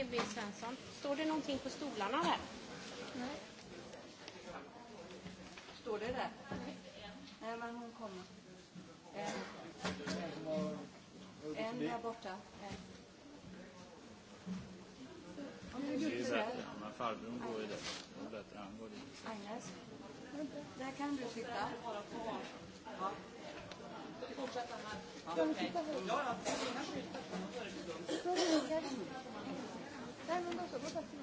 EB Svensson. Står det någonting på stolarna där? Nej. Står det där? Nej, men hon kommer. En. En där borta. En. Det är bättre. Men farbrorn går ju där. Det är bättre han går dit. Agnes, där kan du sitta. Ja. Fortsätta här. Ja, ja. Δεν μπορώ να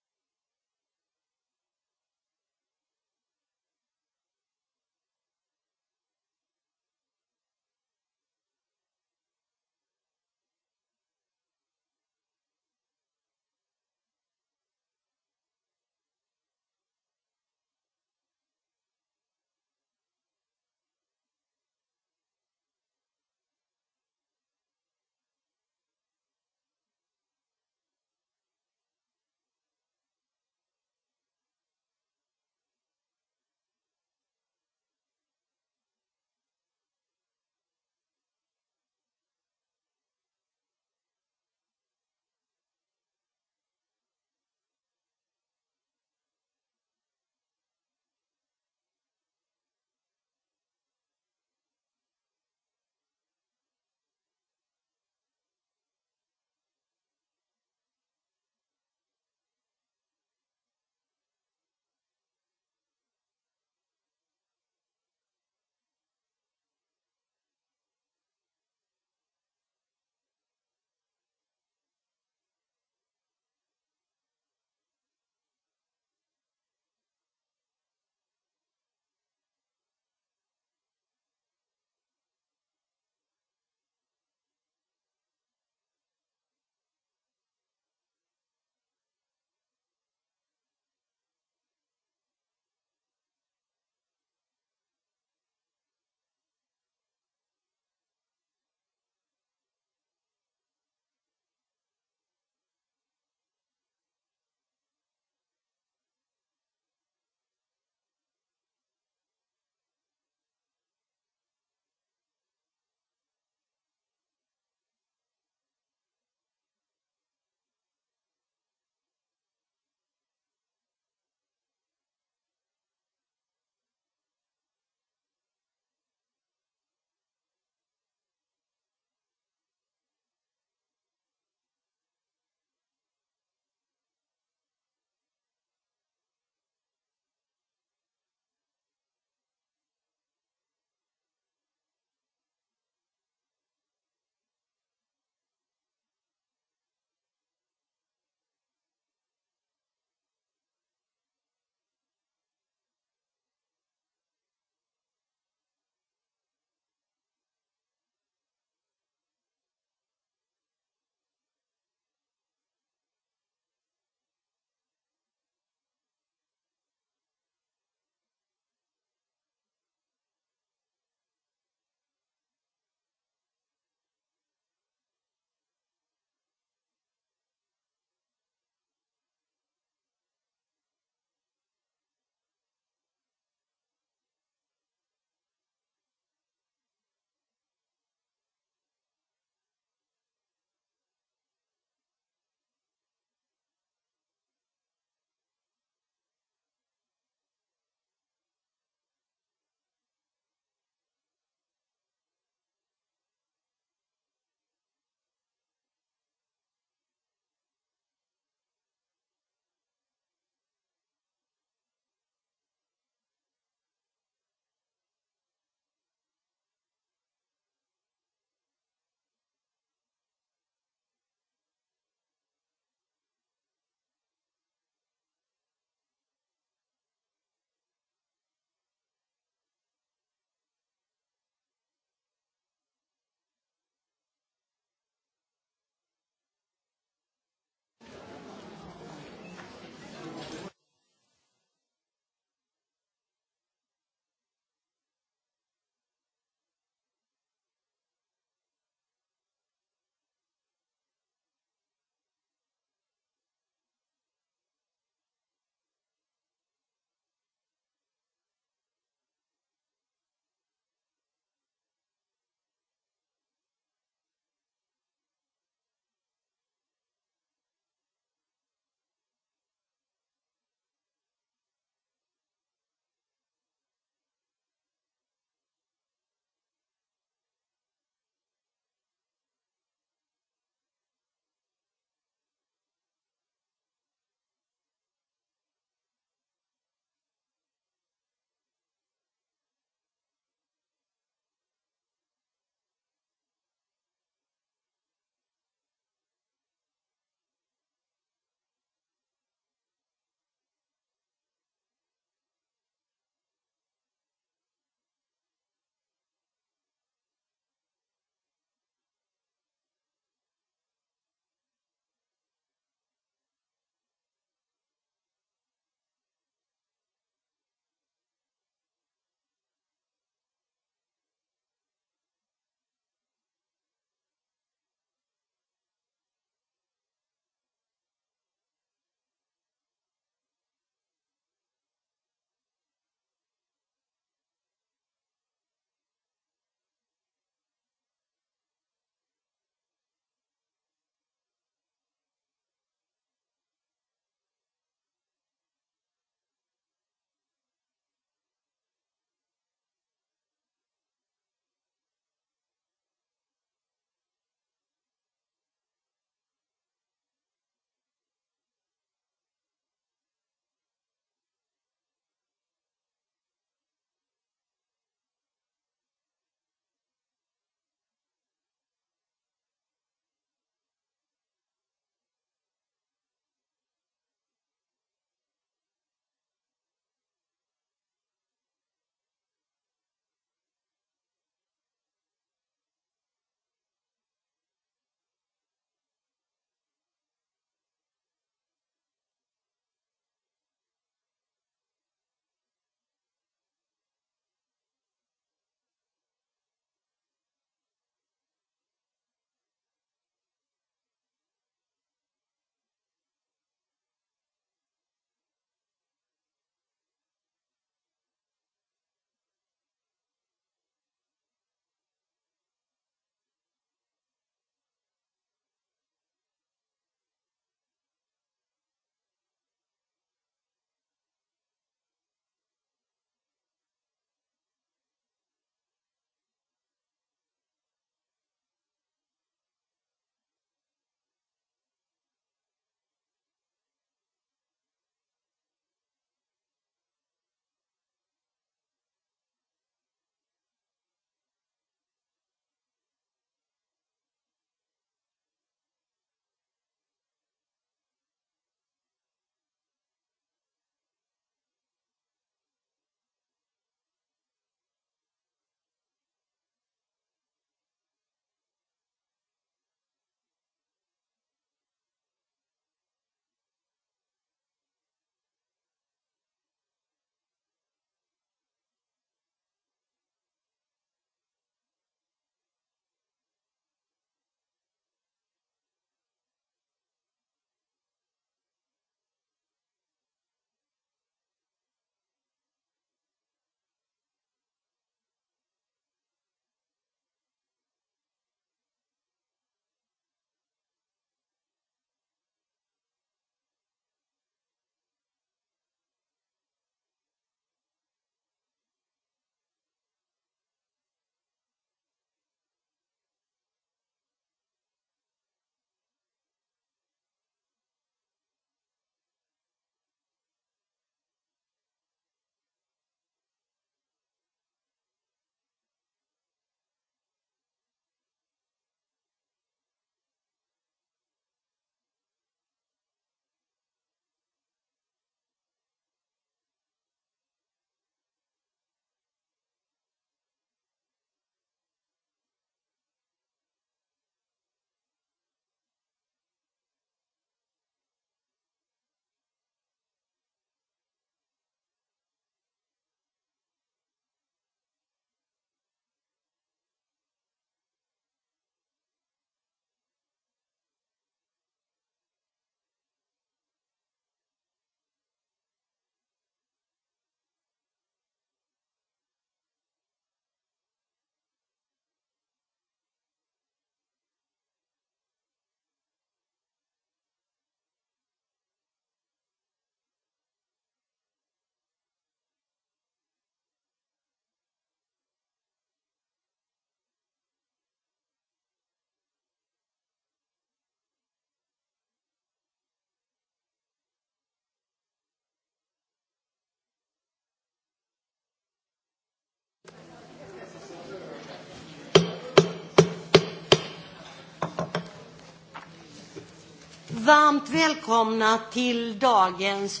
Varmt välkomna till dagens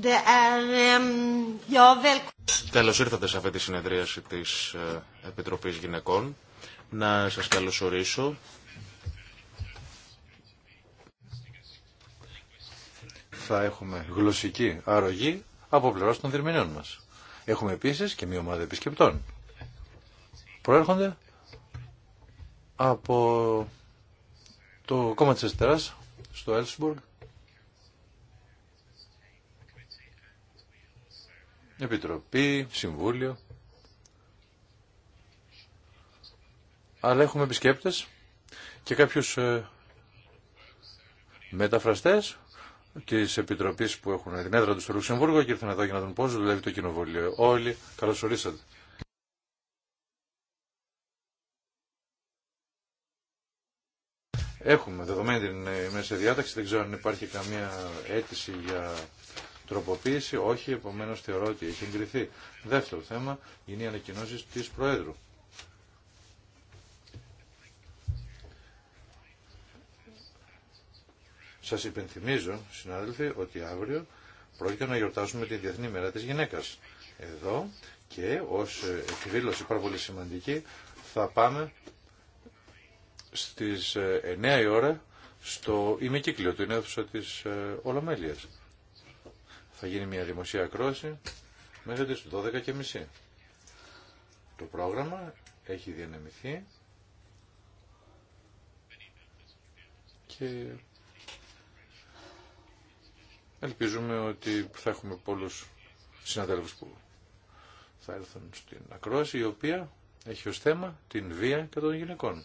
ehm, Καλώς ήρθατε σε αυτή τη συνεδρίαση της ε, Επιτροπής Γυναικών. Να σας καλωσορίσω. Θα έχουμε γλωσσική αρρωγή από πλευρά των διερμηνών μας. Έχουμε επίσης και μια ομάδα επισκεπτών. Προέρχονται από το κόμμα της Εστεράς στο Έλσμποργκ Επιτροπή, Συμβούλιο αλλά έχουμε επισκέπτες και κάποιους ε, μεταφραστές της Επιτροπής που έχουν την έδρα του στο Λουξεμβούργο και ήρθαν εδώ για να δουν πώς δουλεύει το κοινοβούλιο. Όλοι, καλώς ορίσατε. Έχουμε δεδομένη την ε, μέσα διάταξη, δεν ξέρω αν υπάρχει καμία αίτηση για τροποποίηση. Όχι, επομένω θεωρώ ότι έχει εγκριθεί. Δεύτερο θέμα είναι οι ανακοινώσει τη Προέδρου. Σας υπενθυμίζω, συνάδελφοι, ότι αύριο πρόκειται να γιορτάσουμε τη Διεθνή Μέρα της Γυναίκας. Εδώ και ως ε, εκδήλωση πάρα πολύ σημαντική θα πάμε στις 9 ε, η ώρα στο ημικύκλιο του αίθουσα της ε, Ολομέλειας. Θα γίνει μια δημοσία ακρόαση μέχρι τις 12.30. Το πρόγραμμα έχει διανεμηθεί και ελπίζουμε ότι θα έχουμε πολλούς συναδέλφους που θα έρθουν στην ακρόαση η οποία έχει ως θέμα την βία κατά των γυναικών.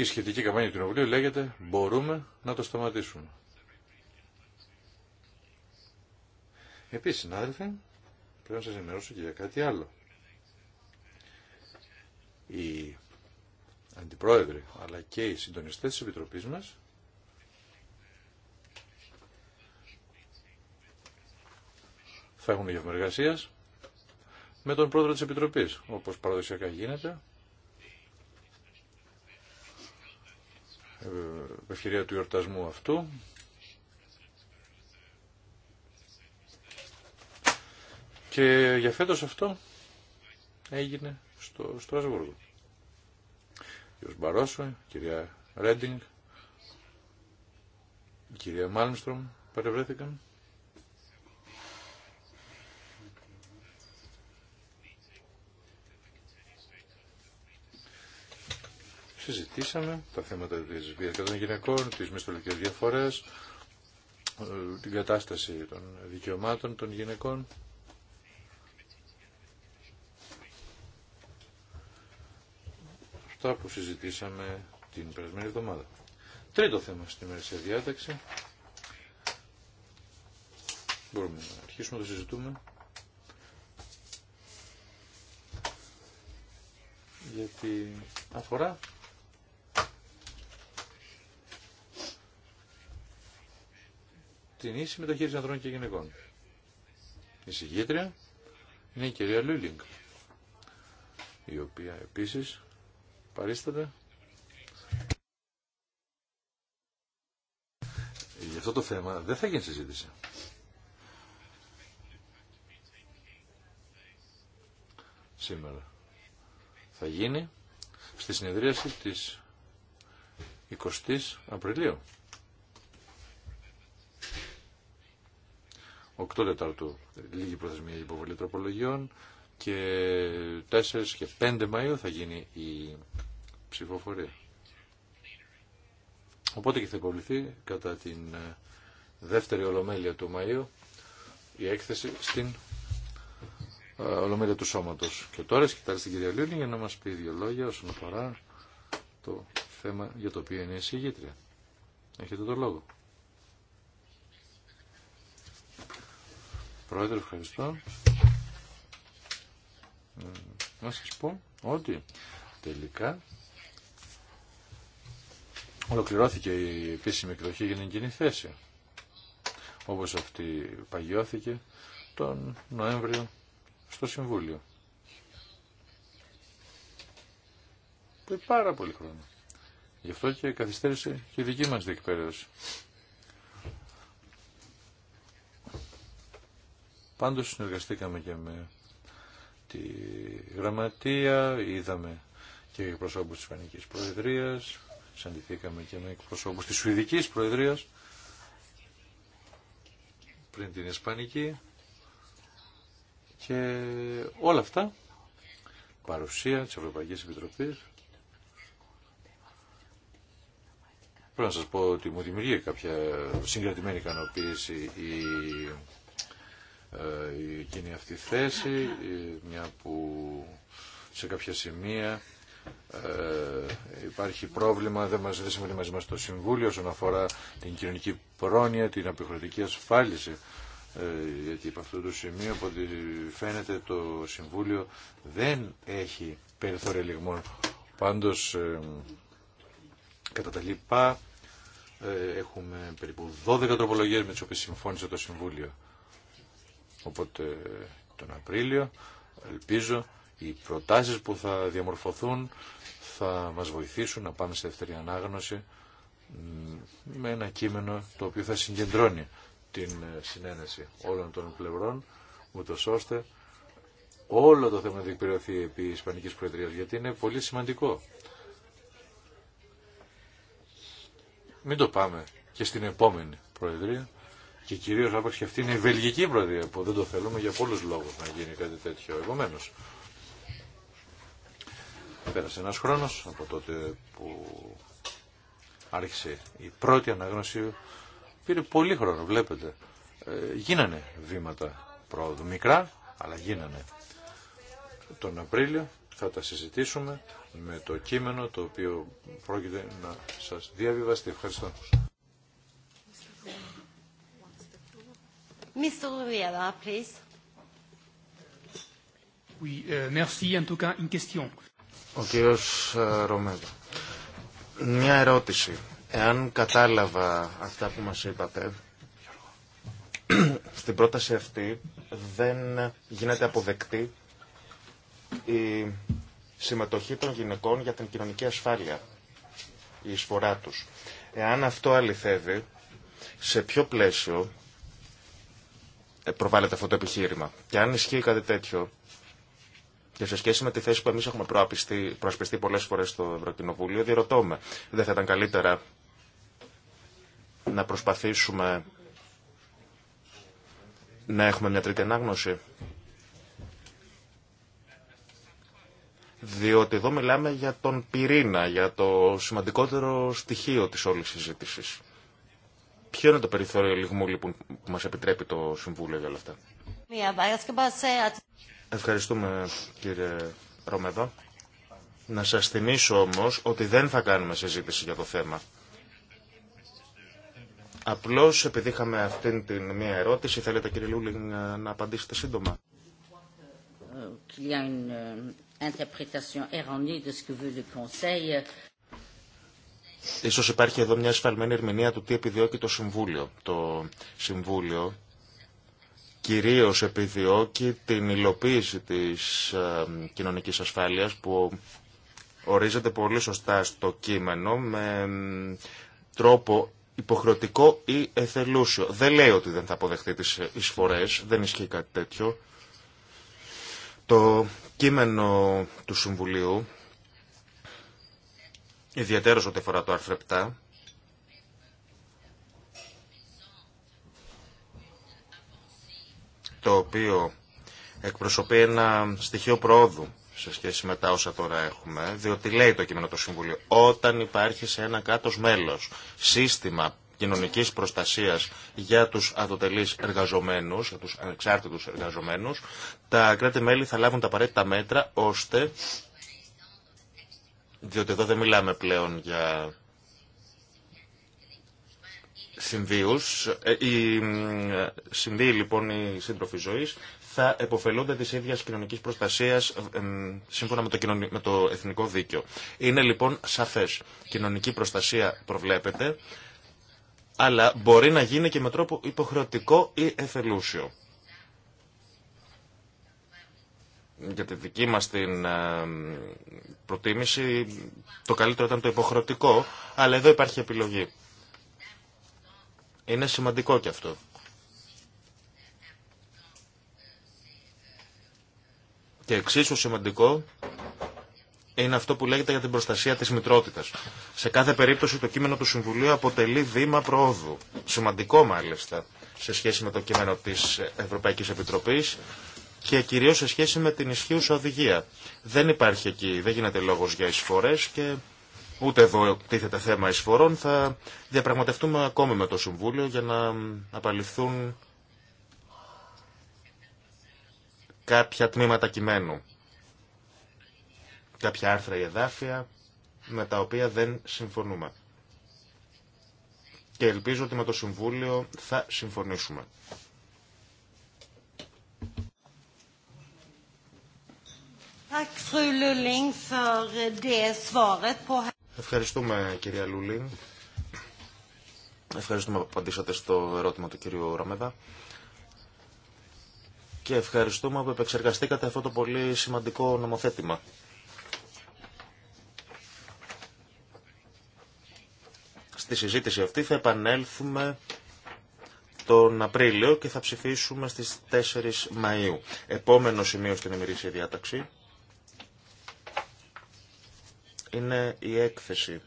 Η σχετική καμπάνια του Κοινοβουλίου λέγεται «Μπορούμε να το σταματήσουμε». Επίσης, συνάδελφοι, πρέπει να σας ενημερώσω και για κάτι άλλο. Οι αντιπρόεδροι, αλλά και οι συντονιστές της Επιτροπής μας, θα έχουν γευμαργασία με τον πρόεδρο της Επιτροπής, όπως παραδοσιακά γίνεται, Ε, ευκαιρία του γιορτασμού αυτού. Και για φέτος αυτό έγινε στο Στρασβούργο. Κύριος Μπαρόσο, κυρία Ρέντινγκ, η κυρία Μάλμστρομ παρευρέθηκαν. συζητήσαμε τα θέματα της βία των γυναικών, τις μισθολογικές διαφορές, την κατάσταση των δικαιωμάτων των γυναικών. Αυτά που συζητήσαμε την περασμένη εβδομάδα. Τρίτο θέμα στη ημερησία διάταξη. Μπορούμε να αρχίσουμε να το συζητούμε. Γιατί αφορά την ίση μεταχείριση ανδρών και γυναικών. Η συγγήτρια είναι η κυρία Λούλινγκ, η οποία επίσης παρίσταται. Για αυτό το θέμα δεν θα γίνει συζήτηση. Σήμερα θα γίνει στη συνεδρίαση της 20 Απριλίου. 8 Τετάρτου λίγη προθεσμία υποβολή τροπολογιών και 4 και 5 Μαΐου θα γίνει η ψηφοφορία. Οπότε και θα υποβληθεί κατά την ε, δεύτερη ολομέλεια του Μαΐου η έκθεση στην ε, ολομέλεια του σώματος. Και τώρα σκητάρει στην κυρία Λούλη για να μας πει δύο λόγια όσον αφορά το θέμα για το οποίο είναι η συγγήτρια. Έχετε το λόγο. Πρόεδρε, ευχαριστώ. Να σας πω ότι τελικά ολοκληρώθηκε η επίσημη εκδοχή για την κοινή θέση. Όπως αυτή παγιώθηκε τον Νοέμβριο στο Συμβούλιο. Πολύ πάρα πολύ χρόνο. Γι' αυτό και καθυστέρησε και η δική μας διεκπαίδευση. Πάντως συνεργαστήκαμε και με τη γραμματεία, είδαμε και εκπροσώπους της Ισπανικής Προεδρίας, συναντηθήκαμε και με εκπροσώπους της Σουηδικής Προεδρίας πριν την Ισπανική και όλα αυτά παρουσία της Ευρωπαϊκής Επιτροπής πρέπει να σας πω ότι μου δημιουργεί κάποια συγκρατημένη ικανοποίηση η εκείνη αυτή θέση, μια που σε κάποια σημεία ε, υπάρχει πρόβλημα, δεν μας συμβαίνει μαζί μας το Συμβούλιο όσον αφορά την κοινωνική πρόνοια, την αποχρεωτική ασφάλιση. Ε, γιατί από αυτό το σημείο, από ό,τι φαίνεται, το Συμβούλιο δεν έχει περιθώρια λιγμών. Πάντως, ε, κατά τα λοιπά, ε, έχουμε περίπου 12 τροπολογίες με τις οποίες συμφώνησε το Συμβούλιο. Οπότε τον Απρίλιο ελπίζω οι προτάσεις που θα διαμορφωθούν θα μας βοηθήσουν να πάμε σε δεύτερη ανάγνωση με ένα κείμενο το οποίο θα συγκεντρώνει την ε, συνένεση όλων των πλευρών ούτως ώστε όλο το θέμα να διεκπαιρεωθεί επί Ισπανικής Προεδρίας γιατί είναι πολύ σημαντικό. Μην το πάμε και στην επόμενη Προεδρία και κυρίως άπαξ και αυτή είναι η βελγική προεδρία που δεν το θέλουμε για πολλού λόγους να γίνει κάτι τέτοιο. επομένω. πέρασε ένα χρόνο από τότε που άρχισε η πρώτη αναγνώση. Πήρε πολύ χρόνο, βλέπετε. Ε, γίνανε βήματα πρόοδου, μικρά, αλλά γίνανε. Τον Απρίλιο θα τα συζητήσουμε με το κείμενο το οποίο πρόκειται να σας διαβιβαστεί. Ευχαριστώ. Ο κύριο ε, Ρομέδο. Μια ερώτηση. Εάν κατάλαβα αυτά που μας είπατε, στην πρόταση αυτή δεν γίνεται αποδεκτή η συμμετοχή των γυναικών για την κοινωνική ασφάλεια, η εισφορά τους. Εάν αυτό αληθεύει, σε ποιο πλαίσιο ε, προβάλλεται αυτό το επιχείρημα. Και αν ισχύει κάτι τέτοιο, και σε σχέση με τη θέση που εμεί έχουμε προασπιστεί πολλέ φορέ στο Ευρωκοινοβούλιο, διερωτώ με, δεν θα ήταν καλύτερα να προσπαθήσουμε να έχουμε μια τρίτη ανάγνωση. Διότι εδώ μιλάμε για τον πυρήνα, για το σημαντικότερο στοιχείο της όλης συζήτησης. Ποιο είναι το περιθώριο λιγμού λοιπόν, που μας επιτρέπει το Συμβούλιο για όλα αυτά. Ευχαριστούμε κύριε Ρομεδό. Να σας θυμίσω όμως ότι δεν θα κάνουμε συζήτηση για το θέμα. Απλώς επειδή είχαμε αυτήν την μία ερώτηση, θέλετε κύριε Λούλη να απαντήσετε σύντομα. Ίσως υπάρχει εδώ μια ασφαλμένη ερμηνεία του τι επιδιώκει το Συμβούλιο. Το Συμβούλιο κυρίως επιδιώκει την υλοποίηση της ε, κοινωνικής ασφάλειας που ορίζεται πολύ σωστά στο κείμενο με τρόπο υποχρεωτικό ή εθελούσιο. Δεν λέει ότι δεν θα αποδεχτεί τις εισφορές, δεν ισχύει κάτι τέτοιο. Το κείμενο του Συμβουλίου ιδιαίτερος ό,τι αφορά το άρθρο 7, το οποίο εκπροσωπεί ένα στοιχείο προόδου σε σχέση με τα όσα τώρα έχουμε, διότι λέει το κείμενο το Συμβουλίο, όταν υπάρχει σε ένα κάτω μέλος σύστημα κοινωνικής προστασίας για τους αδοτελείς εργαζομένους, για τους ανεξάρτητους εργαζομένους, τα κράτη-μέλη θα λάβουν τα απαραίτητα μέτρα ώστε διότι εδώ δεν μιλάμε πλέον για συνδύους. Ε, οι ε, συνδύοι λοιπόν, οι σύντροφοι ζωής, θα επωφελούνται της ίδιας κοινωνικής προστασίας σύμφωνα με το, με το εθνικό δίκαιο. Είναι λοιπόν σαφές, Κοινωνική προστασία προβλέπεται, αλλά μπορεί να γίνει και με τρόπο υποχρεωτικό ή εθελούσιο. για τη δική μας την ε, προτίμηση το καλύτερο ήταν το υποχρεωτικό, αλλά εδώ υπάρχει επιλογή. Είναι σημαντικό και αυτό. Και εξίσου σημαντικό είναι αυτό που λέγεται για την προστασία της μητρότητας. Σε κάθε περίπτωση το κείμενο του Συμβουλίου αποτελεί βήμα προόδου. Σημαντικό μάλιστα σε σχέση με το κείμενο της Ευρωπαϊκής Επιτροπής και κυρίως σε σχέση με την ισχύουσα οδηγία. Δεν υπάρχει εκεί, δεν γίνεται λόγος για εισφορές και ούτε εδώ τίθεται θέμα εισφορών. Θα διαπραγματευτούμε ακόμη με το Συμβούλιο για να απαλληφθούν κάποια τμήματα κειμένου. Κάποια άρθρα ή εδάφια με τα οποία δεν συμφωνούμε. Και ελπίζω ότι με το Συμβούλιο θα συμφωνήσουμε. Eh, ευχαριστούμε κυρία Λούλινγκ. Ευχαριστούμε που απαντήσατε στο ερώτημα του κυρίου Ραμέδα. Και ευχαριστούμε που επεξεργαστήκατε αυτό το πολύ σημαντικό νομοθέτημα. Στη συζήτηση αυτή θα επανέλθουμε τον Απρίλιο και θα ψηφίσουμε στις 4 Μαΐου. Επόμενο σημείο στην ημερήσια διάταξη είναι η έκθεση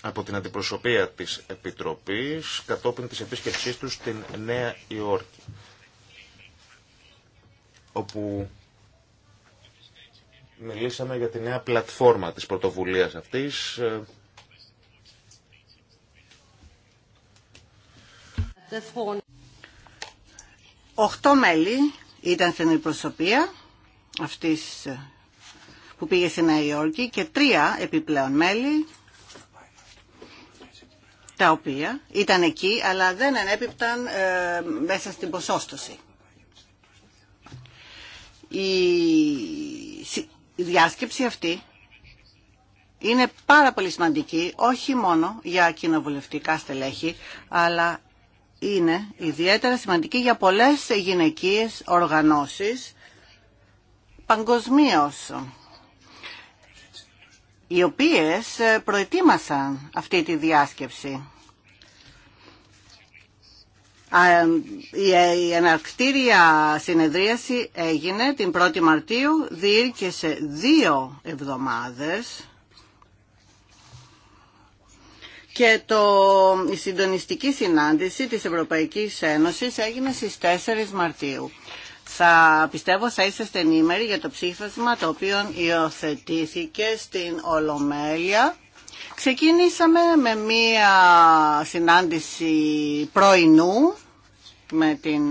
από την αντιπροσωπεία της Επιτροπής κατόπιν της επίσκεψής τους στην Νέα Υόρκη όπου μιλήσαμε για τη νέα πλατφόρμα της πρωτοβουλίας αυτής ε, Οχτώ μέλη ήταν στην αντιπροσωπεία αυτής που πήγε στη Νέα Υόρκη και τρία επιπλέον μέλη τα οποία ήταν εκεί αλλά δεν ενέπιπταν ε, μέσα στην ποσόστοση. Η διάσκεψη αυτή είναι πάρα πολύ σημαντική όχι μόνο για κοινοβουλευτικά στελέχη αλλά είναι ιδιαίτερα σημαντική για πολλές γυναικείες οργανώσεις παγκοσμίω οι οποίες προετοίμασαν αυτή τη διάσκεψη. Η εναρκτήρια συνεδρίαση έγινε την 1η Μαρτίου, διήρκεσε δύο εβδομάδες και το, η συντονιστική συνάντηση της Ευρωπαϊκής Ένωσης έγινε στις 4 Μαρτίου θα πιστεύω θα είσαστε ενήμεροι για το ψήφισμα το οποίο υιοθετήθηκε στην Ολομέλεια. Ξεκινήσαμε με μία συνάντηση πρωινού με την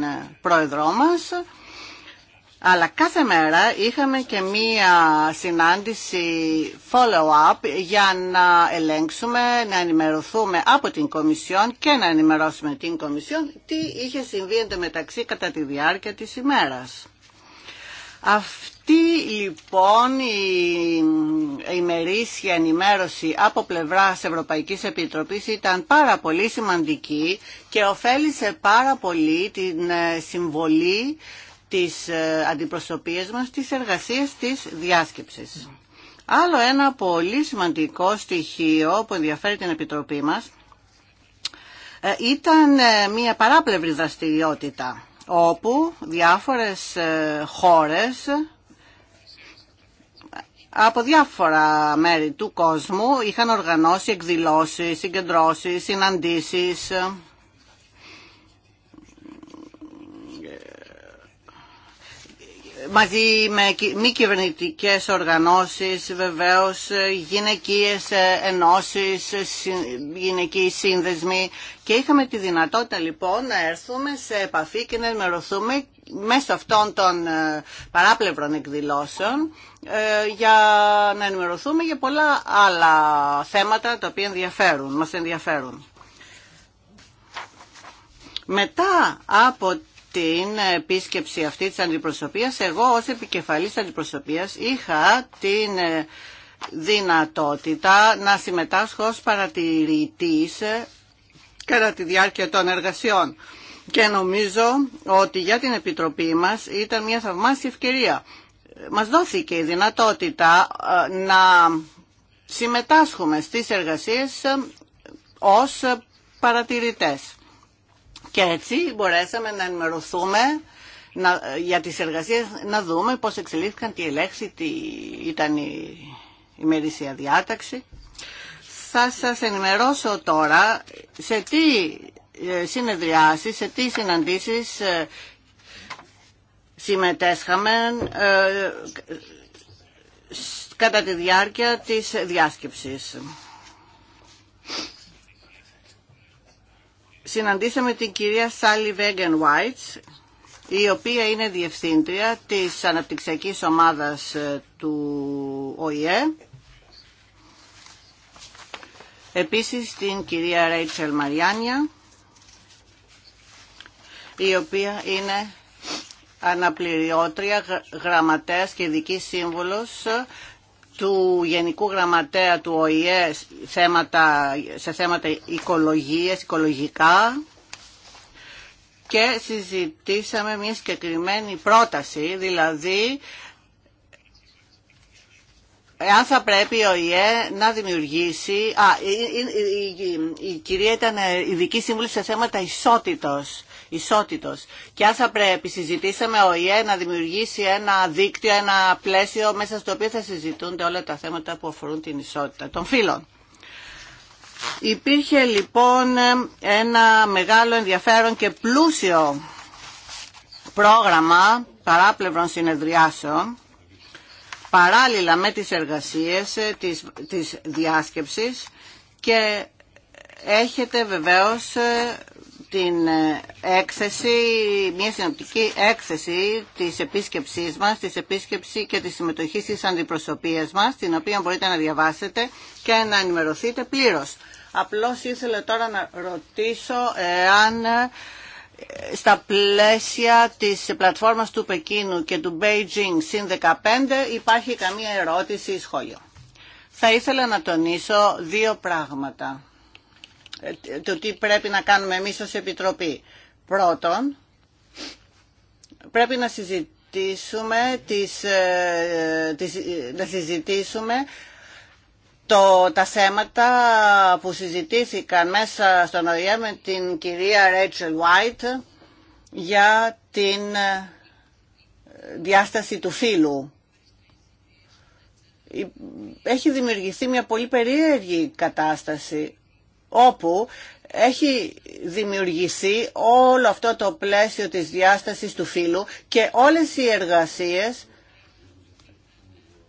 πρόεδρό μας αλλά κάθε μέρα είχαμε και μία συνάντηση follow-up για να ελέγξουμε, να ενημερωθούμε από την Κομισιόν και να ενημερώσουμε την Κομισιόν τι είχε συμβεί εντωμεταξύ κατά τη διάρκεια της ημέρας. Αυτή λοιπόν η ημερήσια ενημέρωση από πλευράς Ευρωπαϊκής Επιτροπής ήταν πάρα πολύ σημαντική και ωφέλησε πάρα πολύ την ε, συμβολή τις ε, αντιπροσωπείες μας, τις εργασίες της διάσκεψης. Άλλο ένα πολύ σημαντικό στοιχείο που ενδιαφέρει την Επιτροπή μας ε, ήταν ε, μια παράπλευρη δραστηριότητα όπου διάφορες χώρες από διάφορα μέρη του κόσμου είχαν οργανώσει εκδηλώσεις, συγκεντρώσεις, συναντήσεις μαζί με μη κυβερνητικέ οργανώσεις βεβαίως, ε, γυναικείες ε, ενώσεις, ε, γυναικοί σύνδεσμοι και είχαμε τη δυνατότητα λοιπόν να έρθουμε σε επαφή και να ενημερωθούμε μέσω αυτών των παράπλευρων εκδηλώσεων για να ενημερωθούμε για πολλά άλλα θέματα τα οποία ενδιαφέρουν, μας ενδιαφέρουν. Μετά από την επίσκεψη αυτή της αντιπροσωπείας, εγώ ως επικεφαλής αντιπροσωπείας είχα την ε, δυνατότητα να συμμετάσχω ως παρατηρητής ε, κατά τη διάρκεια των εργασιών. Και νομίζω ότι για την Επιτροπή μας ήταν μια θαυμάσια ευκαιρία. Μας δόθηκε η δυνατότητα ε, να συμμετάσχουμε στις εργασίες ως παρατηρητές και έτσι μπορέσαμε να ενημερωθούμε να, για τις εργασίες, να δούμε πώς εξελίχθηκαν, τι ελέγχθη, τι ήταν η ημερήσια διάταξη. Θα σας ενημερώσω τώρα σε τι ε, συνεδριάσεις, σε τι συναντήσεις ε, συμμετέσχαμε ε, κατά τη διάρκεια της διάσκεψης. συναντήσαμε την κυρία Σάλι Βέγγεν Βάιτς, η οποία είναι διευθύντρια της αναπτυξιακής ομάδας ε, του ΟΗΕ. Επίσης την κυρία Ρέιτσελ Μαριάνια, η οποία είναι αναπληρώτρια, γραμματέας και ειδική σύμβουλος του Γενικού Γραμματέα του ΟΗΕ θέματα, σε θέματα οικολογίας, οικολογικά και συζητήσαμε μια συγκεκριμένη πρόταση, δηλαδή αν θα πρέπει ο ΙΕ να δημιουργήσει... Α, η, η, η, η κυρία ήταν ειδική σύμβουλη σε θέματα ισότητος ισότητος. Και αν θα πρέπει, συζητήσαμε ο ΙΕ να δημιουργήσει ένα δίκτυο, ένα πλαίσιο μέσα στο οποίο θα συζητούνται όλα τα θέματα που αφορούν την ισότητα των φύλων. Υπήρχε λοιπόν ένα μεγάλο ενδιαφέρον και πλούσιο πρόγραμμα παράπλευρων συνεδριάσεων παράλληλα με τις εργασίες ε, της, της διάσκεψης και έχετε βεβαίως ε, την ε, έκθεση, μια συνοπτική έκθεση της επίσκεψής μας, της επίσκεψη και τη συμμετοχής της αντιπροσωπείας μας, την οποία μπορείτε να διαβάσετε και να ενημερωθείτε πλήρως. Απλώς ήθελα τώρα να ρωτήσω εάν ε, στα πλαίσια της πλατφόρμας του Πεκίνου και του Beijing συν 15 υπάρχει καμία ερώτηση ή σχόλιο. Θα ήθελα να τονίσω δύο πράγματα. Ε, το τι πρέπει να κάνουμε εμείς ως Επιτροπή. Πρώτον, πρέπει να συζητήσουμε, τις, ε, τις, να συζητήσουμε το, τα θέματα που συζητήθηκαν μέσα στον ΟΗΕ με την κυρία Ρέτσελ Βάιτ για την ε, διάσταση του φύλου. Έχει δημιουργηθεί μια πολύ περίεργη κατάσταση όπου έχει δημιουργηθεί όλο αυτό το πλαίσιο της διάστασης του φύλου και όλες οι εργασίες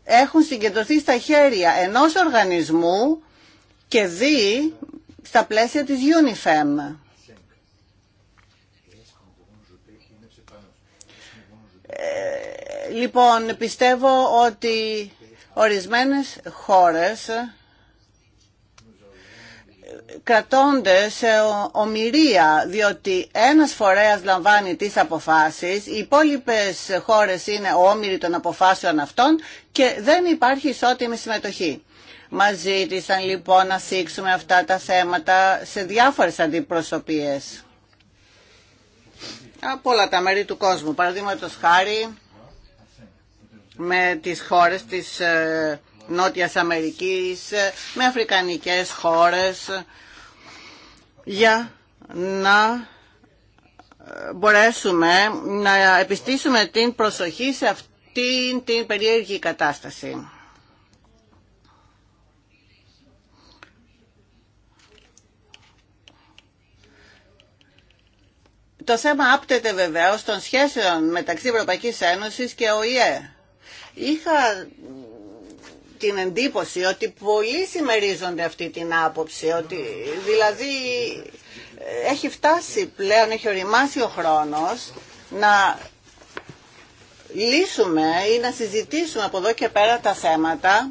έχουν συγκεντρωθεί στα χέρια ενός οργανισμού και δει στα πλαίσια της UNIFEM. Ε, λοιπόν, πιστεύω ότι ορισμένες χώρες κρατώνται σε ομοιρία, διότι ένας φορέας λαμβάνει τις αποφάσεις, οι υπόλοιπες χώρες είναι όμοιροι των αποφάσεων αυτών και δεν υπάρχει ισότιμη συμμετοχή. Μας ζήτησαν λοιπόν να σήξουμε αυτά τα θέματα σε διάφορες αντιπροσωπείες. Από όλα τα μέρη του κόσμου, παραδείγματος χάρη με τις χώρες της ε, Νότιας Αμερικής, με αφρικανικές χώρες για να ε, μπορέσουμε να επιστήσουμε την προσοχή σε αυτήν την περίεργη κατάσταση. Το θέμα άπτεται βεβαίως των σχέσεων μεταξύ Ευρωπαϊκής Ένωσης και ΟΗΕ. Είχα την εντύπωση ότι πολλοί συμμερίζονται αυτή την άποψη, ότι δηλαδή ε, έχει φτάσει πλέον, έχει οριμάσει ο χρόνος να λύσουμε ή να συζητήσουμε από εδώ και πέρα τα θέματα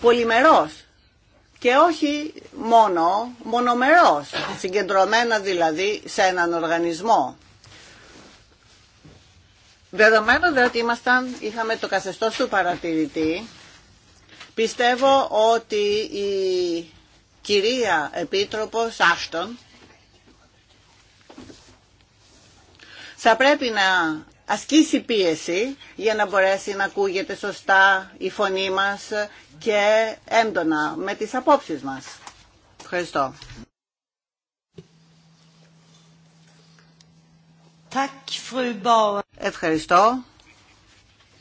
πολυμερός και όχι μόνο μονομερός, συγκεντρωμένα δηλαδή σε έναν οργανισμό. Δεδομένου δε ότι ήμασταν, είχαμε το καθεστώς του παρατηρητή, πιστεύω ότι η κυρία Επίτροπος Άστον θα πρέπει να ασκήσει πίεση για να μπορέσει να ακούγεται σωστά η φωνή μας και έντονα με τις απόψεις μας. Ευχαριστώ. Ευχαριστώ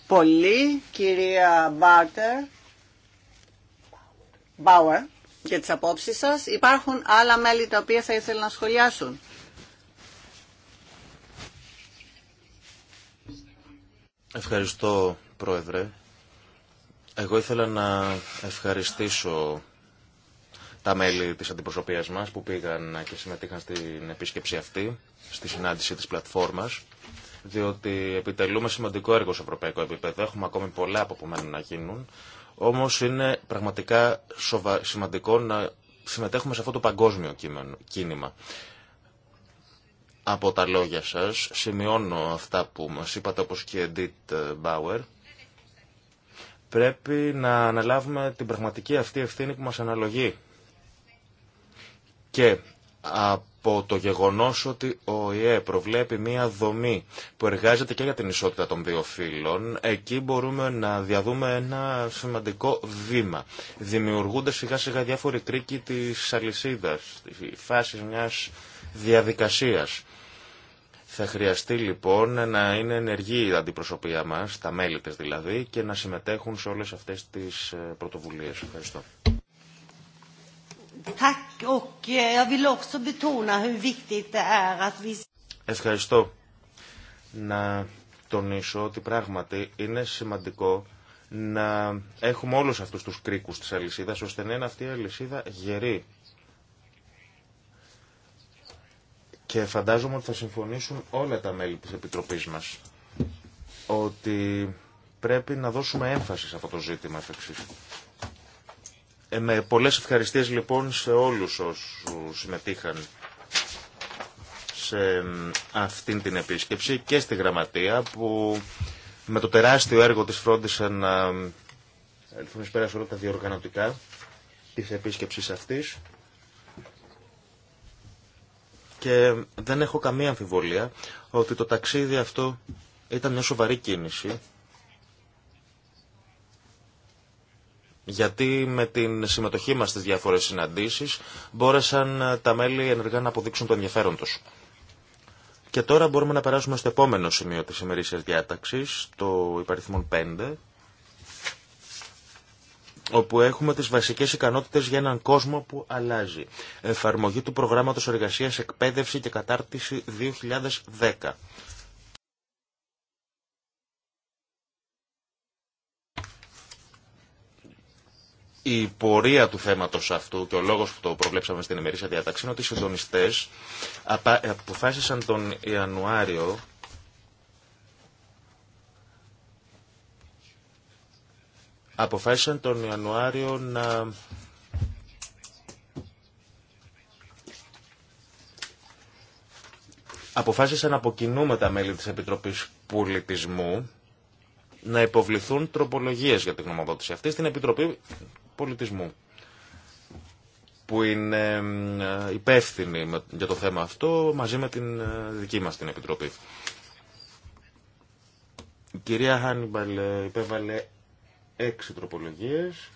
πολύ κυρία Μπάρτερ Μπάουερ για τις απόψεις σας. Υπάρχουν άλλα μέλη τα οποία θα ήθελα να σχολιάσουν. Ευχαριστώ Πρόεδρε. Εγώ ήθελα να ευχαριστήσω τα μέλη της αντιπροσωπείας μας που πήγαν και συμμετείχαν στην επίσκεψη αυτή στη συνάντηση της πλατφόρμας, διότι επιτελούμε σημαντικό έργο σε ευρωπαϊκό επίπεδο. Έχουμε ακόμη πολλά από που μένουν να γίνουν, όμως είναι πραγματικά σημαντικό να συμμετέχουμε σε αυτό το παγκόσμιο κίνημα. Από τα λόγια σας, σημειώνω αυτά που μας είπατε, όπως και η Edith Bauer, πρέπει να αναλάβουμε την πραγματική αυτή ευθύνη που μας αναλογεί. Και από από το γεγονός ότι ο ΙΕ προβλέπει μία δομή που εργάζεται και για την ισότητα των δύο φύλων, εκεί μπορούμε να διαδούμε ένα σημαντικό βήμα. Δημιουργούνται σιγά σιγά διάφοροι κρίκοι τη αλυσίδας, της φάσης μιας διαδικασίας. Θα χρειαστεί λοιπόν να είναι ενεργή η αντιπροσωπεία μας, τα μέλη της δηλαδή, και να συμμετέχουν σε όλες αυτές τις ε, πρωτοβουλίες. Ευχαριστώ. Ευχαριστώ. Να τονίσω ότι πράγματι είναι σημαντικό να έχουμε όλους αυτούς τους κρίκους της αλυσίδας, ώστε να είναι αυτή η αλυσίδα γερή. Και φαντάζομαι ότι θα συμφωνήσουν όλα τα μέλη της Επιτροπής μας, ότι πρέπει να δώσουμε έμφαση σε αυτό το ζήτημα εφ' εξής. Ε, με πολλές ευχαριστίες λοιπόν σε όλους όσους συμμετείχαν σε αυτήν την επίσκεψη και στη γραμματεία που με το τεράστιο έργο της φρόντισαν να έλθουν πέρα σε όλα τα διοργανωτικά της επίσκεψης αυτής και δεν έχω καμία αμφιβολία ότι το ταξίδι αυτό ήταν μια σοβαρή κίνηση γιατί με την συμμετοχή μας στις διάφορες συναντήσεις μπόρεσαν ε, τα μέλη ενεργά να αποδείξουν το ενδιαφέρον τους. Και τώρα μπορούμε να περάσουμε στο επόμενο σημείο της ημερήσια διάταξης, το υπαριθμόν 5, όπου έχουμε τις βασικές ικανότητες για έναν κόσμο που αλλάζει. Εφαρμογή του Προγράμματος Εργασίας Εκπαίδευση και Κατάρτιση 2010. η πορεία του θέματος αυτού και ο λόγος που το προβλέψαμε στην ημερήσια διάταξη είναι ότι οι συντονιστέ αποφάσισαν τον Ιανουάριο αποφάσισαν τον Ιανουάριο να αποφάσισαν από κοινού με τα μέλη της Επιτροπής Πολιτισμού να υποβληθούν τροπολογίες για την γνωμοδότηση αυτή στην Επιτροπή πολιτισμού που είναι υπεύθυνη για το θέμα αυτό μαζί με την ε, δική μας την Επιτροπή. Η κυρία Χάνιμπαλ ε, υπέβαλε έξι τροπολογίες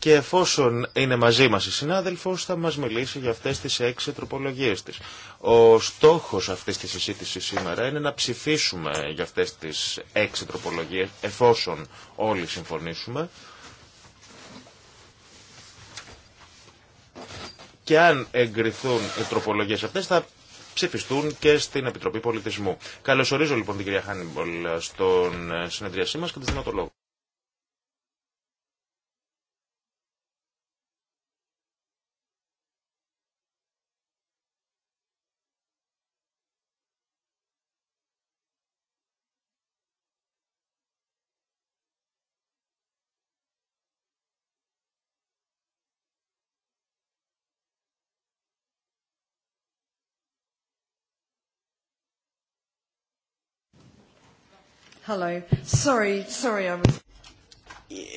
και εφόσον είναι μαζί μας η συνάδελφος θα μας μιλήσει για αυτές τις έξι τροπολογίες της. Ο στόχος αυτής της συζήτησης σήμερα είναι να ψηφίσουμε για αυτές τις έξι τροπολογίες εφόσον όλοι συμφωνήσουμε και αν εγκριθούν οι τροπολογίες αυτές θα ψηφιστούν και στην Επιτροπή Πολιτισμού. Καλωσορίζω λοιπόν την κυρία Χάνιμπολ στον συνεδρίασή μας και τη δίνω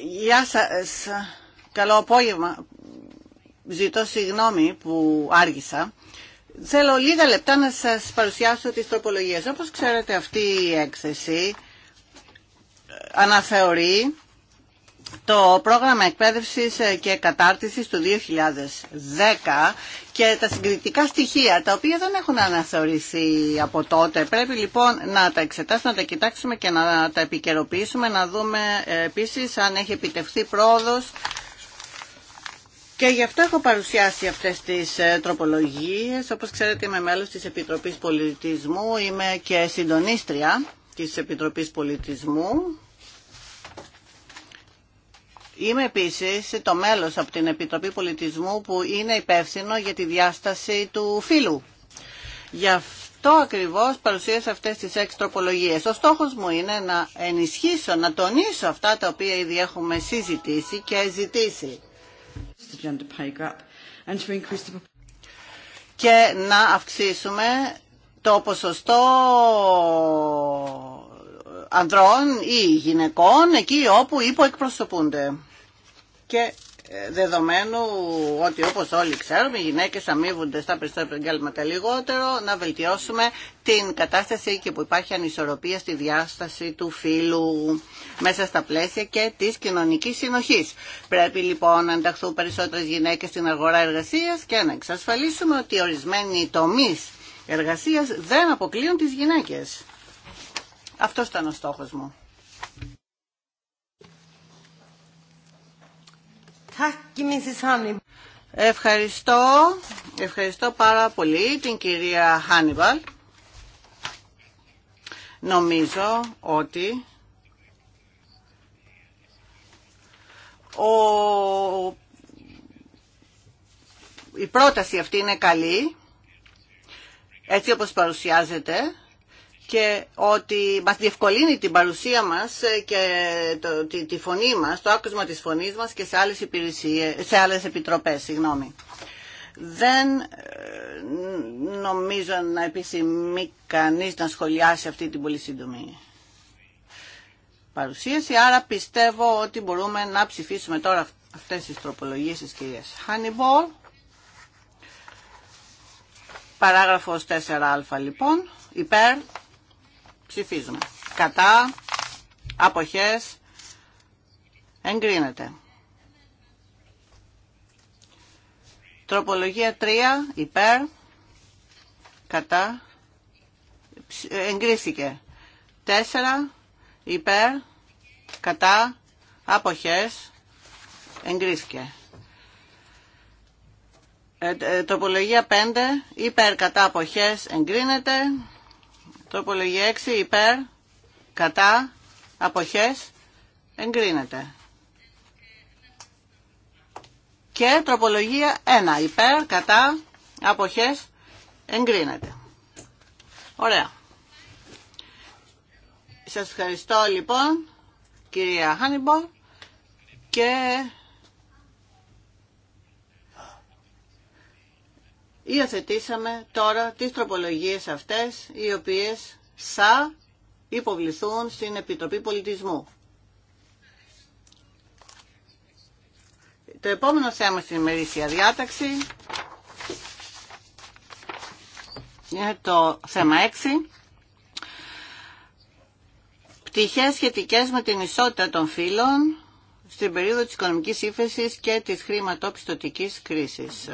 Γεια σας. Καλό απόγευμα. Ζητώ συγγνώμη που άργησα. Θέλω λίγα λεπτά να σας παρουσιάσω τις τροπολογίες. Όπως ξέρετε αυτή η έκθεση αναθεωρεί το πρόγραμμα εκπαίδευσης και κατάρτισης του 2010 και τα συγκριτικά στοιχεία τα οποία δεν έχουν αναθεωρηθεί από τότε. Πρέπει λοιπόν να τα εξετάσουμε, να τα κοιτάξουμε και να τα επικαιροποιήσουμε, να δούμε ε, επίσης αν έχει επιτευχθεί πρόοδος και γι' αυτό έχω παρουσιάσει αυτές τις ε, τροπολογίες. Όπως ξέρετε είμαι μέλος της Επιτροπής Πολιτισμού, είμαι και συντονίστρια της Επιτροπής Πολιτισμού Είμαι επίση το μέλο από την Επιτροπή Πολιτισμού που είναι υπεύθυνο για τη διάσταση του φίλου. Γι' αυτό ακριβώς παρουσίασα αυτές τις έξι τροπολογίε. Ο στόχος μου είναι να ενισχύσω, να τονίσω αυτά τα οποία ήδη έχουμε συζητήσει και ζητήσει. Και να αυξήσουμε το ποσοστό ανδρών ή γυναικών εκεί όπου υποεκπροσωπούνται και ε, δεδομένου ότι όπως όλοι ξέρουμε οι γυναίκες αμείβονται στα περισσότερα επαγγέλματα λιγότερο να βελτιώσουμε την κατάσταση και που υπάρχει ανισορροπία στη διάσταση του φύλου μέσα στα πλαίσια και της κοινωνικής συνοχής. Πρέπει λοιπόν να ενταχθούν περισσότερες γυναίκες στην αγορά εργασίας και να εξασφαλίσουμε ότι ορισμένοι τομεί εργασίας δεν αποκλείουν τις γυναίκες. Αυτός ήταν ο στόχος μου. Ευχαριστώ, ευχαριστώ πάρα πολύ την κυρία Χάνιβαλ. Νομίζω ότι ο... η πρόταση αυτή είναι καλή, έτσι όπως παρουσιάζεται, και ότι μας διευκολύνει την παρουσία μας ε, και το, τη, τη, φωνή μας, το άκουσμα της φωνής μας και σε άλλες, υπηρεσίες, σε άλλες επιτροπές. Συγγνώμη. Δεν ε, νομίζω να επισημεί κανείς να σχολιάσει αυτή την πολύ σύντομη παρουσίαση, άρα πιστεύω ότι μπορούμε να ψηφίσουμε τώρα αυτές τις τροπολογίες της κυρίας Hannibal. Παράγραφος 4α λοιπόν, υπέρ, Ψηφίζουμε. Κατά. Αποχές. Εγκρίνεται. Τροπολογία 3. Υπέρ. Κατά. Ε, εγκρίθηκε. 4. Υπέρ. Κατά. Αποχές. Εγκρίθηκε. Ε, ε τροπολογία 5. Υπέρ κατά αποχές εγκρίνεται. Τροπολογία 6 υπέρ, κατά, αποχές, εγκρίνεται. Και τροπολογία 1 υπέρ, κατά, αποχές, εγκρίνεται. Ωραία. Σας ευχαριστώ λοιπόν κυρία Χάνιμπολ και Υιοθετήσαμε τώρα τις τροπολογίες αυτές, οι οποίες θα υποβληθούν στην Επιτροπή Πολιτισμού. Το επόμενο θέμα στην ημερήσια διάταξη είναι το θέμα 6. Πτυχές σχετικές με την ισότητα των φύλων στην περίοδο της οικονομικής ύφεσης και της χρηματοπιστωτικής κρίσης.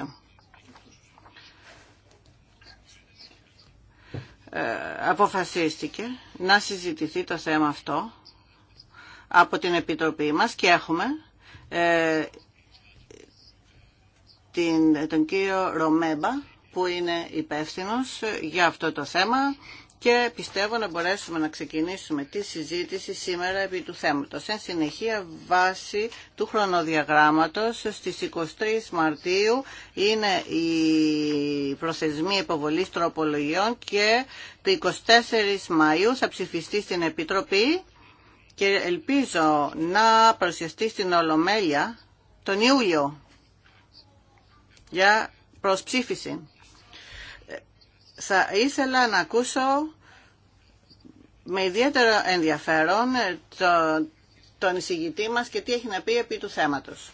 Ε, αποφασίστηκε να συζητηθεί το θέμα αυτό από την Επιτροπή μας και έχουμε ε, την, τον κύριο Ρομέμπα που είναι υπεύθυνο για αυτό το θέμα και πιστεύω να μπορέσουμε να ξεκινήσουμε τη συζήτηση σήμερα επί του θέματος. Εν συνεχεία, βάση του χρονοδιαγράμματος στις 23 Μαρτίου είναι η προθεσμή υποβολής τροπολογιών και το 24 Μαΐου θα ψηφιστεί στην Επιτροπή και ελπίζω να παρουσιαστεί στην Ολομέλεια τον Ιούλιο για προσψήφιση. Θα ήθελα να ακούσω με ιδιαίτερο ενδιαφέρον ε, το, τον εισηγητή μας και τι έχει να πει επί του θέματος.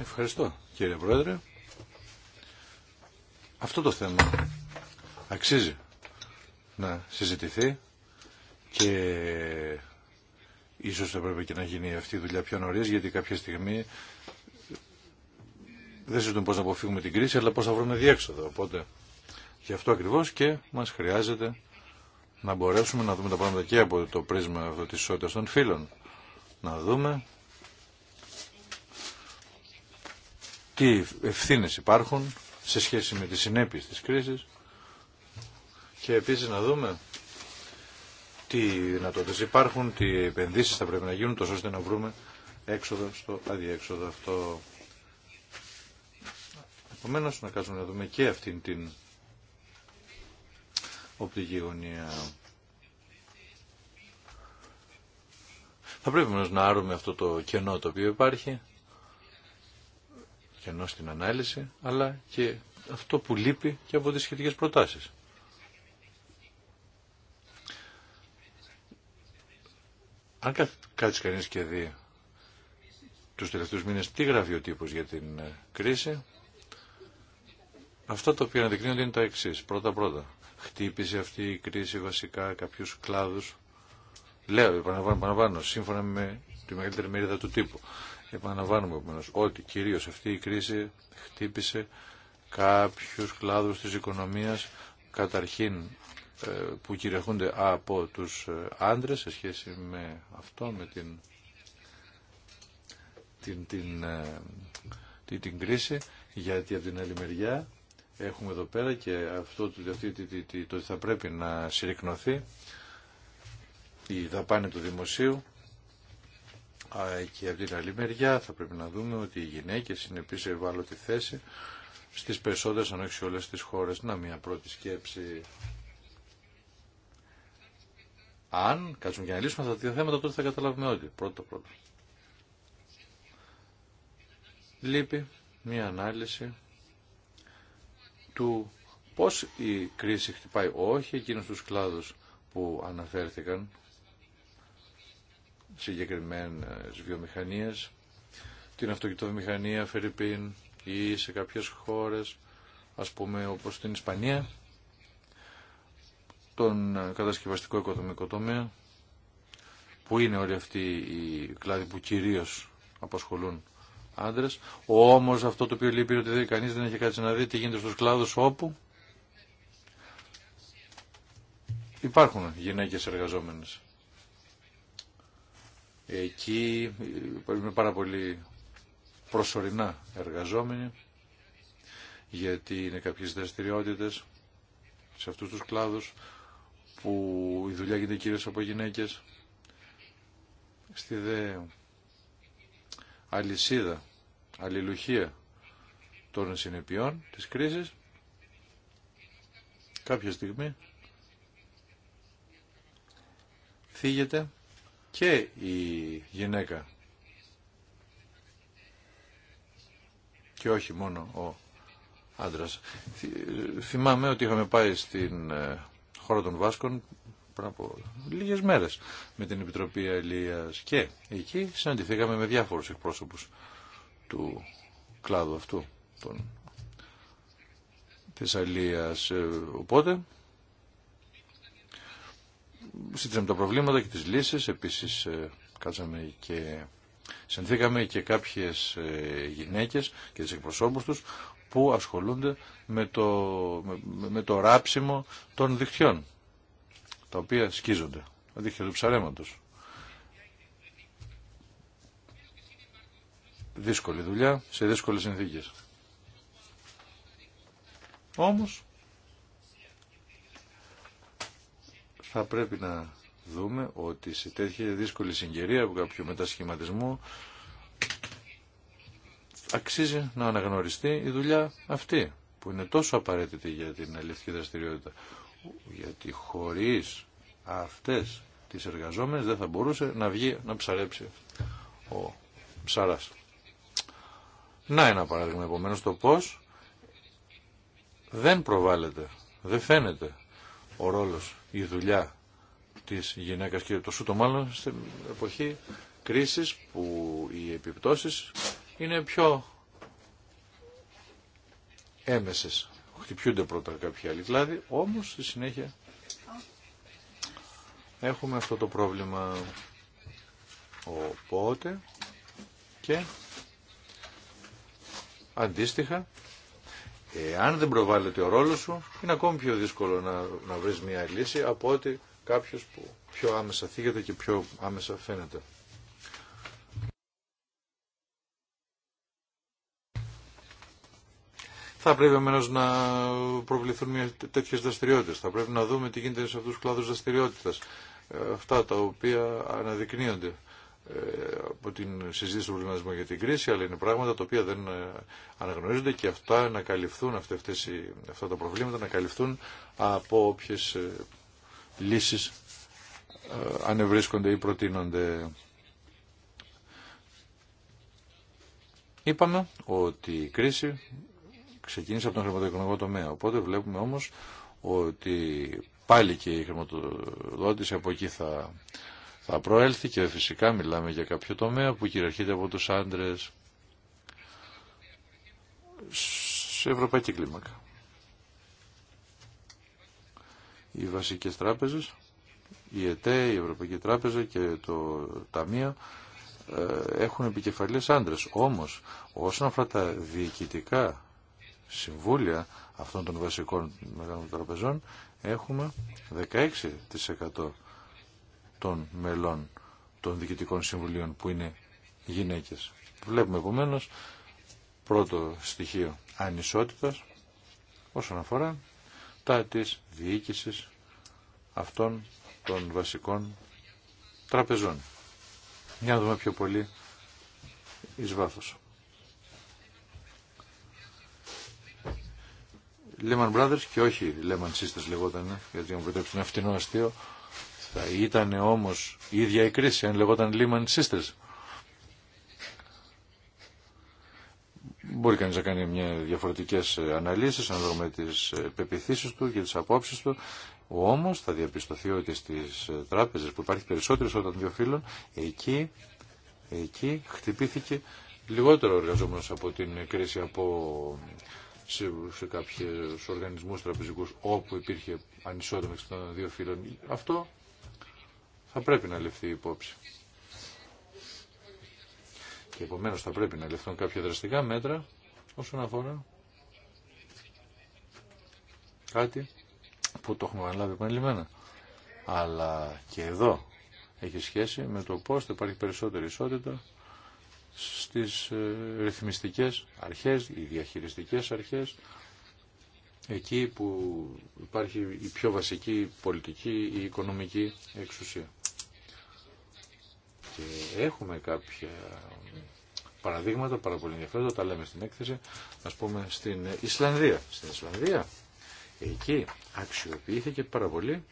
Ευχαριστώ κύριε Πρόεδρε. Αυτό το θέμα αξίζει να συζητηθεί και ίσως θα πρέπει και να γίνει αυτή η δουλειά πιο νωρίς γιατί κάποια στιγμή δεν συζητούμε πώς να αποφύγουμε την κρίση αλλά πώς θα βρούμε διέξοδο. Οπότε Γι' αυτό ακριβώς και μας χρειάζεται να μπορέσουμε να δούμε τα πράγματα και από το πρίσμα αυτό της ισότητας των φίλων, Να δούμε τι ευθύνες υπάρχουν σε σχέση με τις συνέπειες της κρίσης και επίσης να δούμε τι δυνατότητες υπάρχουν, τι επενδύσεις θα πρέπει να γίνουν τόσο ώστε να βρούμε έξοδο στο αδιέξοδο αυτό. Επομένω να κάνουμε να δούμε και αυτήν την τη γωνία. Θα πρέπει όμως να άρουμε αυτό το κενό το οποίο υπάρχει, κενό στην ανάλυση, αλλά και αυτό που λείπει και από τις σχετικές προτάσεις. Αν κάτσει κανείς και δει τους τελευταίους μήνες τι γράφει ο τύπος για την ε, κρίση, αυτό το οποίο αναδεικνύονται είναι τα εξή. Πρώτα-πρώτα, χτύπησε αυτή η κρίση βασικά κάποιους κλάδους. Λέω, επαναλαμβάνω, επαναλαμβάνω σύμφωνα με τη μεγαλύτερη μερίδα του τύπου. Επαναλαμβάνουμε επομένω ότι κυρίως αυτή η κρίση χτύπησε κάποιους κλάδους της οικονομίας καταρχήν ε, που κυριαρχούνται από τους ε, άντρες σε σχέση με αυτό, με την, την, την, ε, την, την κρίση, γιατί από την άλλη μεριά έχουμε εδώ πέρα και αυτό το ότι θα πρέπει να συρρυκνωθεί η δαπάνη του δημοσίου και από την άλλη μεριά θα πρέπει να δούμε ότι οι γυναίκες είναι επίσης ευάλωτη θέση στις περισσότερες αν όχι όλες τις χώρες. Να μια πρώτη σκέψη. Αν κάτσουμε και να λύσουμε αυτά τα θέματα τότε θα καταλάβουμε ότι πρώτο πρώτο. Λείπει μια ανάλυση του πώς η κρίση χτυπάει όχι εκείνους τους κλάδους που αναφέρθηκαν συγκεκριμένες βιομηχανίες την αυτοκινητοβιομηχανία Φερρυπίν ή σε κάποιες χώρες ας πούμε όπως την Ισπανία τον κατασκευαστικό οικοδομικό τομέα που είναι όλοι αυτοί οι κλάδοι που κυρίως απασχολούν άντρες. Όμως αυτό το οποίο λείπει ότι κανεί δεν έχει κάτι να δει τι γίνεται στου κλάδου όπου υπάρχουν γυναίκε εργαζόμενε. Εκεί είναι πάρα πολύ προσωρινά εργαζόμενοι γιατί είναι κάποιες δραστηριότητες σε αυτούς τους κλάδους που η δουλειά γίνεται κυρίως από γυναίκες. Στη δε αλυσίδα, αλληλουχία των συνεπειών της κρίσης κάποια στιγμή θίγεται και η γυναίκα και όχι μόνο ο άντρας. Θυμάμαι ότι είχαμε πάει στην ε, χώρα των Βάσκων πριν από λίγες μέρες με την Επιτροπή ελίας και εκεί συναντηθήκαμε με διάφορους εκπρόσωπους του κλάδου αυτού των Θεσσαλίας. Ε, οπότε συζητήσαμε τα προβλήματα και τις λύσεις. Επίσης ε, κάτσαμε και συνθήκαμε και κάποιες ε, γυναίκες και τις εκπροσώπους τους που ασχολούνται με το, με, με το ράψιμο των δικτυών τα οποία σκίζονται. Αντίχεια δηλαδή του ψαρέματος. Δύσκολη δουλειά σε δύσκολες συνθήκες. Όμως θα πρέπει να δούμε ότι σε τέτοια δύσκολη συγκαιρία από κάποιο μετασχηματισμό αξίζει να αναγνωριστεί η δουλειά αυτή που είναι τόσο απαραίτητη για την αλληλευτική δραστηριότητα γιατί χωρίς αυτές τις εργαζόμενες δεν θα μπορούσε να βγει να ψαρέψει ο ψαράς. Να ένα παράδειγμα επομένως το πώς δεν προβάλλεται, δεν φαίνεται ο ρόλος, η δουλειά της γυναίκας και το σούτο μάλλον στην εποχή κρίσης που οι επιπτώσεις είναι πιο έμεσες χτυπιούνται πρώτα κάποιοι άλλοι κλάδοι, δηλαδή, όμως στη συνέχεια έχουμε αυτό το πρόβλημα. Οπότε και αντίστοιχα, εάν δεν προβάλλεται ο ρόλος σου, είναι ακόμη πιο δύσκολο να, να βρεις μια λύση από ότι κάποιος που πιο άμεσα θίγεται και πιο άμεσα φαίνεται. Θα πρέπει εμένα να προβληθούν μια τέτοιε δραστηριότητε. Θα πρέπει να δούμε τι γίνεται σε αυτού του κλάδου δραστηριότητα. Ε, αυτά τα οποία αναδεικνύονται ε, από την συζήτηση του προβληματισμού για την κρίση, αλλά είναι πράγματα τα οποία δεν ε, αναγνωρίζονται και αυτά να καλυφθούν, αυτές, αυτά τα προβλήματα να καλυφθούν από όποιε λύσει ανεβρίσκονται ή προτείνονται. Είπαμε ότι η κρίση ξεκίνησε από τον χρηματοοικονομικό τομέα. Οπότε βλέπουμε όμως ότι πάλι και η χρηματοδότηση από εκεί θα, θα προέλθει και φυσικά μιλάμε για κάποιο τομέα που κυριαρχείται από τους άντρες σε ευρωπαϊκή κλίμακα. Οι βασικές τράπεζες, η ΕΤΕ, η Ευρωπαϊκή Τράπεζα και το Ταμείο ε, έχουν επικεφαλής άντρες. Όμως, όσον αφορά τα διοικητικά συμβούλια αυτών των βασικών μεγάλων τραπεζών έχουμε 16% των μελών των διοικητικών συμβουλίων που είναι γυναίκες. Βλέπουμε επομένω πρώτο στοιχείο ανισότητας όσον αφορά τα της διοίκησης αυτών των βασικών τραπεζών. Για να δούμε πιο πολύ εις βάθος. Lehman Brothers και όχι Lehman Sisters λεγόταν, ε, γιατί μου επιτρέψει ένα φτηνό αστείο. Θα ήταν όμως η ίδια η κρίση αν λεγόταν Lehman Sisters. Μπορεί κανείς να κάνει μια διαφορετικές ε, αναλύσεις ανάλογα με τις ε, πεπιθήσεις του και τις απόψεις του. Όμως θα διαπιστωθεί ότι στις τράπεζες που υπάρχει περισσότερο όταν δύο φίλων, εκεί, εκεί χτυπήθηκε λιγότερο εργαζόμενος από την κρίση από σε, σε κάποιους οργανισμούς τραπεζικούς όπου υπήρχε ανισότητα μεταξύ των δύο φύλων. Αυτό θα πρέπει να ληφθεί υπόψη. Και επομένως θα πρέπει να ληφθούν κάποια δραστικά μέτρα όσον αφορά κάτι που το έχουμε αναλάβει επανειλημμένα. Αλλά και εδώ έχει σχέση με το πώς θα υπάρχει περισσότερη ισότητα στις ε, ρυθμιστικές αρχές, οι διαχειριστικές αρχές, εκεί που υπάρχει η πιο βασική πολιτική ή οικονομική εξουσία. Και έχουμε κάποια παραδείγματα πάρα πολύ ενδιαφέροντα, τα λέμε στην έκθεση, ας πούμε στην Ισλανδία. Στην Ισλανδία, εκεί αξιοποιήθηκε πάρα πολύ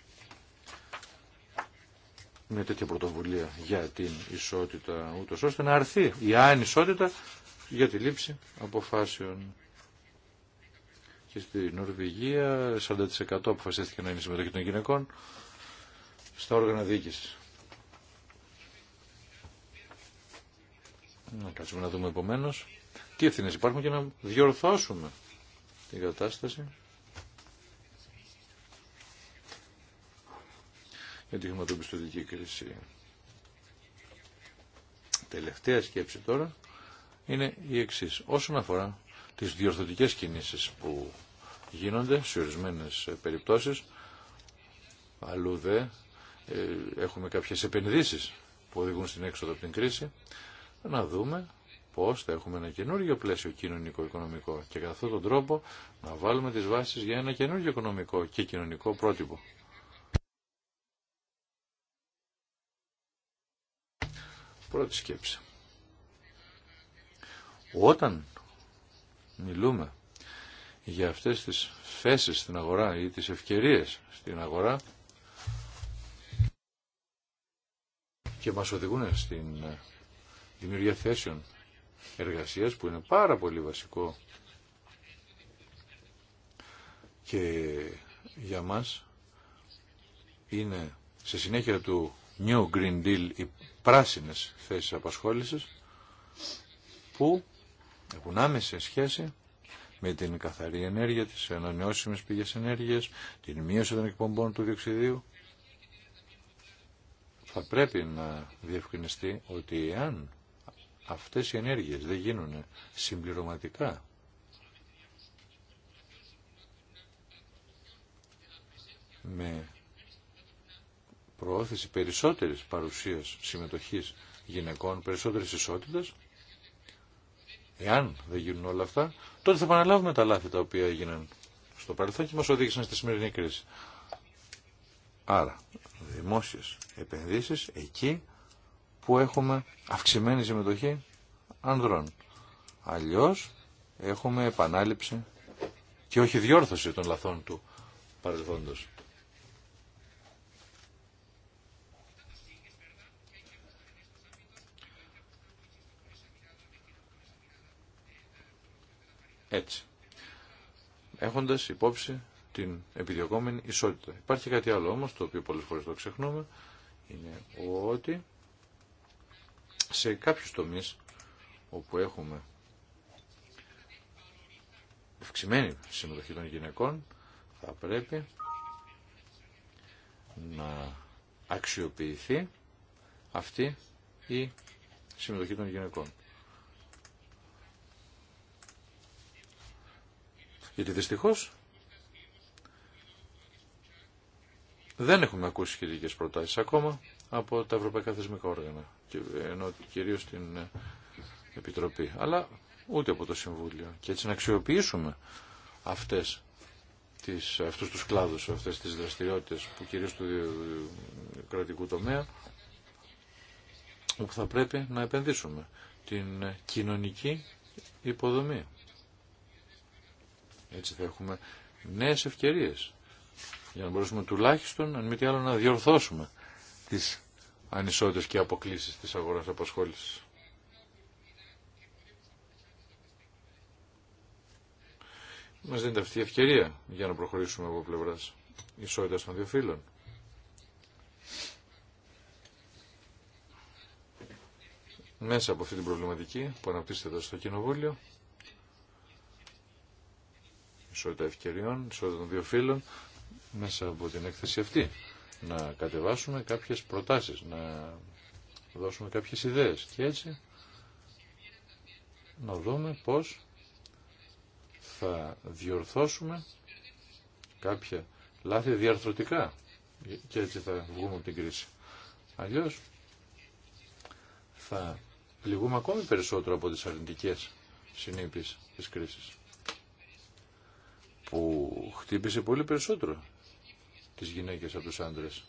μια τέτοια πρωτοβουλία για την ισότητα, ούτω ώστε να αρθεί η ανισότητα για τη λήψη αποφάσεων. Και στη Νορβηγία 40% αποφασίστηκε να είναι συμμετοχή των γυναικών στα όργανα διοίκησης. Να κάτσουμε να δούμε επομένω τι ευθύνε υπάρχουν και να διορθώσουμε την κατάσταση. με τη χρηματοπιστωτική κρίση. Τελευταία σκέψη τώρα είναι η εξή. Όσον αφορά τις διορθωτικές κινήσεις που γίνονται σε ορισμένε περιπτώσεις, αλλού δε ε, έχουμε κάποιες επενδύσεις που οδηγούν στην έξοδο από την κρίση, να δούμε πώς θα έχουμε ένα καινούργιο πλαίσιο κοινωνικό-οικονομικό και κατά αυτόν τον τρόπο να βάλουμε τι βάσει για ένα καινούργιο οικονομικό και κοινωνικό πρότυπο. Πρώτη σκέψη. Όταν μιλούμε για αυτές τις θέσεις στην αγορά ή τις ευκαιρίες στην αγορά και μας οδηγούν στην δημιουργία θέσεων εργασίας που είναι πάρα πολύ βασικό και για μας είναι σε συνέχεια του New Green Deal, οι πράσινες θέσεις απασχόλησης, που έχουν άμεση σχέση με την καθαρή ενέργεια, τις ανανεώσιμες πηγές ενέργειας, την μείωση των εκπομπών του διοξιδίου. Θα πρέπει να διευκρινιστεί ότι εάν αυτές οι ενέργειες δεν γίνουν συμπληρωματικά με προώθηση περισσότερης παρουσίας συμμετοχής γυναικών, περισσότερης ισότητας, εάν δεν γίνουν όλα αυτά, τότε θα επαναλάβουμε τα λάθη τα οποία έγιναν στο παρελθόν και μας οδήγησαν στη σημερινή κρίση. Άρα, δημόσιες επενδύσεις εκεί που έχουμε αυξημένη συμμετοχή ανδρών. Αλλιώς έχουμε επανάληψη και όχι διόρθωση των λαθών του παρελθόντος. έτσι. Έχοντας υπόψη την επιδιωκόμενη ισότητα. Υπάρχει κάτι άλλο όμως, το οποίο πολλές φορές το ξεχνούμε, είναι ότι σε κάποιους τομείς όπου έχουμε ευξημένη συμμετοχή των γυναικών θα πρέπει να αξιοποιηθεί αυτή η συμμετοχή των γυναικών. Γιατί δυστυχώς δεν έχουμε ακούσει σχετικές προτάσεις ακόμα από τα ευρωπαϊκά θεσμικά όργανα, ενώ κυρίως την ε, Επιτροπή, αλλά ούτε από το Συμβούλιο. Και έτσι να αξιοποιήσουμε αυτές τις, αυτούς τους κλάδους, αυτές τις δραστηριότητες που κυρίως του κρατικού τομέα όπου θα πρέπει να επενδύσουμε την κοινωνική υποδομή. Έτσι θα έχουμε νέες ευκαιρίες για να μπορέσουμε τουλάχιστον, αν μη τι άλλο, να διορθώσουμε τις ανισότητες και αποκλήσεις της αγοράς απασχόλησης. Μας δίνεται αυτή η ευκαιρία για να προχωρήσουμε από πλευράς ισότητας των δύο φύλων. Μέσα από αυτή την προβληματική που αναπτύσσεται εδώ στο Κοινοβούλιο, ισότητα ευκαιριών, ισότητα των δύο φίλων, μέσα από την έκθεση αυτή. Να κατεβάσουμε κάποιες προτάσεις, να δώσουμε κάποιες ιδέες και έτσι να δούμε πώς θα διορθώσουμε κάποια λάθη διαρθρωτικά και έτσι θα βγούμε από την κρίση. Αλλιώς θα πληγούμε ακόμη περισσότερο από τις αρνητικές συνήπεις της κρίσης που χτύπησε πολύ περισσότερο τις γυναίκες από τους άντρες.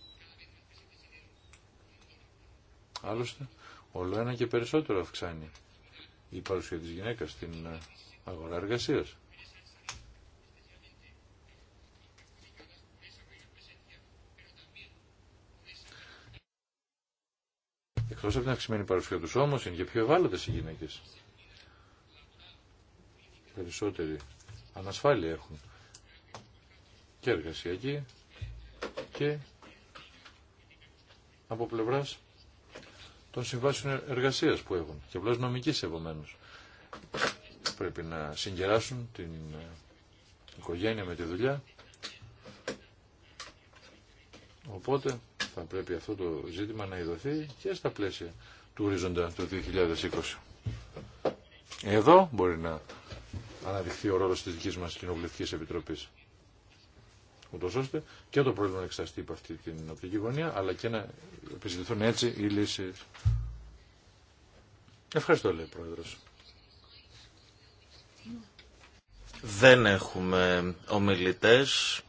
Άλλωστε, όλο ένα και περισσότερο αυξάνει η παρουσία της γυναίκας στην ε, αγορά εργασίας. Εκτός από την αυξημένη παρουσία τους όμως, είναι και πιο ευάλωτες οι γυναίκες. Περισσότεροι ανασφάλεια έχουν και εργασιακή και από πλευρά των συμβάσεων εργασίας που έχουν και απλώς νομική επομένω Πρέπει να συγκεράσουν την ε, οικογένεια με τη δουλειά. Οπότε θα πρέπει αυτό το ζήτημα να ειδωθεί και στα πλαίσια του ορίζοντα του 2020. Εδώ μπορεί να αναδειχθεί ο ρόλος της δικής μας Κοινοβουλευτικής Επιτροπής ούτω ώστε και το πρόβλημα να εξαστεί από αυτή την οπτική γωνία, αλλά και να επιζητηθούν έτσι οι λύσει. Ευχαριστώ, λέει Πρόεδρος. Δεν έχουμε ομιλητές.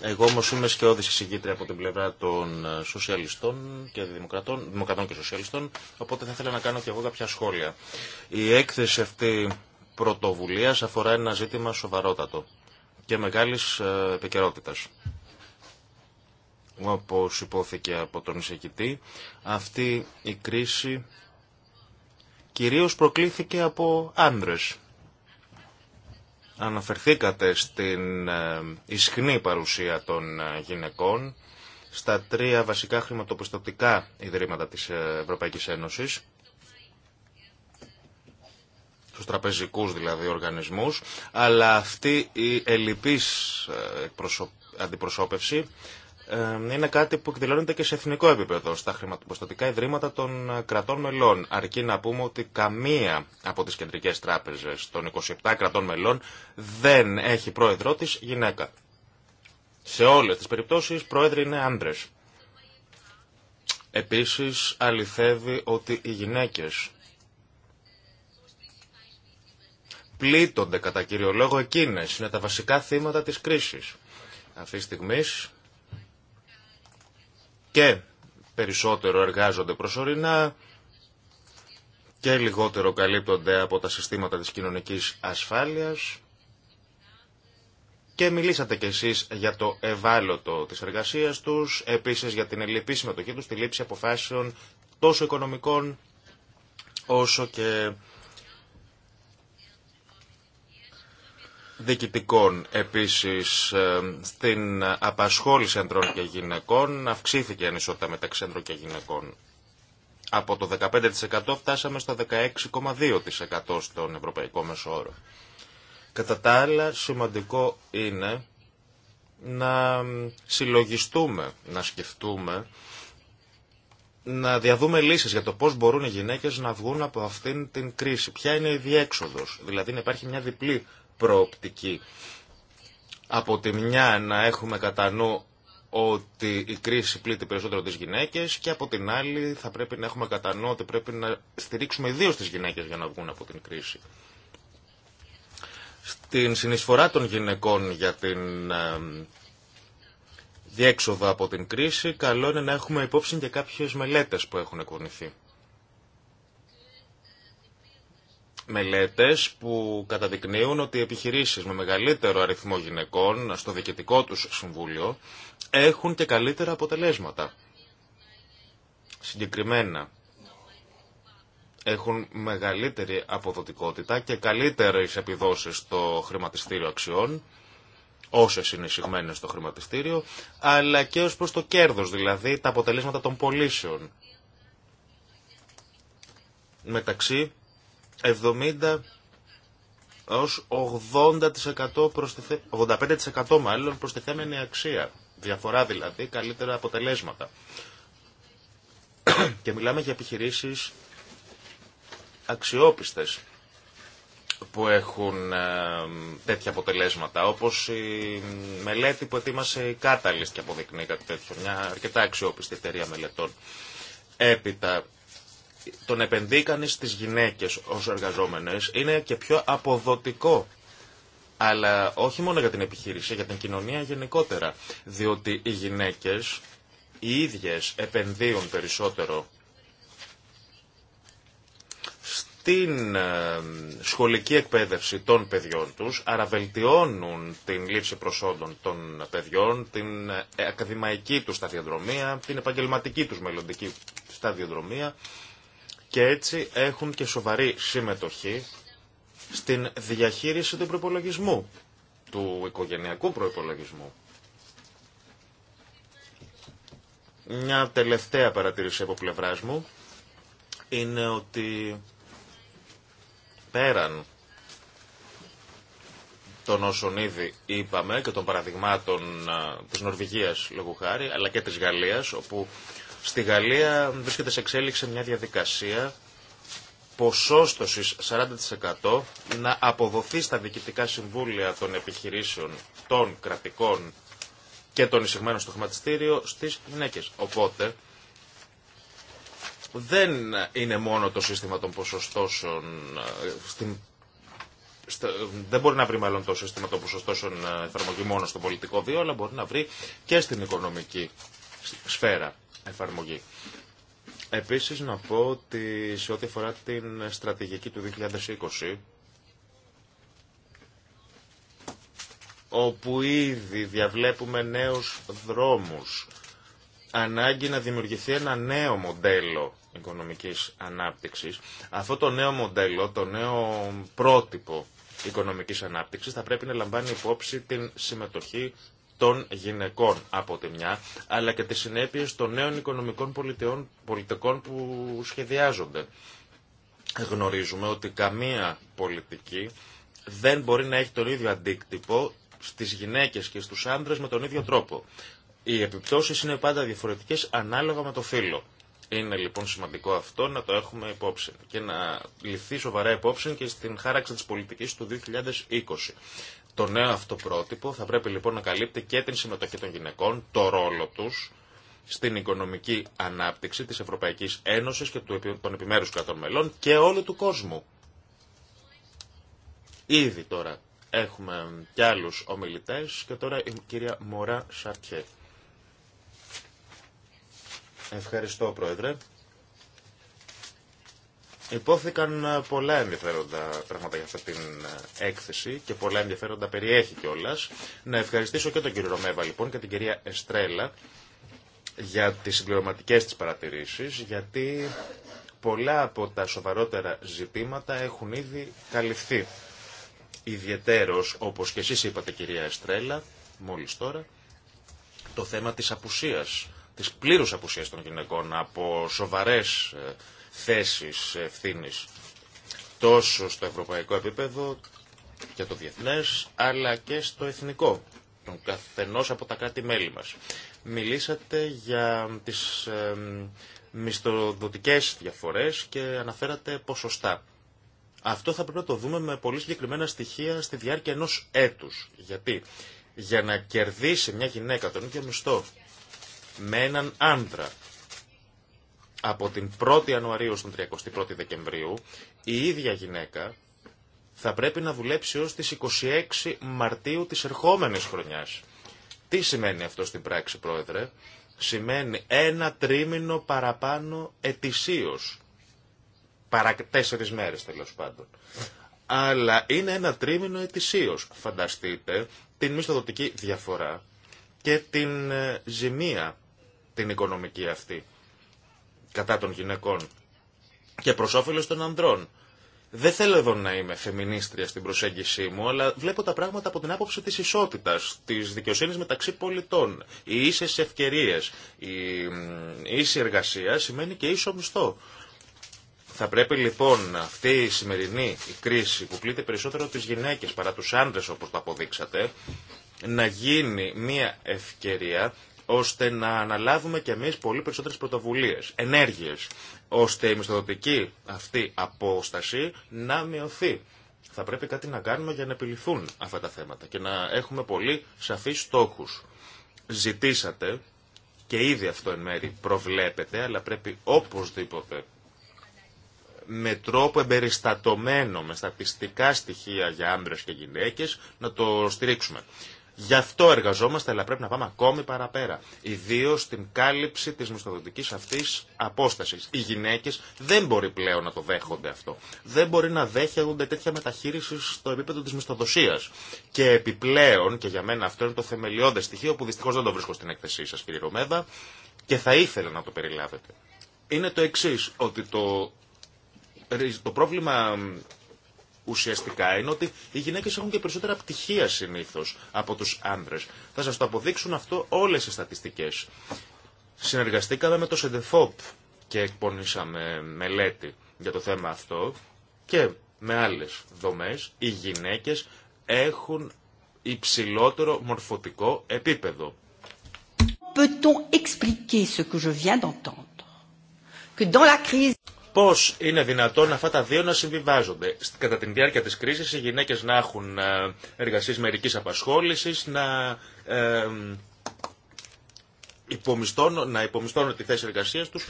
Εγώ όμως είμαι σκιώδης εισηγήτρια από την πλευρά των σοσιαλιστών και δημοκρατών, δημοκρατών και σοσιαλιστών, οπότε θα ήθελα να κάνω και εγώ κάποια σχόλια. Η έκθεση αυτή πρωτοβουλίας αφορά ένα ζήτημα σοβαρότατο και μεγάλης ε, επικαιρότητα. Όπως υπόθηκε από τον εισαγητή, αυτή η κρίση κυρίως προκλήθηκε από άνδρες. Αναφερθήκατε στην ε, ισχνή παρουσία των ε, γυναικών στα τρία βασικά χρηματοπιστωτικά ιδρύματα της Ευρωπαϊκής Ένωσης στους τραπεζικούς δηλαδή οργανισμούς, αλλά αυτή η ελλειπής ε, αντιπροσώπευση ε, είναι κάτι που εκδηλώνεται και σε εθνικό επίπεδο στα χρηματοπιστωτικά ιδρύματα των ε, κρατών μελών. Αρκεί να πούμε ότι καμία από τις κεντρικές τράπεζες των 27 κρατών μελών δεν έχει πρόεδρό της γυναίκα. Σε όλες τις περιπτώσεις πρόεδροι είναι άντρες. Επίσης αληθεύει ότι οι γυναίκες πλήττονται κατά κύριο λόγο εκείνες. Είναι τα βασικά θύματα της κρίσης. Αυτή τη στιγμή και περισσότερο εργάζονται προσωρινά και λιγότερο καλύπτονται από τα συστήματα της κοινωνικής ασφάλειας. Και μιλήσατε κι εσείς για το ευάλωτο της εργασίας τους, επίσης για την ελληπή συμμετοχή τους στη λήψη αποφάσεων τόσο οικονομικών όσο και διοικητικών. Επίσης, ε, στην απασχόληση ανδρών και γυναικών αυξήθηκε η ανισότητα μεταξύ ανδρών και γυναικών. Από το 15% φτάσαμε στο 16,2% στον Ευρωπαϊκό Μεσόωρο. Κατά τα άλλα, σημαντικό είναι να συλλογιστούμε, να σκεφτούμε, να διαδούμε λύσεις για το πώς μπορούν οι γυναίκες να βγουν από αυτήν την κρίση. Ποια είναι η διέξοδος, δηλαδή να υπάρχει μια διπλή προοπτική. Από τη μια να έχουμε κατά νου ότι η κρίση πλήττει περισσότερο τις γυναίκες και από την άλλη θα πρέπει να έχουμε κατά νου ότι πρέπει να στηρίξουμε ιδίως τις γυναίκες για να βγουν από την κρίση. Στην συνεισφορά των γυναικών για την διέξοδο από την κρίση καλό είναι να έχουμε υπόψη και κάποιες μελέτες που έχουν εκπονηθεί. μελέτες που καταδεικνύουν ότι οι επιχειρήσεις με μεγαλύτερο αριθμό γυναικών στο διοικητικό τους συμβούλιο έχουν και καλύτερα αποτελέσματα. Συγκεκριμένα έχουν μεγαλύτερη αποδοτικότητα και καλύτερες επιδόσεις στο χρηματιστήριο αξιών όσες είναι εισηγμένες στο χρηματιστήριο, αλλά και ως προς το κέρδος, δηλαδή τα αποτελέσματα των πωλήσεων μεταξύ 70 έως 80% προστιθε... 85% μάλλον προστιθέμενη αξία. Διαφορά δηλαδή, καλύτερα αποτελέσματα. και μιλάμε για επιχειρήσεις αξιόπιστες που έχουν ε, τέτοια αποτελέσματα, όπως η μελέτη που ετοίμασε η Catalyst και αποδεικνύει κάτι τέτοιο, μια αρκετά αξιόπιστη εταιρεία μελετών. Έπειτα, τον επενδύει στις γυναίκες ως εργαζόμενες είναι και πιο αποδοτικό αλλά όχι μόνο για την επιχείρηση, για την κοινωνία γενικότερα. Διότι οι γυναίκες οι ίδιες επενδύουν περισσότερο στην ε, σχολική εκπαίδευση των παιδιών τους, άρα βελτιώνουν την λήψη προσόντων των παιδιών, την ε, ακαδημαϊκή τους σταδιοδρομία, την επαγγελματική τους μελλοντική σταδιοδρομία και έτσι έχουν και σοβαρή συμμετοχή στην διαχείριση του προπολογισμού, του οικογενειακού προπολογισμού. Μια τελευταία παρατήρηση από πλευρά μου είναι ότι πέραν των όσων ήδη είπαμε και των παραδειγμάτων ε, της Νορβηγίας λόγω χάρη, αλλά και της Γαλλίας, όπου Στη Γαλλία βρίσκεται σε εξέλιξη μια διαδικασία ποσόστοσης 40% να αποδοθεί στα διοικητικά συμβούλια των επιχειρήσεων, των κρατικών και των εισηγμένων στο χρηματιστήριο στις γυναίκες. Οπότε δεν είναι μόνο το σύστημα των ποσοστώσεων ε, στην δεν μπορεί να βρει μάλλον το σύστημα των ποσοστώσεων ε, εφαρμογή μόνο στο πολιτικό βίο, αλλά μπορεί να βρει και στην οικονομική σφαίρα εφαρμογή. Επίσης να πω ότι σε ό,τι αφορά την στρατηγική του 2020, όπου ήδη διαβλέπουμε νέους δρόμους, ανάγκη να δημιουργηθεί ένα νέο μοντέλο οικονομικής ανάπτυξης. Αυτό το νέο μοντέλο, το νέο πρότυπο οικονομικής ανάπτυξης θα πρέπει να λαμβάνει υπόψη την συμμετοχή των γυναικών από τη μια, αλλά και τις συνέπειες των νέων οικονομικών πολιτεών, πολιτικών που σχεδιάζονται. Γνωρίζουμε ότι καμία πολιτική δεν μπορεί να έχει τον ίδιο αντίκτυπο στις γυναίκες και στους άντρες με τον ίδιο τρόπο. Οι επιπτώσεις είναι πάντα διαφορετικές ανάλογα με το φύλλο. Είναι λοιπόν σημαντικό αυτό να το έχουμε υπόψη και να ληφθεί σοβαρά υπόψη και στην χάραξη της πολιτικής του 2020. Το νέο αυτό πρότυπο θα πρέπει λοιπόν να καλύπτει και την συμμετοχή των γυναικών, το ρόλο τους στην οικονομική ανάπτυξη της Ευρωπαϊκής Ένωσης και των επιμέρους κρατών μελών και όλου του κόσμου. Ήδη τώρα έχουμε και άλλους ομιλητές και τώρα η κυρία Μωρά Σαρτιέ. Ευχαριστώ Πρόεδρε. Υπόθηκαν ε, πολλά ενδιαφέροντα πράγματα για αυτή την ε, έκθεση και πολλά ενδιαφέροντα περιέχει κιόλα. Να ευχαριστήσω και τον κύριο Ρωμέβα λοιπόν και την κυρία Εστρέλα για τις συμπληρωματικέ της παρατηρήσεις, γιατί πολλά από τα σοβαρότερα ζητήματα έχουν ήδη καλυφθεί. Ιδιαιτέρως, όπως και εσείς είπατε κυρία Εστρέλα, μόλις τώρα, το θέμα της απουσίας, της πλήρους απουσίας των γυναικών από σοβαρές ε, θέσεις ευθύνη τόσο στο ευρωπαϊκό επίπεδο και το διεθνές, αλλά και στο εθνικό, τον καθενός από τα κράτη-μέλη μας. Μιλήσατε για τις ε, μισθοδοτικές διαφορές και αναφέρατε ποσοστά. Αυτό θα πρέπει να το δούμε με πολύ συγκεκριμένα στοιχεία στη διάρκεια ενός έτους. Γιατί για να κερδίσει μια γυναίκα τον ίδιο μισθό με έναν άντρα από την 1η Ιανουαρίου στον 31η Δεκεμβρίου, η ίδια γυναίκα θα πρέπει να δουλέψει ως τις 26 Μαρτίου της ερχόμενης χρονιάς. Τι σημαίνει αυτό στην πράξη, Πρόεδρε? Σημαίνει ένα τρίμηνο παραπάνω ετησίως. Παρά τέσσερις μέρες, τέλο πάντων. Αλλά είναι ένα τρίμηνο ετησίως. Φανταστείτε την μισθοδοτική διαφορά και την ε, ζημία την οικονομική αυτή κατά των γυναικών και προς όφελος των ανδρών. Δεν θέλω εδώ να είμαι φεμινίστρια στην προσέγγιση μου, αλλά βλέπω τα πράγματα από την άποψη της ισότητας, της δικαιοσύνης μεταξύ πολιτών. Οι ίσες ευκαιρίες, η ίση εργασία σημαίνει και ίσο μισθό. Θα πρέπει λοιπόν αυτή η σημερινή κρίση που πλήττει περισσότερο τις γυναίκες παρά τους άντρες όπως το αποδείξατε, να γίνει μια ευκαιρία ώστε να αναλάβουμε κι εμείς πολύ περισσότερες πρωτοβουλίε, ενέργειες, ώστε η μισθοδοτική αυτή απόσταση να μειωθεί. Θα πρέπει κάτι να κάνουμε για να επιληθούν αυτά τα θέματα και να έχουμε πολύ σαφείς στόχους. Ζητήσατε, και ήδη αυτό εν μέρη προβλέπετε, αλλά πρέπει οπωσδήποτε με τρόπο εμπεριστατωμένο, με στατιστικά στοιχεία για άντρε και γυναίκε, να το στηρίξουμε. Γι' αυτό εργαζόμαστε, αλλά πρέπει να πάμε ακόμη παραπέρα. Ιδίω στην κάλυψη τη μισθοδοτική αυτή απόσταση. Οι γυναίκε δεν μπορεί πλέον να το δέχονται αυτό. Δεν μπορεί να δέχονται τέτοια μεταχείριση στο επίπεδο τη μισθοδοσία. Και επιπλέον, και για μένα αυτό είναι το θεμελιώδε στοιχείο που δυστυχώ δεν το βρίσκω στην έκθεσή σα, κύριε Ρωμέδα, και θα ήθελα να το περιλάβετε. Είναι το εξή, ότι το, το πρόβλημα ουσιαστικά είναι ότι οι γυναίκες έχουν και περισσότερα πτυχία συνήθως από τους άνδρες. Θα σας το αποδείξουν αυτό όλες οι στατιστικές. Συνεργαστήκαμε με το ΣΕΝΤΕΦΟΠ και εκπονήσαμε μελέτη για το θέμα αυτό και με άλλες δομές οι γυναίκες έχουν υψηλότερο μορφωτικό επίπεδο. Peut-on expliquer ce que je viens d'entendre? Que dans la crise Πώ είναι δυνατόν αυτά τα δύο να συμβιβάζονται. Κατά τη διάρκεια τη κρίση, οι γυναίκε να έχουν ε, εργασίε μερική απασχόληση, να ε, να υπομισθώνουν τη θέση εργασία του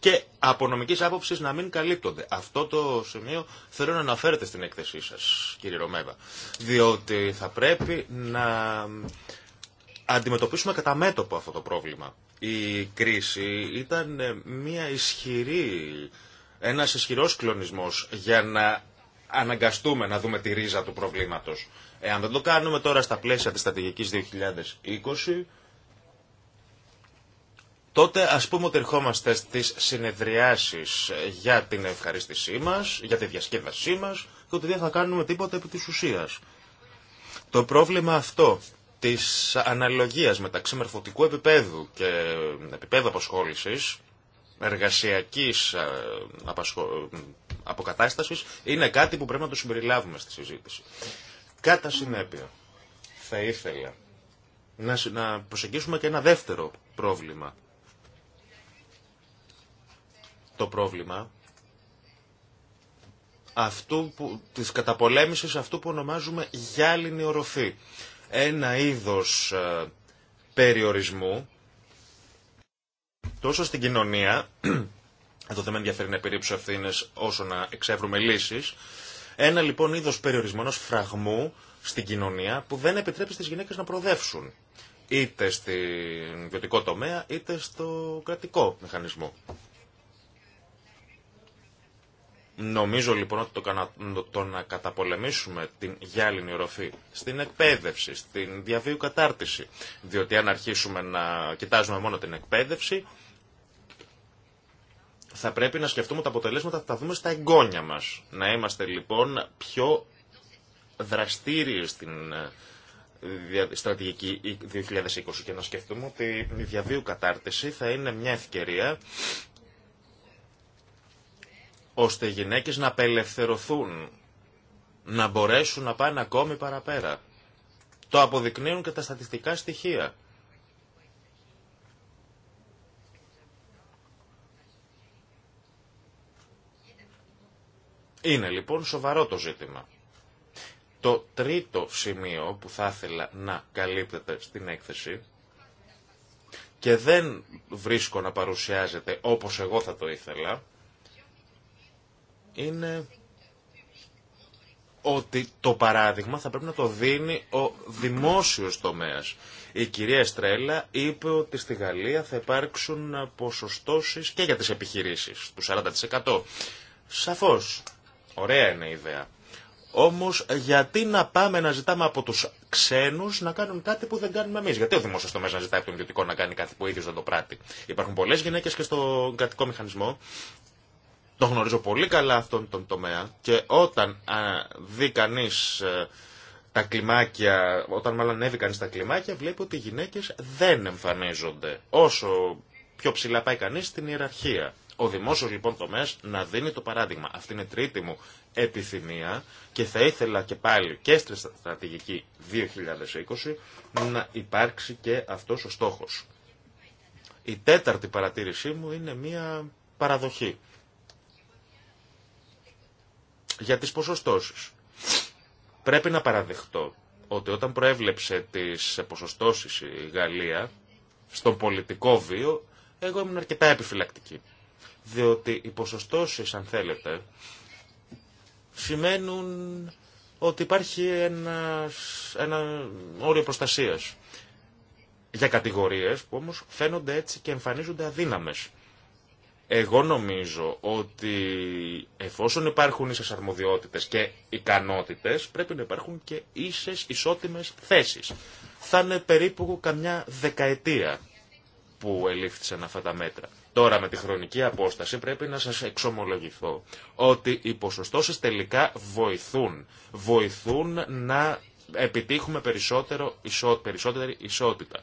και από νομική άποψη να μην καλύπτονται. Αυτό το σημείο θέλω να αναφέρετε στην έκθεσή σα, κύριε Ρωμέβα. Διότι θα πρέπει να αντιμετωπίσουμε κατά μέτωπο αυτό το πρόβλημα. Η κρίση ήταν ε, μια ισχυρή ένα ισχυρό κλονισμό για να αναγκαστούμε να δούμε τη ρίζα του προβλήματος. Εάν δεν το κάνουμε τώρα στα πλαίσια της στρατηγικής 2020, τότε ας πούμε ότι ερχόμαστε στις συνεδριάσεις για την ευχαριστησή μας, για τη διασκέδασή μας και ότι δεν θα κάνουμε τίποτα επί της ουσίας. Το πρόβλημα αυτό της αναλογίας μεταξύ μερφωτικού επίπεδου και επίπεδου απασχόλησης εργασιακής ε, αποκατάστασης είναι κάτι που πρέπει να το συμπεριλάβουμε στη συζήτηση. Κατά συνέπεια, θα ήθελα να προσεγγίσουμε και ένα δεύτερο πρόβλημα. Το πρόβλημα αυτού που, της καταπολέμησης αυτού που ονομάζουμε γυάλινη οροφή. Ένα είδος ε, περιορισμού Τόσο στην κοινωνία, εδώ δεν με ενδιαφέρει να επιρρύψω ευθύνε όσο να εξεύρουμε λύσει, ένα λοιπόν είδο περιορισμένο φραγμού στην κοινωνία που δεν επιτρέπει στι γυναίκε να προοδεύσουν. Είτε στην ιδιωτικό τομέα, είτε στο κρατικό μηχανισμό. Νομίζω λοιπόν ότι το, να καταπολεμήσουμε την γυάλινη οροφή στην εκπαίδευση, στην διαβίου κατάρτιση, διότι αν αρχίσουμε να κοιτάζουμε μόνο την εκπαίδευση, θα πρέπει να σκεφτούμε τα αποτελέσματα, θα τα δούμε στα εγγόνια μας. Να είμαστε λοιπόν πιο δραστήριοι στην ε, στρατηγική 2020 και να σκεφτούμε ότι η διαβίου κατάρτιση θα είναι μια ευκαιρία ώστε οι γυναίκες να απελευθερωθούν, να μπορέσουν να πάνε ακόμη παραπέρα. Το αποδεικνύουν και τα στατιστικά στοιχεία. Είναι λοιπόν σοβαρό το ζήτημα. Το τρίτο σημείο που θα ήθελα να καλύπτεται στην έκθεση και δεν βρίσκω να παρουσιάζεται όπως εγώ θα το ήθελα, είναι ότι το παράδειγμα θα πρέπει να το δίνει ο δημόσιος τομέας. Η κυρία Στρέλα είπε ότι στη Γαλλία θα υπάρξουν ποσοστώσεις και για τις επιχειρήσεις, του 40%. Σαφώς, Ωραία είναι η ιδέα. Όμως γιατί να πάμε να ζητάμε από τους ξένους να κάνουν κάτι που δεν κάνουμε εμείς. Γιατί ο δημόσιο τομέας να ζητάει από τον ιδιωτικό να κάνει κάτι που ίδιος δεν το πράττει. Υπάρχουν πολλές γυναίκες και στον κρατικό μηχανισμό. Το γνωρίζω πολύ καλά αυτόν τον τομέα και όταν α, δει ε, τα κλιμάκια, όταν μάλλον ανέβει κανείς τα κλιμάκια, βλέπει ότι οι γυναίκες δεν εμφανίζονται. Όσο πιο ψηλά πάει κανείς στην ιεραρχία ο δημόσιο λοιπόν τομέα να δίνει το παράδειγμα. Αυτή είναι τρίτη μου επιθυμία και θα ήθελα και πάλι και στη στρατηγική 2020 να υπάρξει και αυτό ο στόχο. Η τέταρτη παρατήρησή μου είναι μία παραδοχή για τις ποσοστώσεις. Πρέπει να παραδεχτώ ότι όταν προέβλεψε τις ποσοστώσεις η Γαλλία στον πολιτικό βίο, εγώ ήμουν αρκετά επιφυλακτική. Διότι οι ποσοστώσεις, αν θέλετε, σημαίνουν ότι υπάρχει ένα, ένα όριο προστασίας για κατηγορίες που όμως φαίνονται έτσι και εμφανίζονται αδύναμες. Εγώ νομίζω ότι εφόσον υπάρχουν ίσες αρμοδιότητες και ικανότητες, πρέπει να υπάρχουν και ίσες ισότιμες θέσεις. Θα είναι περίπου καμιά δεκαετία που ελήφθησαν αυτά τα μέτρα. Τώρα με τη χρονική απόσταση πρέπει να σας εξομολογηθώ ότι οι ποσοστώσεις τελικά βοηθούν. Βοηθούν να επιτύχουμε περισσότερο, περισσότερη ισότητα.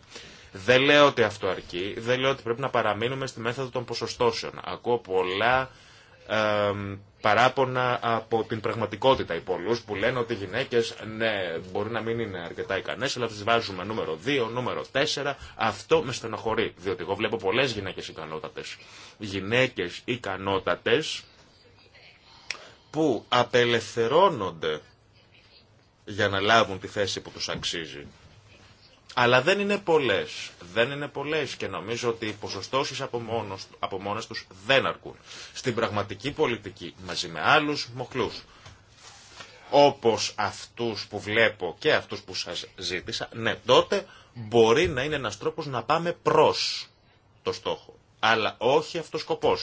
Δεν λέω ότι αυτό αρκεί, δεν λέω ότι πρέπει να παραμείνουμε στη μέθοδο των ποσοστώσεων. Ακούω πολλά παράπονα από την πραγματικότητα οι πολλούς που λένε ότι οι γυναίκες ναι, μπορεί να μην είναι αρκετά ικανές αλλά τις βάζουμε νούμερο 2, νούμερο 4 αυτό με στενοχωρεί διότι εγώ βλέπω πολλές γυναίκες ικανότατες γυναίκες ικανότατες που απελευθερώνονται για να λάβουν τη θέση που τους αξίζει αλλά δεν είναι πολλέ. Δεν είναι πολλέ. και νομίζω ότι οι ποσοστώσει από, από μόνες τους δεν αρκούν. Στην πραγματική πολιτική μαζί με άλλους μοχλούς. Όπως αυτούς που βλέπω και αυτού που σας ζήτησα, ναι τότε μπορεί να είναι ένας τρόπος να πάμε προς το στόχο. Αλλά όχι αυτός σκοπό.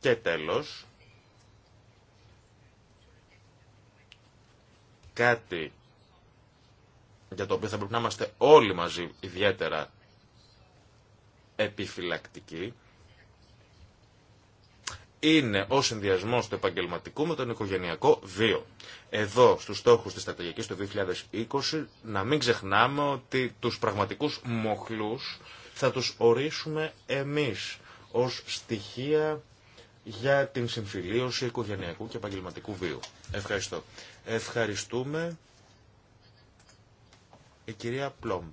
Και τέλος, κάτι για το οποίο θα πρέπει να είμαστε όλοι μαζί ιδιαίτερα επιφυλακτικοί, είναι ο συνδυασμό του επαγγελματικού με τον οικογενειακό βίο. Εδώ στου στόχου τη στρατηγικής του 2020 να μην ξεχνάμε ότι του πραγματικού μοχλού θα τους ορίσουμε εμεί ως στοιχεία για την συμφιλίωση οικογενειακού και επαγγελματικού βίου. Ευχαριστώ. Ευχαριστούμε κυρία Πλόμ.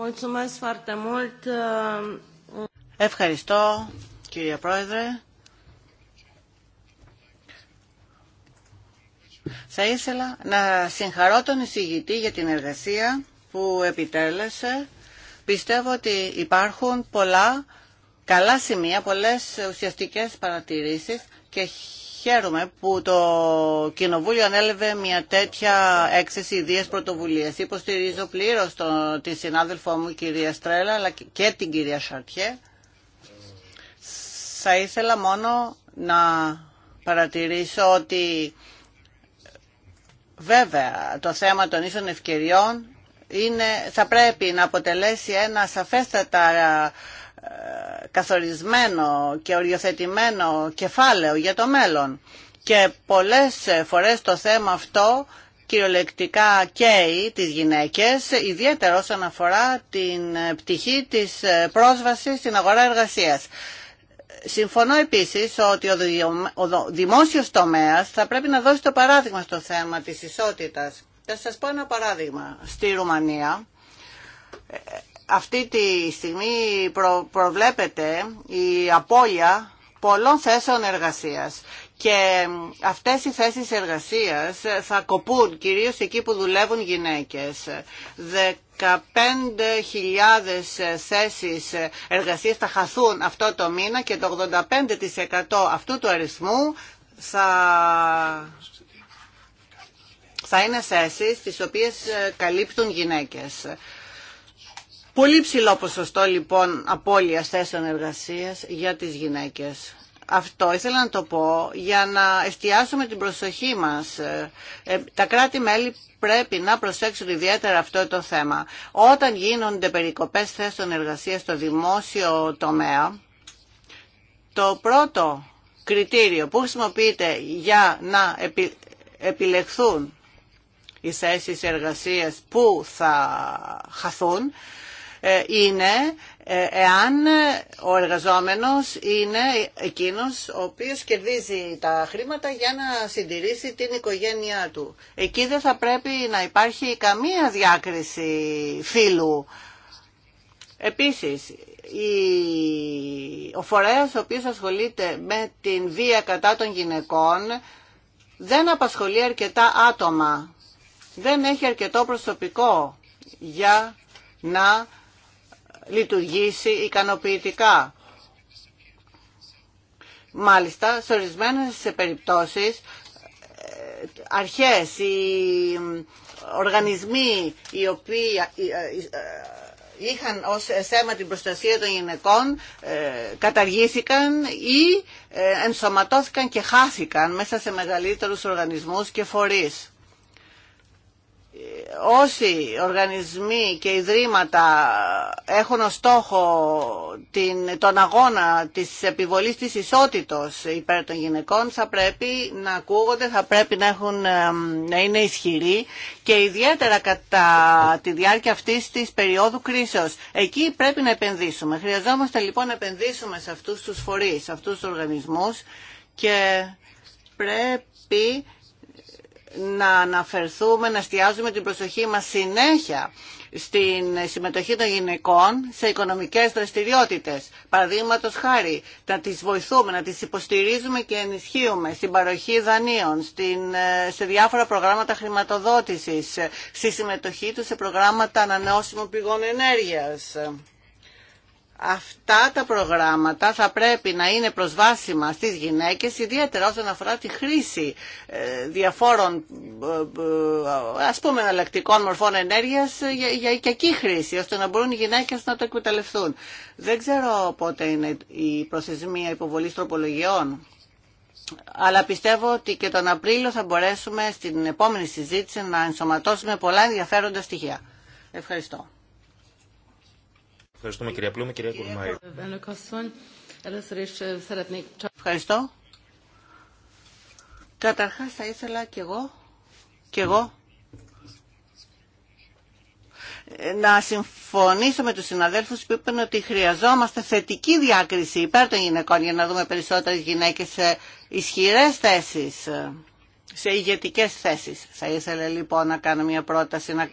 Uh, Ευχαριστώ κύριε Πρόεδρε. Θα ήθελα να συγχαρώ τον εισηγητή για την εργασία που επιτέλεσε. Πιστεύω ότι υπάρχουν πολλά καλά σημεία, πολλές ουσιαστικές παρατηρήσεις και χαίρομαι που το Κοινοβούλιο ανέλευε μια τέτοια έκθεση ιδίες πρωτοβουλίες. Υποστηρίζω πλήρως τον, τη συνάδελφό μου κυρία Στρέλα αλλά και την κυρία Σαρτιέ. Θα ήθελα μόνο να παρατηρήσω ότι βέβαια το θέμα των ίσων ευκαιριών είναι, θα πρέπει να αποτελέσει ένα σαφέστατα καθορισμένο και οριοθετημένο κεφάλαιο για το μέλλον. Και πολλές φορές το θέμα αυτό κυριολεκτικά καίει τις γυναίκες, ιδιαίτερα όσον αφορά την πτυχή της πρόσβασης στην αγορά εργασίας. Συμφωνώ επίσης ότι ο δημόσιος τομέας θα πρέπει να δώσει το παράδειγμα στο θέμα της ισότητας. Θα σας πω ένα παράδειγμα. Στη Ρουμανία αυτή τη στιγμή προβλέπεται η απώλεια πολλών θέσεων εργασίας και αυτές οι θέσεις εργασίας θα κοπούν κυρίως εκεί που δουλεύουν γυναίκες. 15.000 θέσεις εργασίας θα χαθούν αυτό το μήνα και το 85% αυτού του αριθμού θα θα είναι θέσεις τις οποίες καλύπτουν γυναίκες. Πολύ ψηλό ποσοστό λοιπόν απώλειας θέσεων εργασίας για τις γυναίκες. Αυτό ήθελα να το πω για να εστιάσουμε την προσοχή μας. Ε, ε, τα κράτη-μέλη πρέπει να προσέξουν ιδιαίτερα αυτό το θέμα. Όταν γίνονται περικοπές θέσεων εργασίας στο δημόσιο τομέα, το πρώτο κριτήριο που χρησιμοποιείται για να επιλεχθούν οι θέσει εργασίας που θα χαθούν ε, είναι ε, εάν ο εργαζόμενος είναι εκείνος ο οποίος κερδίζει τα χρήματα για να συντηρήσει την οικογένειά του. Εκεί δεν θα πρέπει να υπάρχει καμία διάκριση φύλου. Επίσης, ο φορέας ο οποίος ασχολείται με την βία κατά των γυναικών δεν απασχολεί αρκετά άτομα. Δεν έχει αρκετό προσωπικό για να λειτουργήσει ικανοποιητικά. Μάλιστα, σε ορισμένε περιπτώσεις, ε, αρχές, οι οργανισμοί οι οποίοι ε, ε, είχαν ως θέμα την προστασία των γυναικών καταργήθηκαν ή ενσωματώθηκαν και χάθηκαν μέσα σε μεγαλύτερους οργανισμούς και φορείς όσοι οργανισμοί και ιδρύματα έχουν ως στόχο την, τον αγώνα της επιβολής της ισότητος υπέρ των γυναικών θα πρέπει να ακούγονται, θα πρέπει να, έχουν, να είναι ισχυροί και ιδιαίτερα κατά τη διάρκεια αυτής της περίοδου κρίσεως. Εκεί πρέπει να επενδύσουμε. Χρειαζόμαστε λοιπόν να επενδύσουμε σε αυτούς τους φορείς, σε αυτούς τους οργανισμούς και πρέπει να αναφερθούμε, να εστιάζουμε την προσοχή μας συνέχεια στην συμμετοχή των γυναικών σε οικονομικές δραστηριότητες. Παραδείγματο χάρη, να τις βοηθούμε, να τις υποστηρίζουμε και ενισχύουμε στην παροχή δανείων, στην, ε, σε διάφορα προγράμματα χρηματοδότησης, στη συμμετοχή τους σε προγράμματα ανανεώσιμων πηγών ενέργειας αυτά τα προγράμματα θα πρέπει να είναι προσβάσιμα στις γυναίκες, ιδιαίτερα όσον αφορά τη χρήση ε, διαφόρων, ε, ε, ας πούμε, εναλλακτικών μορφών ενέργειας για οικιακή χρήση, ώστε να μπορούν οι γυναίκες να το εκμεταλλευτούν. Δεν ξέρω πότε είναι η προθεσμία υποβολή τροπολογιών. Αλλά πιστεύω ότι και τον Απρίλιο θα μπορέσουμε στην επόμενη συζήτηση να ενσωματώσουμε πολλά ενδιαφέροντα στοιχεία. Ευχαριστώ. Ευχαριστούμε κυρία Πλούμη, κυρία Κουρμάη. Ευχαριστώ. Καταρχάς θα ήθελα κι εγώ, κι εγώ να συμφωνήσω με τους συναδέλφους που είπαν ότι χρειαζόμαστε θετική διάκριση υπέρ των γυναικών για να δούμε περισσότερες γυναίκες σε ισχυρές θέσεις, σε ηγετικές θέσεις. Θα ήθελα λοιπόν να κάνω μια πρόταση να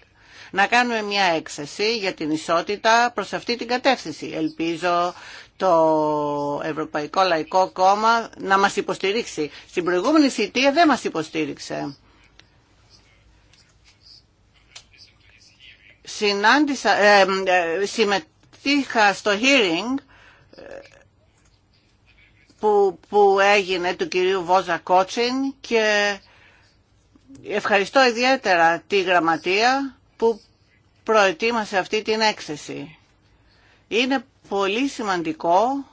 να κάνουμε μια έκθεση για την ισότητα προς αυτή την κατεύθυνση. Ελπίζω το Ευρωπαϊκό Λαϊκό Κόμμα να μας υποστηρίξει. Στην προηγούμενη θητεία δεν μας υποστήριξε. Συνάντησα, ε, ε συμμετείχα στο hearing ε, που, που έγινε του κυρίου Βόζα Κότσιν και ευχαριστώ ιδιαίτερα τη γραμματεία που προετοίμασε αυτή την έκθεση. Είναι πολύ σημαντικό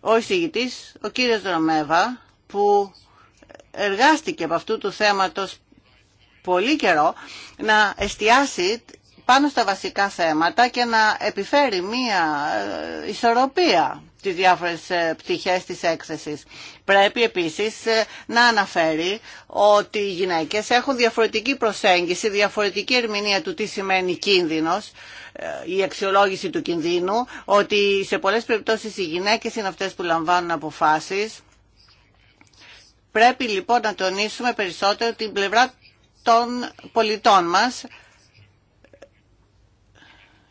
ο εισηγητής, ο κύριος Δρομέβα, που εργάστηκε από αυτού του θέματος πολύ καιρό, να εστιάσει πάνω στα βασικά θέματα και να επιφέρει μία ε, ισορροπία τις διάφορες ε, πτυχές της έκθεσης. Πρέπει επίσης ε, να αναφέρει ότι οι γυναίκες έχουν διαφορετική προσέγγιση, διαφορετική ερμηνεία του τι σημαίνει κίνδυνος, ε, η αξιολόγηση του κινδύνου, ότι σε πολλές περιπτώσεις οι γυναίκες είναι αυτές που λαμβάνουν αποφάσεις. Πρέπει λοιπόν να τονίσουμε περισσότερο την πλευρά των πολιτών μας.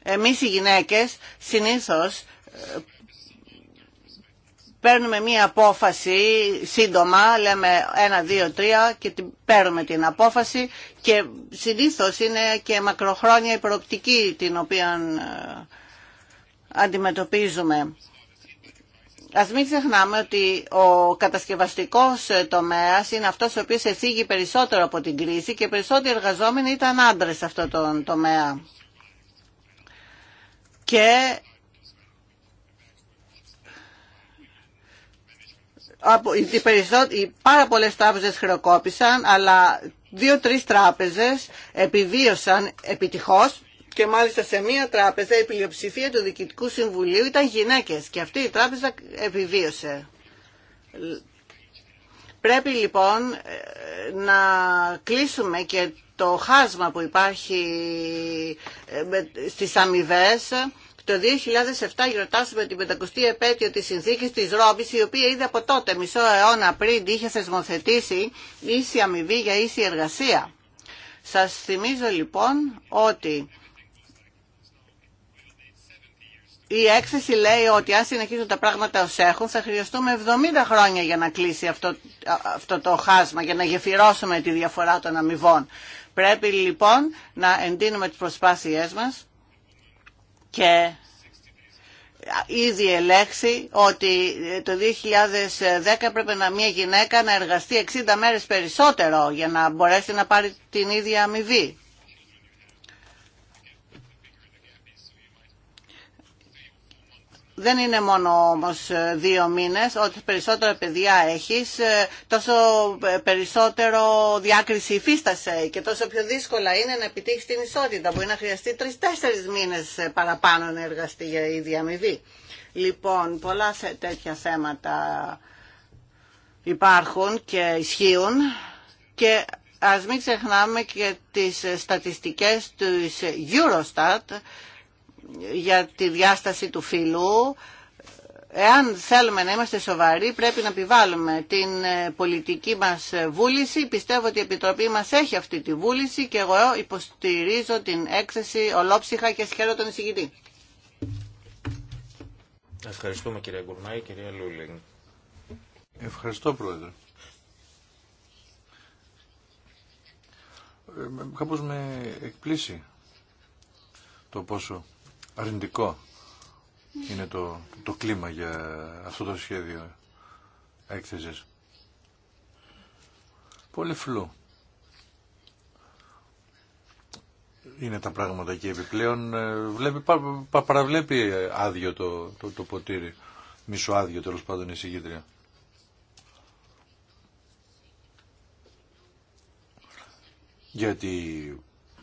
Εμείς οι γυναίκες συνήθως παίρνουμε μία απόφαση σύντομα, λέμε ένα, δύο, τρία και την παίρνουμε την απόφαση και συνήθως είναι και μακροχρόνια η προοπτική την οποία ε, αντιμετωπίζουμε. Ας μην ξεχνάμε ότι ο κατασκευαστικός ε, τομέας είναι αυτός ο οποίος εθίγει περισσότερο από την κρίση και περισσότεροι εργαζόμενοι ήταν άντρες σε αυτό το τομέα. Και οι πάρα πολλές τράπεζες χρεοκόπησαν, αλλά δύο-τρεις τράπεζες επιβίωσαν επιτυχώς και μάλιστα σε μία τράπεζα η πλειοψηφία του Διοικητικού Συμβουλίου ήταν γυναίκες και αυτή η τράπεζα επιβίωσε. Πρέπει λοιπόν ε, να κλείσουμε και το χάσμα που υπάρχει ε, στις αμοιβέ το 2007 γιορτάσουμε την 50η επέτειο της συνθήκης της Ρώμης, η οποία ήδη από τότε, μισό αιώνα πριν, είχε θεσμοθετήσει ίση αμοιβή για ίση εργασία. Σας θυμίζω λοιπόν ότι η έκθεση λέει ότι αν συνεχίζουν τα πράγματα ως έχουν θα χρειαστούμε 70 χρόνια για να κλείσει αυτό, αυτό το χάσμα, για να γεφυρώσουμε τη διαφορά των αμοιβών. Πρέπει λοιπόν να εντείνουμε τις προσπάθειές μας και ήδη ελέγχθη ότι το 2010 πρέπει να μια γυναίκα να εργαστεί 60 μέρες περισσότερο για να μπορέσει να πάρει την ίδια αμοιβή. Δεν είναι μόνο όμως ε, δύο μήνες, ό,τι περισσότερα παιδιά έχεις, ε, τόσο ε, περισσότερο διάκριση υφίστασε και τόσο πιο δύσκολα είναι να επιτύχεις την ισότητα. Μπορεί να χρειαστεί τρεις-τέσσερις μήνες παραπάνω να εργαστεί για η διαμοιβή. Λοιπόν, πολλά τέτοια θέματα υπάρχουν και ισχύουν και ας μην ξεχνάμε και τις στατιστικές του Eurostat για τη διάσταση του φιλού. Εάν θέλουμε να είμαστε σοβαροί πρέπει να επιβάλλουμε την ε, πολιτική μας βούληση. Πιστεύω ότι η Επιτροπή μας έχει αυτή τη βούληση και εγώ υποστηρίζω την έκθεση ολόψυχα και συγχαίρω τον εισηγητή. Ευχαριστούμε κυρία Γκουρνάη, κυρία Λούλινγκ. Ευχαριστώ πρόεδρε. Ε, κάπως με εκπλήσει το πόσο αρνητικό είναι το, το κλίμα για αυτό το σχέδιο έκθεσης. Πολύ φλού. Είναι τα πράγματα και επιπλέον ε, βλέπει, παραβλέπει άδειο το, το, το ποτήρι, μισοάδιο τέλος πάντων η συγκήτρια. Γιατί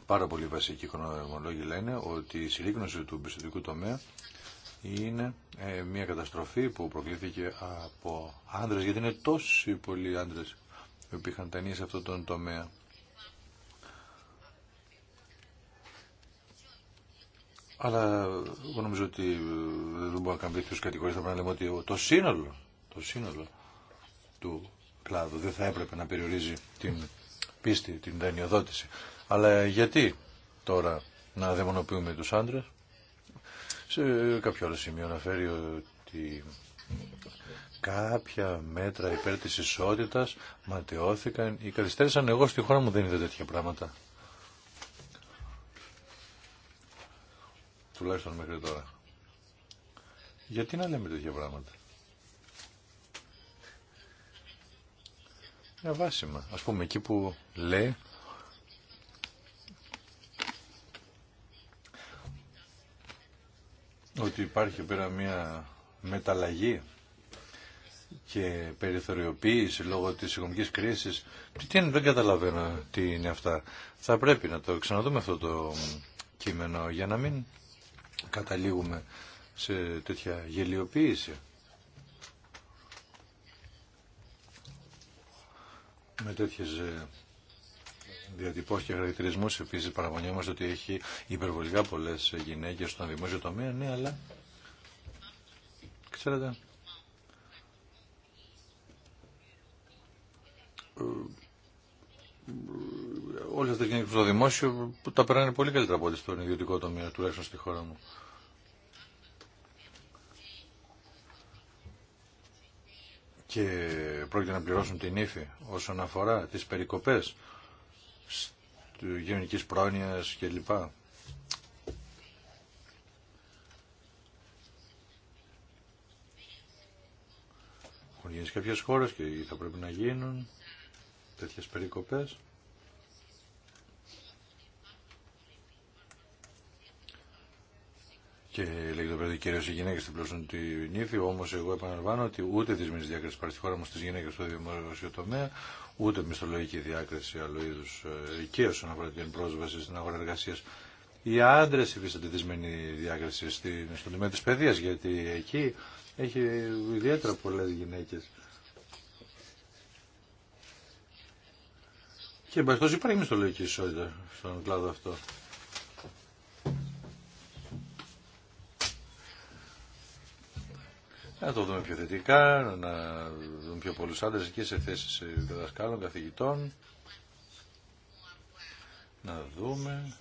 πάρα πολύ βασικοί οικονομολόγοι λένε ότι η συρρήγνωση του πιστοτικού τομέα είναι ε, μια καταστροφή που προκλήθηκε από άντρες, γιατί είναι τόσοι πολλοί άντρες που είχαν ταινίε σε αυτόν τον τομέα. Αλλά εγώ νομίζω ότι ε, δεν μπορούμε να κάνουμε τέτοιου κατηγορίε. Θα πρέπει να λέμε ότι το σύνολο, το σύνολο του κλάδου δεν θα έπρεπε να περιορίζει την πίστη, την δανειοδότηση. Αλλά γιατί τώρα να δαιμονοποιούμε τους άντρες. Σε κάποιο άλλο σημείο αναφέρει ότι κάποια μέτρα υπέρ της ισότητας ματαιώθηκαν ή καθυστέρησαν. Εγώ στη χώρα μου δεν είδα τέτοια πράγματα. Τουλάχιστον μέχρι τώρα. Γιατί να λέμε τέτοια πράγματα. Είναι βάσιμα. Ας πούμε εκεί που λέει ότι υπάρχει πέρα μια μεταλλαγή και περιθωριοποίηση λόγω της οικονομικής κρίσης. Τι είναι, δεν καταλαβαίνω τι είναι αυτά. Θα πρέπει να το ξαναδούμε αυτό το κείμενο για να μην καταλήγουμε σε τέτοια γελιοποίηση. Με τέτοιες ε, και χαρακτηρισμού. Επίση, παραπονιόμαστε ότι έχει υπερβολικά πολλέ γυναίκε στον δημόσιο τομέα. Ναι, αλλά. Ξέρετε. Ε, Όλε αυτέ οι γυναίκε στο δημόσιο που τα περνάνε πολύ καλύτερα από ό,τι στον ιδιωτικό τομέα, τουλάχιστον στη χώρα μου. και πρόκειται να πληρώσουν την ύφη όσον αφορά τις περικοπές του γενικής πρόνοιας κλπ. Έχουν γίνει σε κάποιες χώρες και θα πρέπει να γίνουν τέτοιες περικοπές. Και λέγεται το κυρίω οι γυναίκε την πλώσουν τη νύφη, όμω εγώ επαναλαμβάνω ότι ούτε δυσμενή διάκριση υπάρχει στη χώρα μου στι γυναίκε στο δημόσιο ούτε μισθολογική διάκριση άλλου είδου ε, και όσον αφορά την πρόσβαση στην αγορά εργασία. Οι άντρε υφίστανται δυσμενή διάκριση στην, στον τομέα τη παιδεία, γιατί εκεί έχει ιδιαίτερα πολλέ γυναίκε. Και εν υπάρχει μισθολογική ισότητα στον κλάδο αυτό. Να το δούμε πιο θετικά, να δούμε πιο πολλούς άντρες και σε θέσεις δασκάλων, καθηγητών. Να δούμε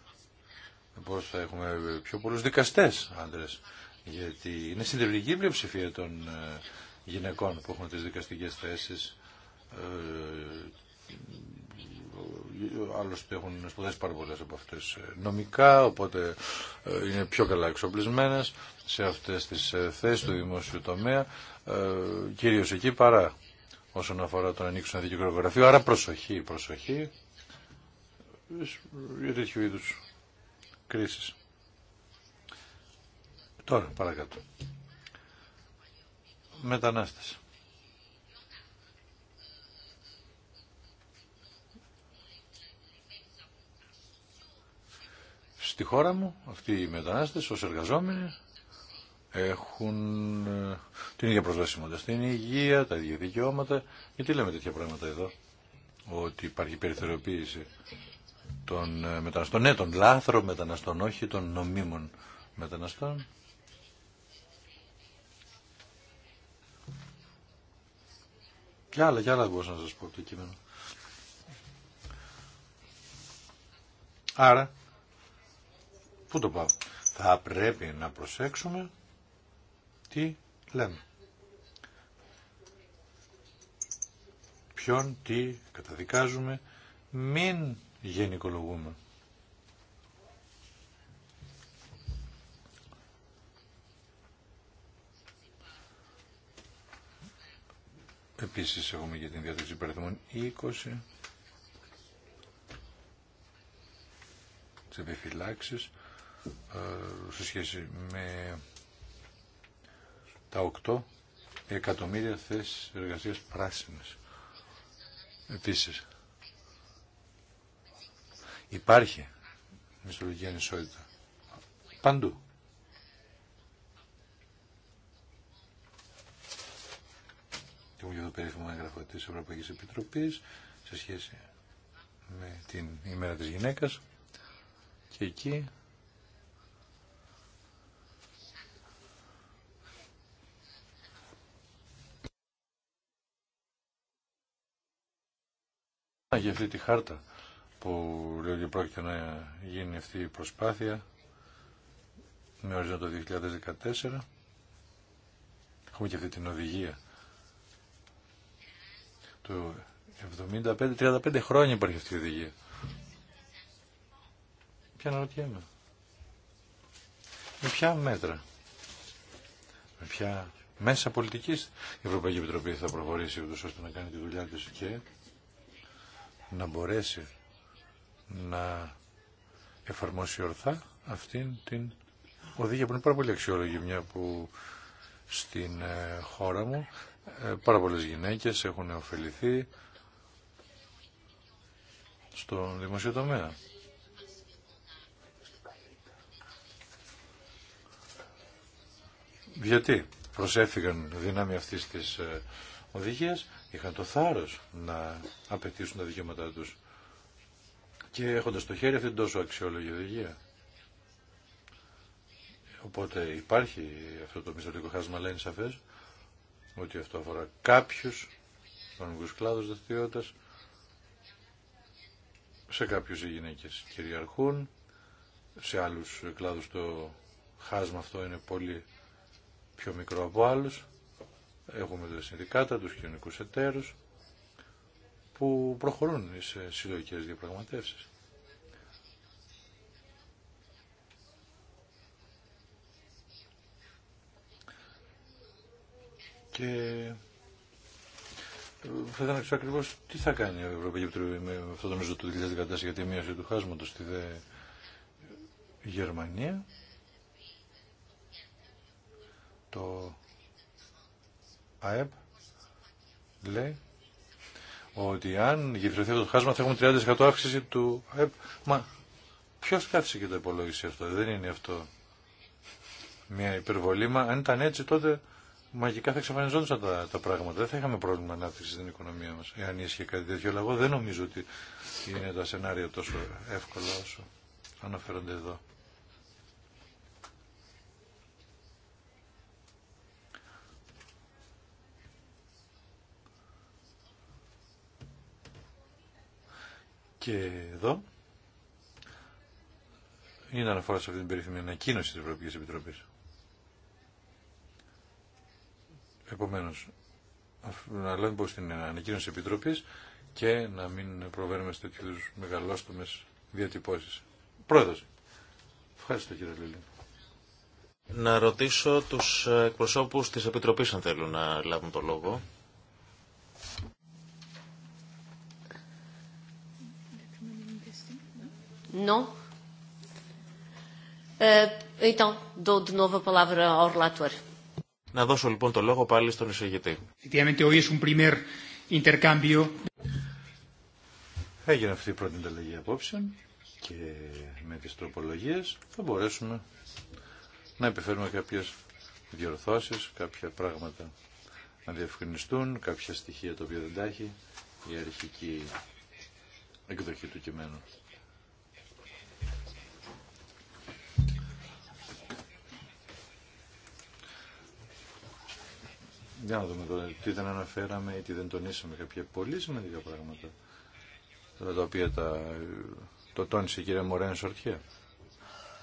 πώς θα έχουμε πιο πολλούς δικαστές άντρες. Γιατί είναι συντριπτική πλειοψηφία των ε, γυναικών που έχουν τις δικαστικές θέσεις ε, άλλωστε έχουν σπουδές πάρα από αυτές ε, νομικά, οπότε ε, είναι πιο καλά εξοπλισμένες σε αυτές τις ε, θέσεις του δημόσιου τομέα, κυρίως εκεί παρά όσον αφορά τον ανοίξουν ένα Άρα προσοχή, προσοχή για τέτοιου είδου κρίσεις. Τώρα, παρακάτω. Μετανάστες. στη χώρα μου, αυτοί οι μετανάστες ως εργαζόμενοι έχουν ε, την ίδια προσβασιμότητα στην υγεία, τα ίδια δικαιώματα. Γιατί λέμε τέτοια πράγματα εδώ, ότι υπάρχει περιθωριοποίηση των ε, μεταναστών, ναι, των λάθρων μεταναστών, όχι των νομίμων μεταναστών. Και άλλα, και άλλα μπορούσα να σας πω από το κείμενο. Άρα, Πού το πάω. Θα πρέπει να προσέξουμε τι λέμε. Ποιον, τι καταδικάζουμε. Μην γενικολογούμε. Επίσης έχουμε για την διάθεση παρελθόν 20 σε επιφυλάξεις ε, σε σχέση με τα 8 εκατομμύρια θέσεις εργασίας πράσινες. Επίσης, υπάρχει μισθολογική ανισότητα. Παντού. μου για το περίφημο έγγραφο της Ευρωπαϊκής Επιτροπής σε σχέση με την ημέρα της γυναίκας και εκεί για αυτή τη χάρτα που λέω ότι πρόκειται να γίνει αυτή η προσπάθεια με ορίζοντα το 2014. Έχουμε και αυτή την οδηγία. Το 75, 35 χρόνια υπάρχει αυτή η οδηγία. Ποια αναρωτιέμαι. Με ποια μέτρα. Με ποια μέσα πολιτικής η Ευρωπαϊκή Επιτροπή θα προχωρήσει ούτως ώστε να κάνει τη δουλειά της και να μπορέσει να εφαρμόσει ορθά αυτήν την οδηγία που είναι πάρα πολύ αξιόλογη μια που στην ε, χώρα μου ε, πάρα πολλές γυναίκες έχουν ωφεληθεί στο δημοσιο τομέα. Γιατί προσέφηκαν δυνάμει αυτής της ε, οδηγίε είχαν το θάρρος να απαιτήσουν τα δικαιώματά τους και έχοντας στο χέρι αυτήν τόσο αξιόλογη οδηγία. Οπότε υπάρχει αυτό το μισθωτικό χάσμα, λένε σαφέ ότι αυτό αφορά κάποιους οικονομικούς κλάδου δραστηριότητα. Σε κάποιου οι γυναίκες κυριαρχούν, σε άλλους κλάδους το χάσμα αυτό είναι πολύ πιο μικρό από άλλους. Έχουμε τα συνδικάτα, τους κοινωνικούς εταίρους που προχωρούν σε συλλογικές διαπραγματεύσεις. Και ε, θα ξέρω ακριβώ τι θα κάνει η Ευρωπαϊκή Επιτροπή με αυτό το μέσο του 2014 για τη μείωση του χάσματο στη Γερμανία. Το ΑΕΠ λέει ότι αν γυρθεί αυτό το χάσμα θα έχουμε 30% αύξηση του ΑΕΠ. Μα ποιος κάθισε και το υπολόγισε αυτό. Δεν είναι αυτό μια υπερβολή. Μα αν ήταν έτσι τότε μαγικά θα εξαφανιζόντουσαν τα, τα πράγματα. Δεν θα είχαμε πρόβλημα ανάπτυξη στην οικονομία μας εάν ίσχυε κάτι τέτοιο. Αλλά εγώ δεν νομίζω ότι είναι τα σενάρια τόσο εύκολα όσο αναφέρονται εδώ. Και εδώ είναι αναφορά σε αυτή την περίφημη ανακοίνωση της Ευρωπαϊκής Επιτροπής. Επομένως, να λέμε πως την ανακοίνωση της Επιτροπής και να μην προβαίνουμε σε τέτοιου μεγαλόστομες διατυπώσεις. Πρόεδρος, ευχαριστώ κύριε Λίλη. Να ρωτήσω τους εκπροσώπους της Επιτροπής αν θέλουν να λάβουν το λόγο. Ε, να δώσω λοιπόν το λόγο πάλι στον εισηγητή. Έγινε αυτή η πρώτη ανταλλαγή απόψεων και με τις τροπολογίες θα μπορέσουμε να επιφέρουμε κάποιες διορθώσεις, κάποια πράγματα να διευκρινιστούν, κάποια στοιχεία τα οποία δεν τα έχει η αρχική εκδοχή του κειμένου. Για να δούμε τι δεν αναφέραμε ή τι δεν τονίσαμε κάποια πολύ σημαντικά πράγματα τα οποία τα, το τόνισε η κυρία Μωρέν Σορτιέ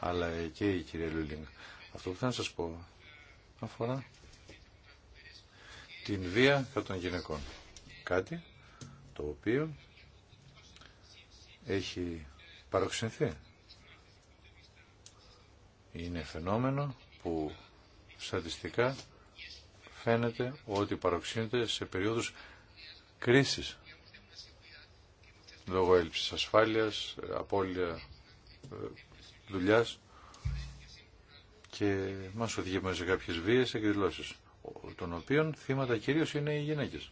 αλλά και η κυρία Λούλινγκ. Αυτό που θα σας πω αφορά την βία κατά των γυναικών. Κάτι το οποίο έχει παροξενθεί. Είναι φαινόμενο που στατιστικά φαίνεται ότι παροξύνεται σε περίοδους κρίσης λόγω έλλειψης ασφάλειας, απώλεια ε, δουλειάς και μας οδηγεί μέσα σε κάποιες βίες εκδηλώσεις των οποίων θύματα κυρίως είναι οι γυναίκες.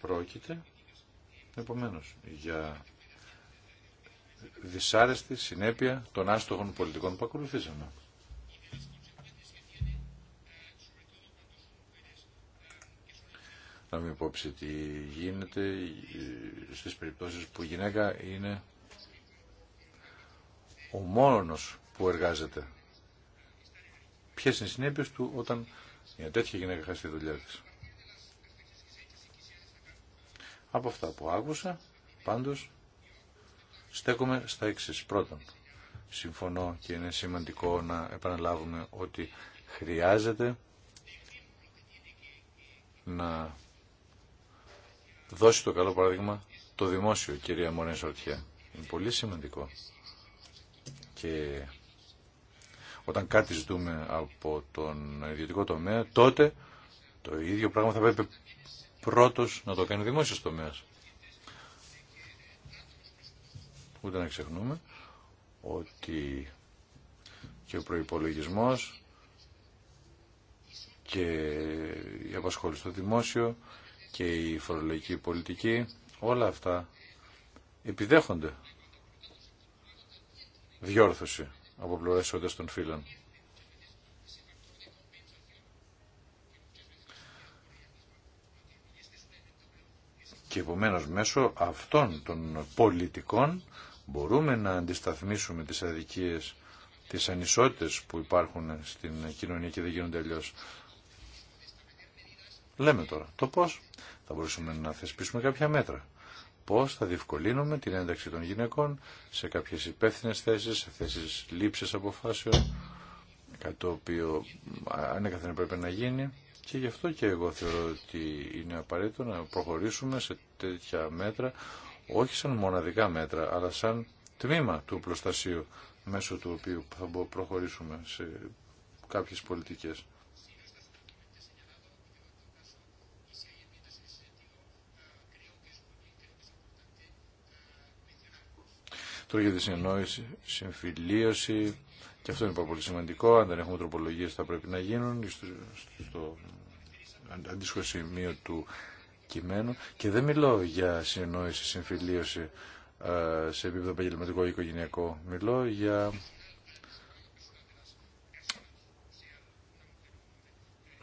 Πρόκειται επομένως για δυσάρεστη συνέπεια των άστοχων πολιτικών που ακολουθήσαμε. Να μην υπόψη τι γίνεται στις περιπτώσεις που η γυναίκα είναι ο μόνος που εργάζεται. Ποιες είναι οι συνέπειες του όταν μια τέτοια γυναίκα χάσει τη δουλειά της. Από αυτά που άκουσα, πάντως, στέκομαι στα εξή. Πρώτον, συμφωνώ και είναι σημαντικό να επαναλάβουμε ότι χρειάζεται να δώσει το καλό παράδειγμα το δημόσιο, κυρία Μωρέν Σορτιέ. Είναι πολύ σημαντικό. Και όταν κάτι ζητούμε από τον ιδιωτικό τομέα, τότε το ίδιο πράγμα θα πρέπει πρώτος να το κάνει δημόσιος τομέας. Ούτε να ξεχνούμε ότι και ο προϋπολογισμός και η απασχόληση στο δημόσιο και η φορολογική πολιτική, όλα αυτά επιδέχονται διόρθωση από πλευράς των φύλων. Και επομένως μέσω αυτών των πολιτικών Μπορούμε να αντισταθμίσουμε τις αδικίες, τις ανισότητες που υπάρχουν στην κοινωνία και δεν γίνονται αλλιώ. Λέμε τώρα, το πώς θα μπορούσαμε να θεσπίσουμε κάποια μέτρα. Πώς θα διευκολύνουμε την ένταξη των γυναικών σε κάποιες υπεύθυνε θέσεις, σε θέσεις λήψης αποφάσεων, κάτι το οποίο ανέκαθεν πρέπει να γίνει. Και γι' αυτό και εγώ θεωρώ ότι είναι απαραίτητο να προχωρήσουμε σε τέτοια μέτρα όχι σαν μοναδικά μέτρα, αλλά σαν τμήμα του προστασίου μέσω του οποίου θα προχωρήσουμε σε κάποιες πολιτικές. Τώρα για τη συνεννόηση, συμφιλίωση, και αυτό είναι πάρα πολύ σημαντικό. Αν δεν έχουμε τροπολογίε, θα πρέπει να γίνουν. Στο, στο αντίστοιχο σημείο του και δεν μιλώ για συνεννόηση, συμφιλίωση ε, σε επίπεδο επαγγελματικό ή οικογενειακό. Μιλώ για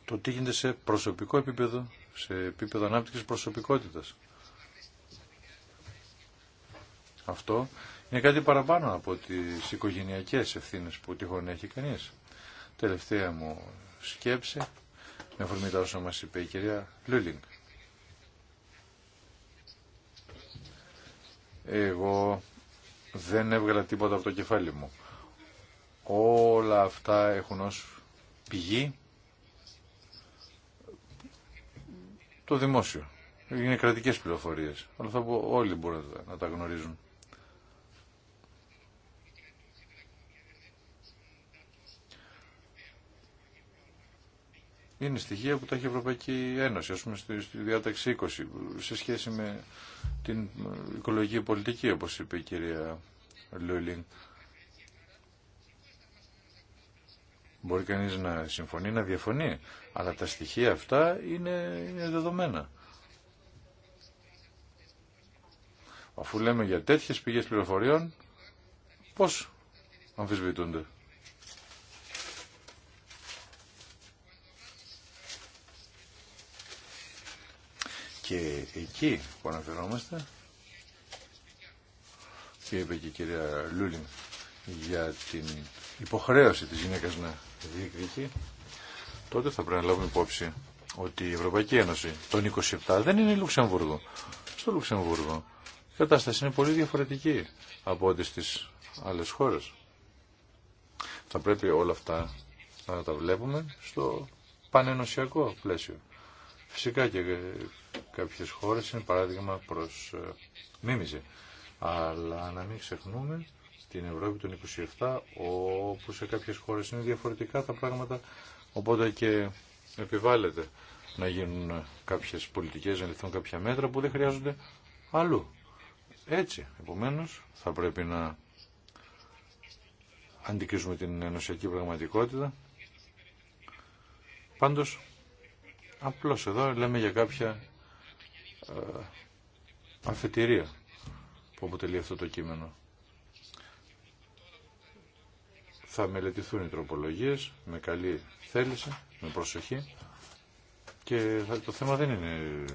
το τι γίνεται σε προσωπικό επίπεδο, σε επίπεδο ανάπτυξης προσωπικότητας. Αυτό είναι κάτι παραπάνω από τις οικογενειακές ευθύνες που τυχόν έχει κανείς. Τελευταία μου σκέψη, με αφορμή τα όσα μας είπε η κυρία Λούλινγκ. εγώ δεν έβγαλα τίποτα από το κεφάλι μου. Όλα αυτά έχουν ως πηγή το δημόσιο. Είναι κρατικές πληροφορίες. Αλλά θα πω όλοι μπορούν να τα γνωρίζουν. είναι στοιχεία που τα έχει η Ευρωπαϊκή Ένωση, α πούμε στη, διάταξη 20, σε σχέση με την οικολογική πολιτική, όπως είπε η κυρία Λούλινγκ. Μπορεί κανεί να συμφωνεί, να διαφωνεί, αλλά τα στοιχεία αυτά είναι, είναι δεδομένα. Αφού λέμε για τέτοιες πηγές πληροφοριών, πώς αμφισβητούνται. και εκεί που αναφερόμαστε και είπε και η κυρία Λούλιν για την υποχρέωση της γυναίκας να διεκδικεί τότε θα πρέπει να λάβουμε υπόψη ότι η Ευρωπαϊκή Ένωση των 27 δεν είναι η Λουξεμβούργο. Στο Λουξεμβούργο η κατάσταση είναι πολύ διαφορετική από ό,τι στις άλλες χώρες. Θα πρέπει όλα αυτά να τα βλέπουμε στο πανενωσιακό πλαίσιο. Φυσικά και κάποιες χώρες είναι παράδειγμα προς ε, μίμηση. Αλλά να μην ξεχνούμε την Ευρώπη των 27, όπου σε κάποιες χώρες είναι διαφορετικά τα πράγματα, οπότε και επιβάλλεται να γίνουν κάποιες πολιτικές, να ληφθούν κάποια μέτρα που δεν χρειάζονται αλλού. Έτσι, επομένως, θα πρέπει να αντικρίζουμε την ενωσιακή πραγματικότητα. Πάντως, απλώς εδώ λέμε για κάποια ε, αφετηρία που αποτελεί αυτό το κείμενο. Θα μελετηθούν οι τροπολογίες με καλή θέληση, με προσοχή και το θέμα δεν είναι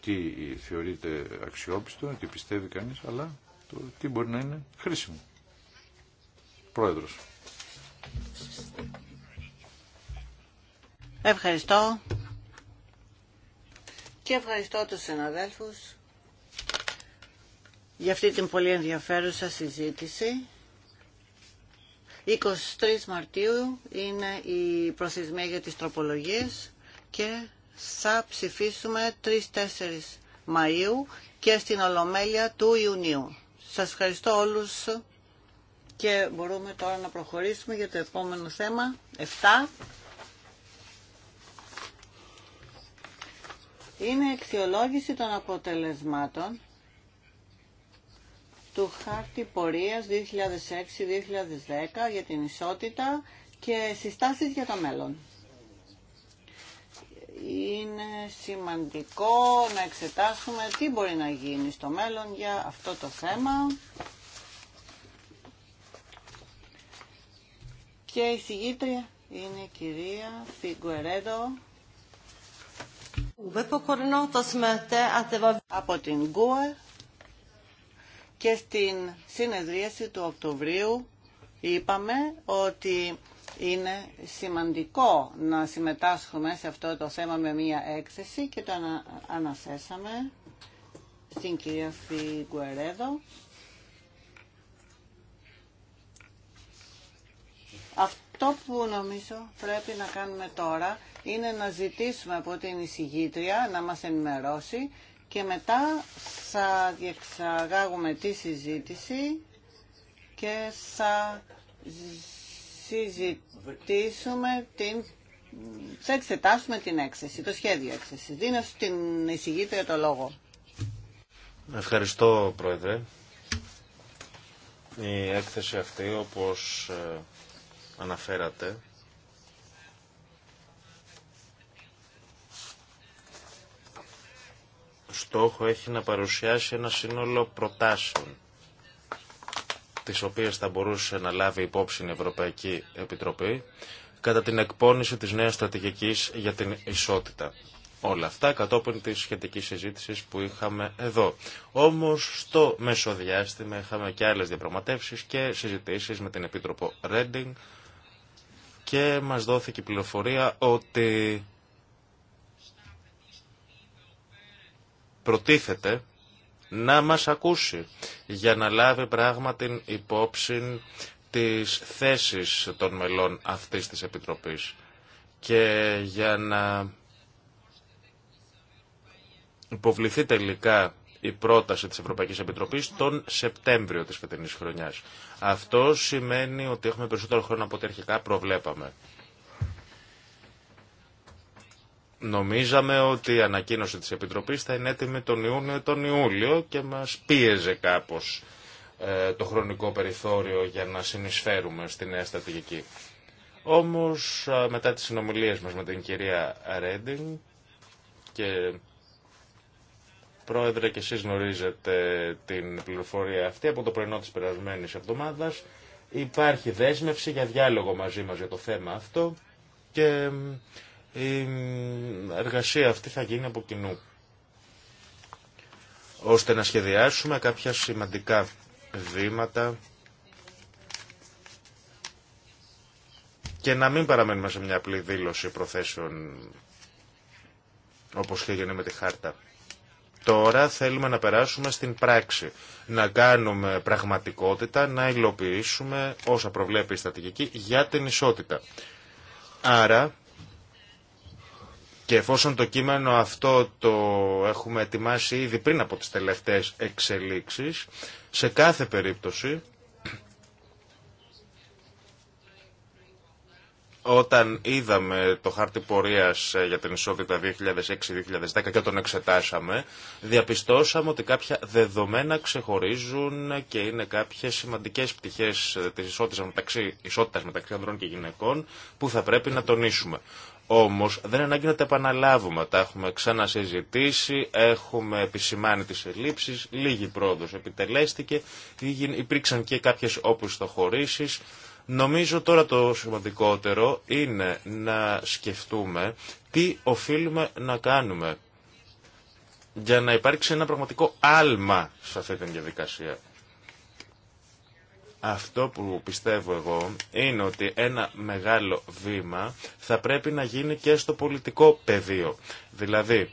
τι θεωρείται αξιόπιστο, τι πιστεύει κανείς, αλλά το τι μπορεί να είναι χρήσιμο. Πρόεδρος. Ευχαριστώ και ευχαριστώ τους συναδέλφους για αυτή την πολύ ενδιαφέρουσα συζήτηση. 23 Μαρτίου είναι η προθεσμία για τις τροπολογίες και θα ψηφίσουμε 3-4 Μαΐου και στην Ολομέλεια του Ιουνίου. Σας ευχαριστώ όλους και μπορούμε τώρα να προχωρήσουμε για το επόμενο θέμα 7. είναι η των αποτελεσμάτων του χάρτη πορείας 2006-2010 για την ισότητα και συστάσεις για το μέλλον. Είναι σημαντικό να εξετάσουμε τι μπορεί να γίνει στο μέλλον για αυτό το θέμα. Και η συγγήτρια είναι η κυρία Φιγκουερέδο από την ΚΟΕ και στην συνεδρίαση του Οκτωβρίου είπαμε ότι είναι σημαντικό να συμμετάσχουμε σε αυτό το θέμα με μία έκθεση και το ανασέσαμε στην κυρία Φιγκουερέδο. Αυτό το που νομίζω πρέπει να κάνουμε τώρα είναι να ζητήσουμε από την εισηγήτρια να μας ενημερώσει και μετά θα διεξαγάγουμε τη συζήτηση και θα συζητήσουμε την... θα εξετάσουμε την έκθεση, το σχέδιο έκθεση. Δίνω στην εισηγήτρια το λόγο. Ευχαριστώ, Πρόεδρε. Η έκθεση αυτή, όπως ε, αναφέρατε στόχο έχει να παρουσιάσει ένα σύνολο προτάσεων τις οποίες θα μπορούσε να λάβει υπόψη η Ευρωπαϊκή Επιτροπή κατά την εκπόνηση της νέας στρατηγικής για την ισότητα. Όλα αυτά κατόπιν της σχετικής συζήτησης που είχαμε εδώ. Όμως στο μεσοδιάστημα είχαμε και άλλες διαπραγματεύσεις και συζητήσεις με την Επίτροπο Ρέντινγκ και μας δόθηκε η πληροφορία ότι προτίθεται να μας ακούσει για να λάβει πράγματι υπόψη τις θέσεις των μελών αυτής της Επιτροπής και για να υποβληθεί τελικά η πρόταση της Ευρωπαϊκής Επιτροπής τον Σεπτέμβριο της φετινής χρονιάς. Αυτό σημαίνει ότι έχουμε περισσότερο χρόνο από ό,τι αρχικά προβλέπαμε. Νομίζαμε ότι η ανακοίνωση της Επιτροπής θα είναι έτοιμη τον Ιούνιο ή τον Ιούλιο και μας πίεζε κάπως ε, το χρονικό περιθώριο για να συνεισφέρουμε στη νέα στρατηγική. Όμως μετά τις συνομιλίες μας με την κυρία Ρέντινγκ και Πρόεδρε, και εσεί γνωρίζετε την πληροφορία αυτή από το πρωινό τη περασμένης εβδομάδας. Υπάρχει δέσμευση για διάλογο μαζί μας για το θέμα αυτό και ε, η εργασία αυτή θα γίνει από κοινού ώστε να σχεδιάσουμε κάποια σημαντικά βήματα και να μην παραμένουμε σε μια απλή δήλωση προθέσεων όπως και έγινε με τη χάρτα. Τώρα θέλουμε να περάσουμε στην πράξη, να κάνουμε πραγματικότητα, να υλοποιήσουμε όσα προβλέπει η στρατηγική για την ισότητα. Άρα, και εφόσον το κείμενο αυτό το έχουμε ετοιμάσει ήδη πριν από τις τελευταίες εξελίξεις, σε κάθε περίπτωση Όταν είδαμε το χάρτη πορείας ε, για την ισότητα 2006-2010 και τον εξετάσαμε, διαπιστώσαμε ότι κάποια δεδομένα ξεχωρίζουν και είναι κάποιες σημαντικές πτυχές ε, της ισότητας μεταξύ, ισότητας μεταξύ ανδρών και γυναικών που θα πρέπει να τονίσουμε. Όμως δεν είναι ανάγκη να τα επαναλάβουμε, τα έχουμε ξανασυζητήσει, έχουμε επισημάνει τις ελλείψεις, λίγη πρόοδος επιτελέστηκε, υπήρξαν και κάποιες το στοχωρήσει. Νομίζω τώρα το σημαντικότερο είναι να σκεφτούμε τι οφείλουμε να κάνουμε για να υπάρξει ένα πραγματικό άλμα σε αυτή την διαδικασία. Αυτό που πιστεύω εγώ είναι ότι ένα μεγάλο βήμα θα πρέπει να γίνει και στο πολιτικό πεδίο. Δηλαδή,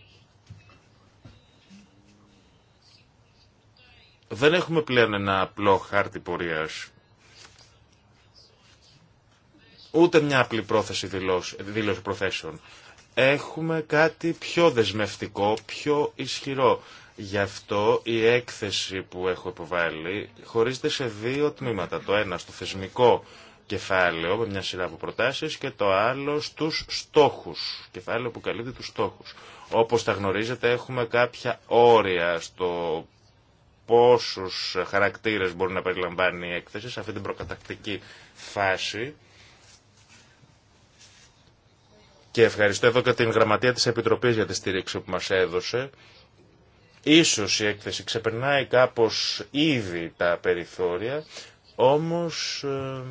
δεν έχουμε πλέον ένα απλό χάρτη πορείας ούτε μια απλή πρόθεση δηλώση, δήλωση προθέσεων. Έχουμε κάτι πιο δεσμευτικό, πιο ισχυρό. Γι' αυτό η έκθεση που έχω υποβάλει χωρίζεται σε δύο τμήματα. Το ένα στο θεσμικό κεφάλαιο με μια σειρά από προτάσεις και το άλλο στους στόχους, κεφάλαιο που καλύπτει τους στόχους. Όπως τα γνωρίζετε έχουμε κάποια όρια στο πόσους χαρακτήρες μπορεί να περιλαμβάνει η έκθεση σε αυτή την προκατακτική φάση και ευχαριστώ εδώ και την γραμματεία της Επιτροπής για τη στήριξη που μας έδωσε. Ίσως η έκθεση ξεπερνάει κάπως ήδη τα περιθώρια, όμως ε,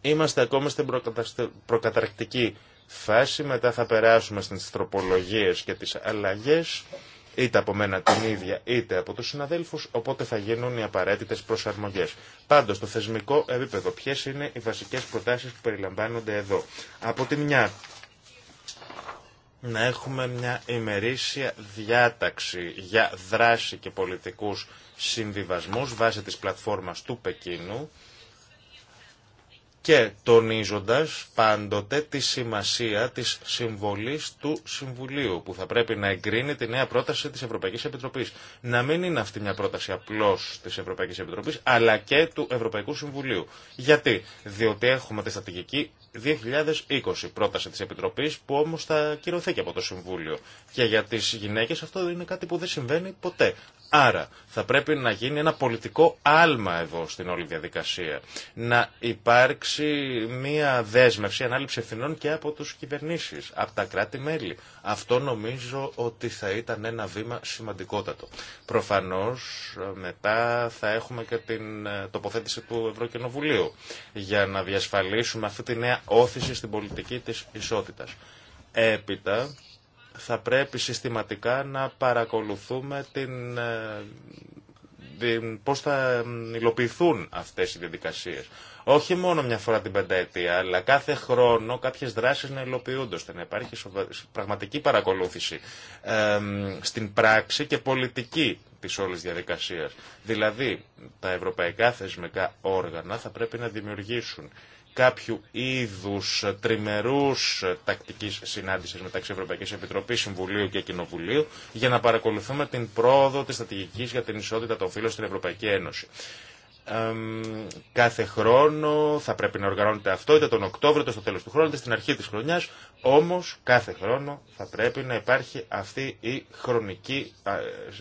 είμαστε ακόμα στην προκαταρκτική φάση, μετά θα περάσουμε στις τροπολογίες και τις αλλαγές είτε από μένα την ίδια είτε από τους συναδέλφους, οπότε θα γίνουν οι απαραίτητες προσαρμογές. Πάντως, στο θεσμικό επίπεδο, ποιε είναι οι βασικές προτάσεις που περιλαμβάνονται εδώ. Από τη μια, να έχουμε μια ημερήσια διάταξη για δράση και πολιτικούς συμβιβασμούς βάσει της πλατφόρμας του Πεκίνου, και τονίζοντας πάντοτε τη σημασία της συμβολής του Συμβουλίου που θα πρέπει να εγκρίνει τη νέα πρόταση της Ευρωπαϊκής Επιτροπής. Να μην είναι αυτή μια πρόταση απλώς της Ευρωπαϊκής Επιτροπής αλλά και του Ευρωπαϊκού Συμβουλίου. Γιατί, διότι έχουμε τη στρατηγική 2020 πρόταση της Επιτροπής που όμως θα κυρωθεί και από το Συμβούλιο. Και για τις γυναίκες αυτό είναι κάτι που δεν συμβαίνει ποτέ. Άρα θα πρέπει να γίνει ένα πολιτικό άλμα εδώ στην όλη διαδικασία. Να υπάρξει μια δέσμευση, ανάληψη ευθυνών και από τους κυβερνήσεις, από τα κράτη-μέλη. Αυτό νομίζω ότι θα ήταν ένα βήμα σημαντικότατο. Προφανώς μετά θα έχουμε και την ε, τοποθέτηση του Ευρωκοινοβουλίου για να διασφαλίσουμε αυτή τη νέα όθηση στην πολιτική της ισότητας. Έπειτα θα πρέπει συστηματικά να παρακολουθούμε την, ε, πώς θα υλοποιηθούν αυτές οι διαδικασίες. Όχι μόνο μια φορά την πενταετία, αλλά κάθε χρόνο κάποιες δράσεις να υλοποιούνται, ώστε να υπάρχει πραγματική παρακολούθηση ε, στην πράξη και πολιτική της όλης διαδικασίας. Δηλαδή, τα ευρωπαϊκά θεσμικά όργανα θα πρέπει να δημιουργήσουν κάποιου είδους τριμερούς τακτικής συνάντησης μεταξύ Ευρωπαϊκής Επιτροπής, Συμβουλίου και Κοινοβουλίου για να παρακολουθούμε την πρόοδο της στρατηγικής για την ισότητα των φύλων στην Ευρωπαϊκή Ένωση. Ε, κάθε χρόνο θα πρέπει να οργανώνεται αυτό, είτε τον Οκτώβριο, είτε στο τέλος του χρόνου, είτε στην αρχή της χρονιάς, όμως κάθε χρόνο θα πρέπει να υπάρχει αυτή η χρονική,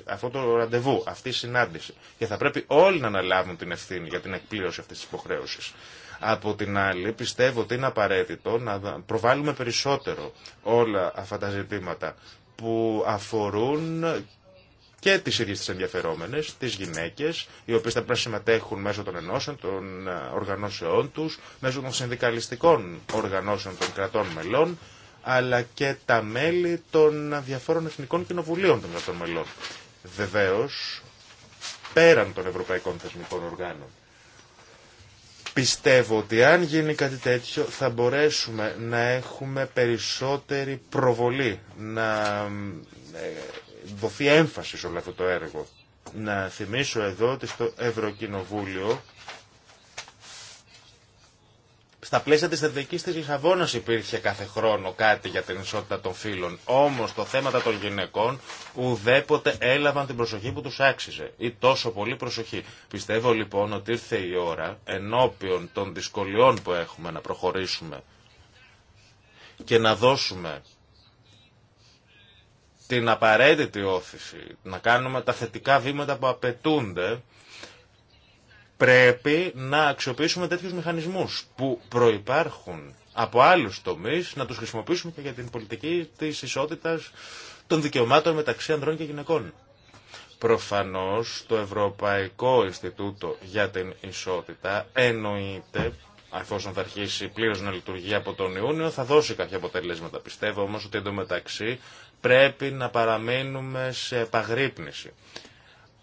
αυτό το ραντεβού, αυτή η συνάντηση. Και θα πρέπει όλοι να αναλάβουν την ευθύνη για την εκπλήρωση αυτής της υποχρέωσης. Από την άλλη, πιστεύω ότι είναι απαραίτητο να προβάλλουμε περισσότερο όλα αυτά τα ζητήματα που αφορούν και τις ίδιες τις ενδιαφερόμενες, τις γυναίκες, οι οποίες θα πρέπει να συμμετέχουν μέσω των ενώσεων, των ε, οργανώσεών τους, μέσω των συνδικαλιστικών οργανώσεων των κρατών μελών, αλλά και τα μέλη των διαφόρων εθνικών κοινοβουλίων των κρατών μελών. Βεβαίω, πέραν των ευρωπαϊκών θεσμικών οργάνων. Πιστεύω ότι αν γίνει κάτι τέτοιο θα μπορέσουμε να έχουμε περισσότερη προβολή, να ε, δοθεί έμφαση σε όλο αυτό το έργο. Να θυμίσω εδώ ότι στο Ευρωκοινοβούλιο στα πλαίσια της θετικής της Λισαβόνας υπήρχε κάθε χρόνο κάτι για την ισότητα των φύλων. Όμως το θέματα των γυναικών ουδέποτε έλαβαν την προσοχή που τους άξιζε ή τόσο πολύ προσοχή. Πιστεύω λοιπόν ότι ήρθε η ώρα ενώπιον των δυσκολιών που έχουμε να προχωρήσουμε και να δώσουμε την απαραίτητη όθηση, να κάνουμε τα θετικά βήματα που απαιτούνται Πρέπει να αξιοποιήσουμε τέτοιους μηχανισμούς που προϋπάρχουν από άλλους τομείς, να τους χρησιμοποιήσουμε και για την πολιτική της ισότητας των δικαιωμάτων μεταξύ ανδρών και γυναικών. Προφανώς το Ευρωπαϊκό Ινστιτούτο για την Ισότητα εννοείται εφόσον θα αρχίσει πλήρως να λειτουργεί από τον Ιούνιο, θα δώσει κάποια αποτελέσματα. Πιστεύω όμως ότι εντωμεταξύ πρέπει να παραμείνουμε σε επαγρύπνηση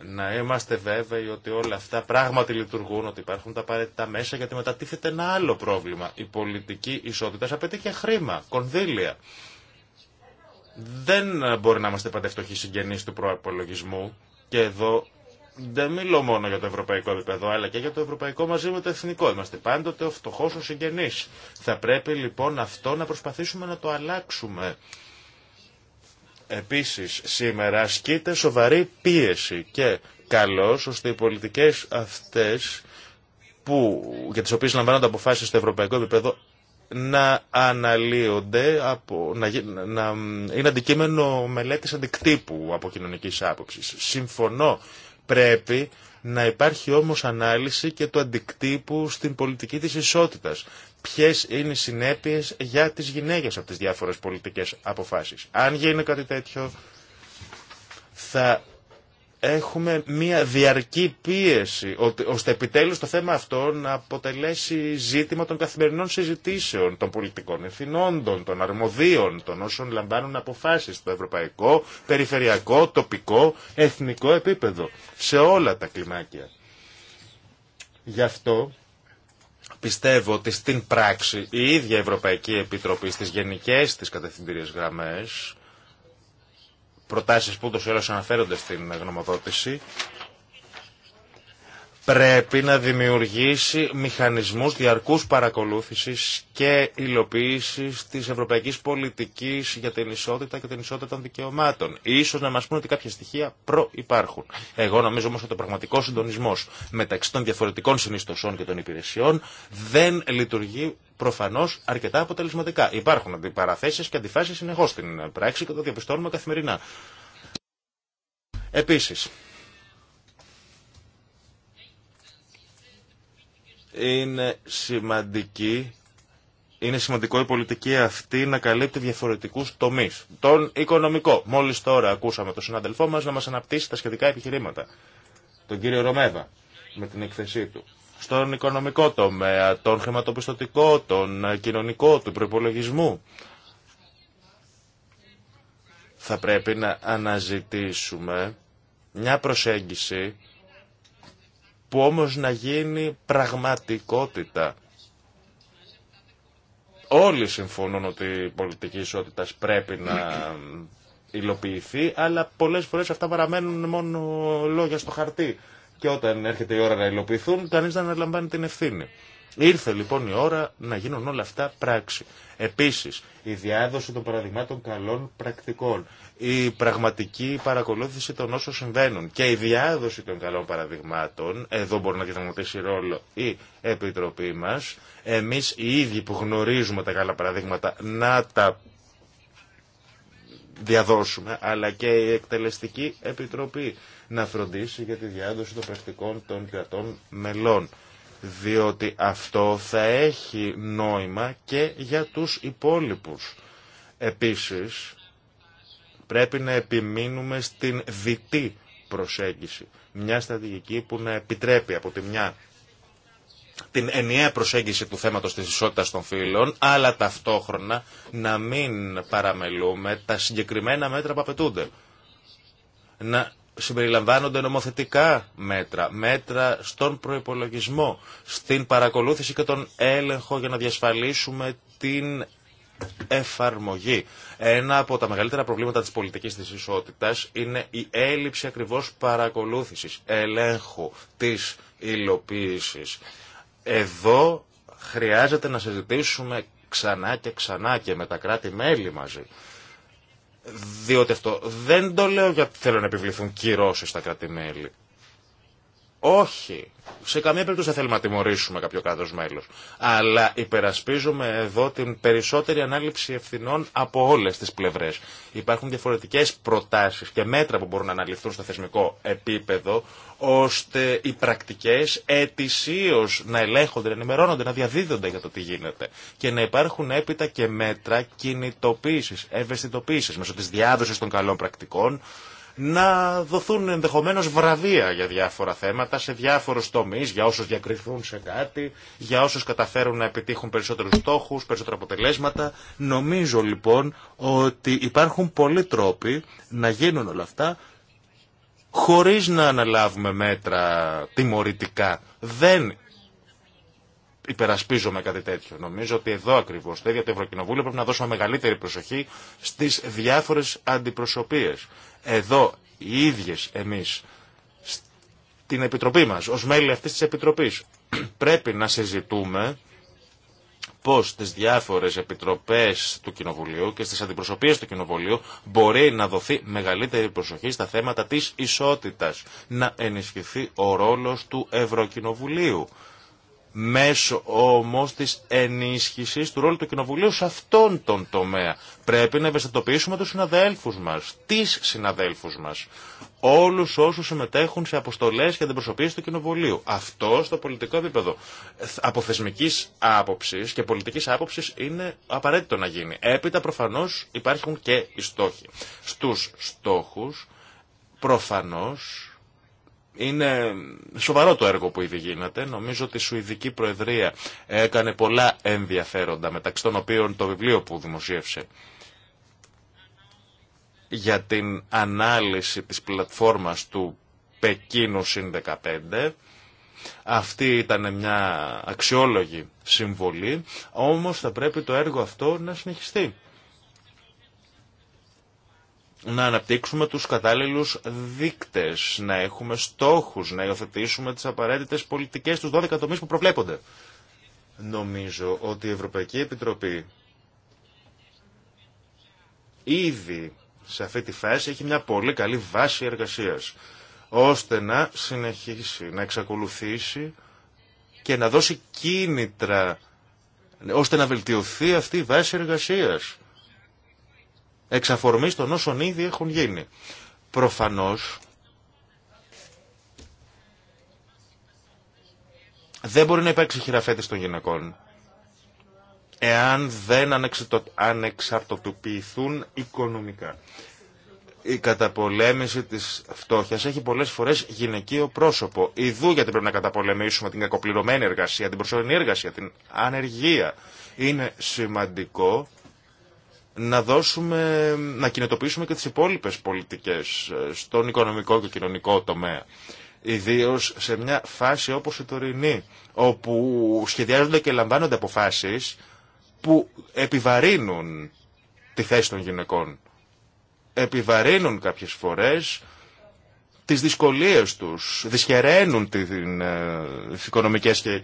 να είμαστε βέβαιοι ότι όλα αυτά πράγματι λειτουργούν, ότι υπάρχουν τα απαραίτητα μέσα, γιατί μετατίθεται ένα άλλο πρόβλημα. Η πολιτική ισότητα απαιτεί και χρήμα, κονδύλια. Δεν μπορεί να είμαστε πάντα φτωχοί συγγενεί του προαπολογισμού και εδώ δεν μιλώ μόνο για το ευρωπαϊκό επίπεδο, αλλά και για το ευρωπαϊκό μαζί με το εθνικό. Είμαστε πάντοτε ο φτωχό ο συγγενή. Θα πρέπει λοιπόν αυτό να προσπαθήσουμε να το αλλάξουμε Επίσης, σήμερα ασκείται σοβαρή πίεση και καλώς ώστε οι πολιτικές αυτές που, για τις οποίες λαμβάνονται αποφάσεις στο ευρωπαϊκό επίπεδο να αναλύονται, από, να, να είναι αντικείμενο μελέτης αντικτύπου από κοινωνικής άποψης. Συμφωνώ, πρέπει να υπάρχει όμως ανάλυση και του αντικτύπου στην πολιτική της ισότητας ποιε είναι οι συνέπειε για τι γυναίκε από τι διάφορε πολιτικέ αποφάσει. Αν γίνει κάτι τέτοιο, θα έχουμε μία διαρκή πίεση ώστε επιτέλους το θέμα αυτό να αποτελέσει ζήτημα των καθημερινών συζητήσεων των πολιτικών ευθυνόντων, των αρμοδίων, των όσων λαμβάνουν αποφάσεις στο ευρωπαϊκό, περιφερειακό, τοπικό, εθνικό επίπεδο, σε όλα τα κλιμάκια. Γι' αυτό πιστεύω ότι στην πράξη η ίδια Ευρωπαϊκή Επιτροπή στις γενικές της κατευθυντήριες γραμμές, προτάσεις που ούτως ή αναφέρονται στην γνωμοδότηση, πρέπει να δημιουργήσει μηχανισμούς διαρκούς παρακολούθησης και υλοποίησης της ευρωπαϊκής πολιτικής για την ισότητα και την ισότητα των δικαιωμάτων. Ίσως να μας πούνε ότι κάποια στοιχεία προϋπάρχουν. Εγώ νομίζω όμως ότι ο πραγματικός συντονισμός μεταξύ των διαφορετικών συνιστοσών και των υπηρεσιών δεν λειτουργεί προφανώ αρκετά αποτελεσματικά. Υπάρχουν αντιπαραθέσει και αντιφάσει συνεχώ στην πράξη και το διαπιστώνουμε καθημερινά. Επίση, είναι σημαντική είναι σημαντικό η πολιτική αυτή να καλύπτει διαφορετικούς τομείς. Τον οικονομικό. Μόλις τώρα ακούσαμε τον συναδελφό μας να μας αναπτύσσει τα σχετικά επιχειρήματα. Τον κύριο Ρωμέβα με την εκθεσή του. Στον οικονομικό τομέα, τον χρηματοπιστωτικό, τον κοινωνικό, του προπολογισμού. Θα πρέπει να αναζητήσουμε μια προσέγγιση που όμως να γίνει πραγματικότητα. Όλοι συμφωνούν ότι η πολιτική ισότητα πρέπει να υλοποιηθεί, αλλά πολλές φορές αυτά παραμένουν μόνο λόγια στο χαρτί. Και όταν έρχεται η ώρα να υλοποιηθούν, κανείς δεν αναλαμβάνει την ευθύνη. Ήρθε λοιπόν η ώρα να γίνουν όλα αυτά πράξη. Επίσης, η διάδοση των παραδειγμάτων καλών πρακτικών, η πραγματική παρακολούθηση των όσων συμβαίνουν και η διάδοση των καλών παραδειγμάτων, εδώ μπορεί να διδραματίσει ρόλο η Επιτροπή μας, εμείς οι ίδιοι που γνωρίζουμε τα καλά παραδείγματα να τα διαδώσουμε, αλλά και η Εκτελεστική Επιτροπή να φροντίσει για τη διάδοση των πρακτικών των κρατών μελών διότι αυτό θα έχει νόημα και για τους υπόλοιπους. Επίσης, πρέπει να επιμείνουμε στην διτή προσέγγιση. Μια στρατηγική που να επιτρέπει από τη μια την ενιαία προσέγγιση του θέματος της ισότητας των φύλων, αλλά ταυτόχρονα να μην παραμελούμε τα συγκεκριμένα μέτρα που απαιτούνται. Να συμπεριλαμβάνονται νομοθετικά μέτρα, μέτρα στον προϋπολογισμό, στην παρακολούθηση και τον έλεγχο για να διασφαλίσουμε την εφαρμογή. Ένα από τα μεγαλύτερα προβλήματα της πολιτικής της ισότητας είναι η έλλειψη ακριβώς παρακολούθησης, ελέγχου της υλοποίησης. Εδώ χρειάζεται να συζητήσουμε ξανά και ξανά και με τα κράτη-μέλη μαζί διότι αυτό δεν το λέω γιατί θέλω να επιβληθούν κυρώσει στα κράτη-μέλη. Όχι. Σε καμία περίπτωση δεν θέλουμε να τιμωρήσουμε κάποιο κράτο μέλο. Αλλά υπερασπίζουμε εδώ την περισσότερη ανάληψη ευθυνών από όλε τι πλευρέ. Υπάρχουν διαφορετικέ προτάσει και μέτρα που μπορούν να αναλυθούν στο θεσμικό επίπεδο, ώστε οι πρακτικέ ετησίω να ελέγχονται, να ενημερώνονται, να διαδίδονται για το τι γίνεται. Και να υπάρχουν έπειτα και μέτρα κινητοποίηση, ευαισθητοποίηση μέσω τη διάδοση των καλών πρακτικών να δοθούν ενδεχομένως βραβεία για διάφορα θέματα, σε διάφορους τομείς, για όσους διακριθούν σε κάτι, για όσους καταφέρουν να επιτύχουν περισσότερους στόχους, περισσότερα αποτελέσματα. Νομίζω λοιπόν ότι υπάρχουν πολλοί τρόποι να γίνουν όλα αυτά χωρίς να αναλάβουμε μέτρα τιμωρητικά. Δεν υπερασπίζομαι κάτι τέτοιο. Νομίζω ότι εδώ ακριβώς, το ίδιο το Ευρωκοινοβούλιο, πρέπει να δώσουμε μεγαλύτερη προσοχή στις διάφορες αντιπροσωπίες εδώ οι ίδιες εμείς στην Επιτροπή μας, ως μέλη αυτής της Επιτροπής, πρέπει να συζητούμε πώς στις διάφορες επιτροπές του Κοινοβουλίου και στις αντιπροσωπείες του Κοινοβουλίου μπορεί να δοθεί μεγαλύτερη προσοχή στα θέματα της ισότητας, να ενισχυθεί ο ρόλος του Ευρωκοινοβουλίου μέσω όμως της ενίσχυσης του ρόλου του Κοινοβουλίου σε αυτόν τον τομέα. Πρέπει να ευαισθητοποιήσουμε τους συναδέλφους μας, τις συναδέλφους μας, όλους όσους συμμετέχουν σε αποστολές και αντιπροσωπείες του Κοινοβουλίου. Αυτό στο πολιτικό επίπεδο από θεσμικής άποψης και πολιτικής άποψης είναι απαραίτητο να γίνει. Έπειτα προφανώς υπάρχουν και οι στόχοι. Στους στόχους προφανώς είναι σοβαρό το έργο που ήδη γίνεται. Νομίζω ότι η Σουηδική Προεδρία έκανε πολλά ενδιαφέροντα, μεταξύ των οποίων το βιβλίο που δημοσίευσε για την ανάλυση της πλατφόρμας του Πεκίνου ΣΥΝ 15. Αυτή ήταν μια αξιόλογη συμβολή, όμως θα πρέπει το έργο αυτό να συνεχιστεί να αναπτύξουμε τους κατάλληλους δείκτες, να έχουμε στόχους, να υιοθετήσουμε τις απαραίτητες πολιτικές στους 12 τομείς που προβλέπονται. Νομίζω ότι η Ευρωπαϊκή Επιτροπή ήδη σε αυτή τη φάση έχει μια πολύ καλή βάση εργασίας, ώστε να συνεχίσει, να εξακολουθήσει και να δώσει κίνητρα ώστε να βελτιωθεί αυτή η βάση εργασίας εξ αφορμής των όσων ήδη έχουν γίνει. Προφανώς δεν μπορεί να υπάρξει χειραφέτηση των γυναικών εάν δεν ανεξαρτοποιηθούν οικονομικά. Η καταπολέμηση της φτώχειας έχει πολλές φορές γυναικείο πρόσωπο. Ιδού γιατί πρέπει να καταπολεμήσουμε την κακοπληρωμένη εργασία, την προσωρινή εργασία, την ανεργία. Είναι σημαντικό να δώσουμε, να κινητοποιήσουμε και τις υπόλοιπες πολιτικές ε, στον οικονομικό και κοινωνικό τομέα. Ιδίω σε μια φάση όπως η τωρινή, όπου σχεδιάζονται και λαμβάνονται αποφάσεις που επιβαρύνουν τη θέση των γυναικών. Επιβαρύνουν κάποιες φορές τις δυσκολίες τους, δυσχεραίνουν ε, τις οικονομικές και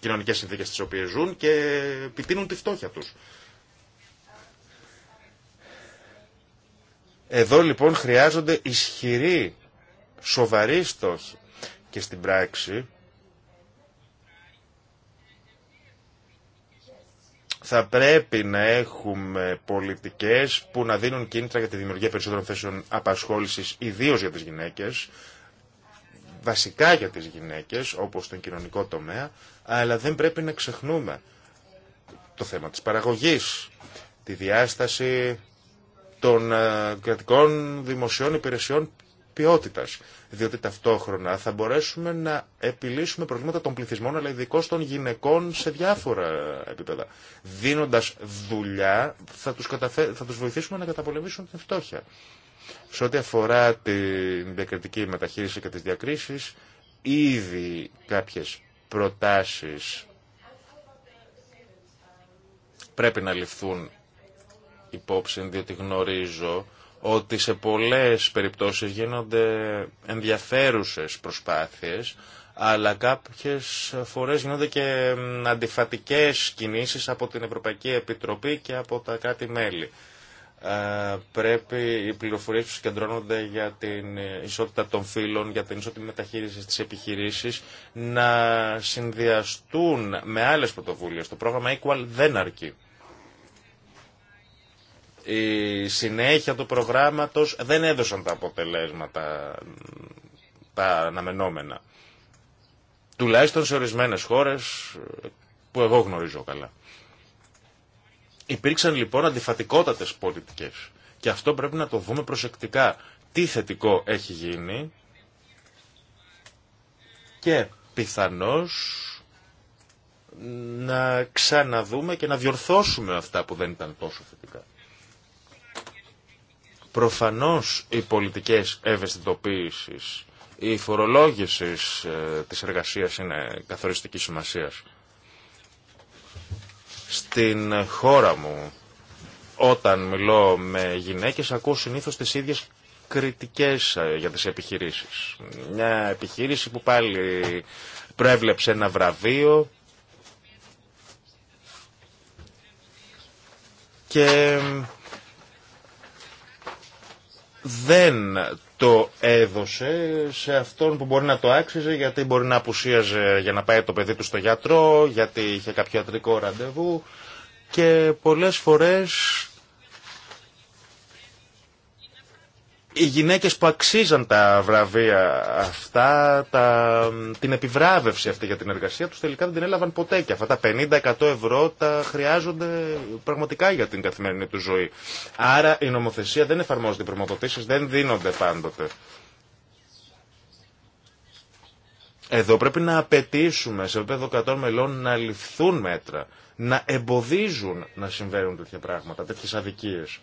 κοινωνικές συνθήκες τις οποίες ζουν και επιτείνουν τη φτώχεια τους. Εδώ λοιπόν χρειάζονται ισχυροί, σοβαροί στόχοι. Και στην πράξη θα πρέπει να έχουμε πολιτικές που να δίνουν κίνητρα για τη δημιουργία περισσότερων θέσεων απασχόλησης, ιδίως για τις γυναίκες, βασικά για τις γυναίκες, όπως τον κοινωνικό τομέα, αλλά δεν πρέπει να ξεχνούμε το θέμα της παραγωγής, τη διάσταση των ε, κρατικών δημοσίων υπηρεσιών ποιότητα. Διότι ταυτόχρονα θα μπορέσουμε να επιλύσουμε προβλήματα των πληθυσμών, αλλά ειδικώ των γυναικών σε διάφορα επίπεδα. Δίνοντα δουλειά, θα του τους βοηθήσουμε να καταπολεμήσουν την φτώχεια. Σε ό,τι αφορά την διακριτική μεταχείριση και τι διακρίσει, ήδη κάποιε προτάσει πρέπει να ληφθούν υπόψη, διότι γνωρίζω ότι σε πολλές περιπτώσεις γίνονται ενδιαφέρουσες προσπάθειες, αλλά κάποιες φορές γίνονται και αντιφατικές κινήσεις από την Ευρωπαϊκή Επιτροπή και από τα κράτη-μέλη. Ε, πρέπει οι πληροφορίες που συγκεντρώνονται για την ισότητα των φύλων, για την ισότητα μεταχείριση της επιχειρήσης, να συνδυαστούν με άλλες πρωτοβουλίες. Το πρόγραμμα Equal δεν αρκεί η συνέχεια του προγράμματος δεν έδωσαν τα αποτελέσματα τα αναμενόμενα. Τουλάχιστον σε ορισμένες χώρες που εγώ γνωρίζω καλά. Υπήρξαν λοιπόν αντιφατικότατες πολιτικές και αυτό πρέπει να το δούμε προσεκτικά. Τι θετικό έχει γίνει και πιθανώς να ξαναδούμε και να διορθώσουμε αυτά που δεν ήταν τόσο θετικά. Προφανώς οι πολιτικές ευαισθητοποίησης, η φορολόγηση ε, της εργασίας είναι καθοριστική σημασίας. Στην χώρα μου, όταν μιλώ με γυναίκες, ακούω συνήθως τις ίδιες κριτικές ε, για τις επιχειρήσεις. Μια επιχείρηση που πάλι προέβλεψε ένα βραβείο και δεν το έδωσε σε αυτόν που μπορεί να το άξιζε γιατί μπορεί να απουσίαζε για να πάει το παιδί του στο γιατρό, γιατί είχε κάποιο ιατρικό ραντεβού και πολλές φορές οι γυναίκες που αξίζαν τα βραβεία αυτά, τα, την επιβράβευση αυτή για την εργασία τους τελικά δεν την έλαβαν ποτέ και αυτά τα 50-100 ευρώ τα χρειάζονται πραγματικά για την καθημερινή του ζωή. Άρα η νομοθεσία δεν εφαρμόζεται, οι προμοδοτήσεις δεν δίνονται πάντοτε. Εδώ πρέπει να απαιτήσουμε σε επίπεδο 100 μελών να ληφθούν μέτρα, να εμποδίζουν να συμβαίνουν τέτοια πράγματα, τέτοιες αδικίες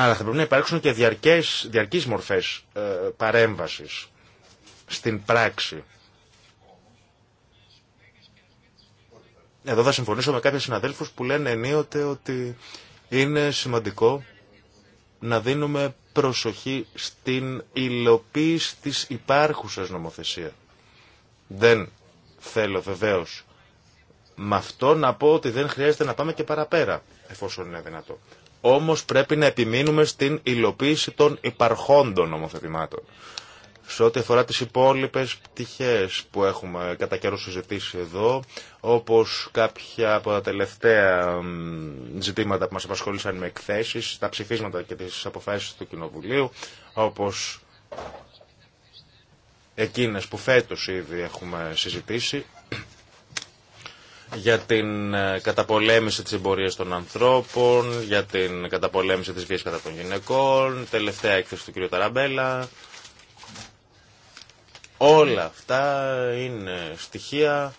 αλλά θα πρέπει να υπάρξουν και διαρκές, διαρκείς μορφές ε, παρέμβασης στην πράξη. Εδώ θα συμφωνήσω με κάποιους συναδέλφους που λένε ενίοτε ότι είναι σημαντικό να δίνουμε προσοχή στην υλοποίηση της υπάρχουσας νομοθεσία. Δεν θέλω βεβαίως με αυτό να πω ότι δεν χρειάζεται να πάμε και παραπέρα, εφόσον είναι δυνατό. Όμως πρέπει να επιμείνουμε στην υλοποίηση των υπαρχόντων νομοθετημάτων. Σε ό,τι αφορά τις υπόλοιπες πτυχές που έχουμε κατά καιρό συζητήσει εδώ, όπως κάποια από τα τελευταία ζητήματα που μας απασχολήσαν με εκθέσεις, τα ψηφίσματα και τις αποφάσεις του Κοινοβουλίου, όπως εκείνες που φέτος ήδη έχουμε συζητήσει, για την ε, καταπολέμηση της εμπορίας των ανθρώπων, για την καταπολέμηση της βίας κατά των γυναικών, τελευταία έκθεση του κ. Ταραμπέλα. Όλα αυτά είναι στοιχεία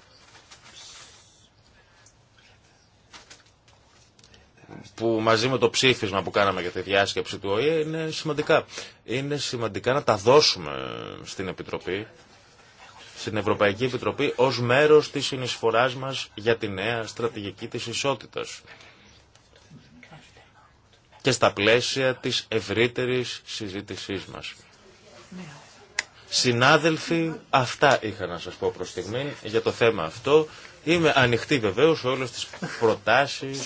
που μαζί με το ψήφισμα που κάναμε για τη διάσκεψη του ΟΗΕ είναι σημαντικά. Είναι σημαντικά να τα δώσουμε στην Επιτροπή στην Ευρωπαϊκή Επιτροπή ως μέρος της συνεισφοράς μας για τη νέα στρατηγική της ισότητας και στα πλαίσια της ευρύτερης συζήτησής μας. Συνάδελφοι, αυτά είχα να σας πω προς στιγμή για το θέμα αυτό. Είμαι ανοιχτή βεβαίως σε όλες τις προτάσεις,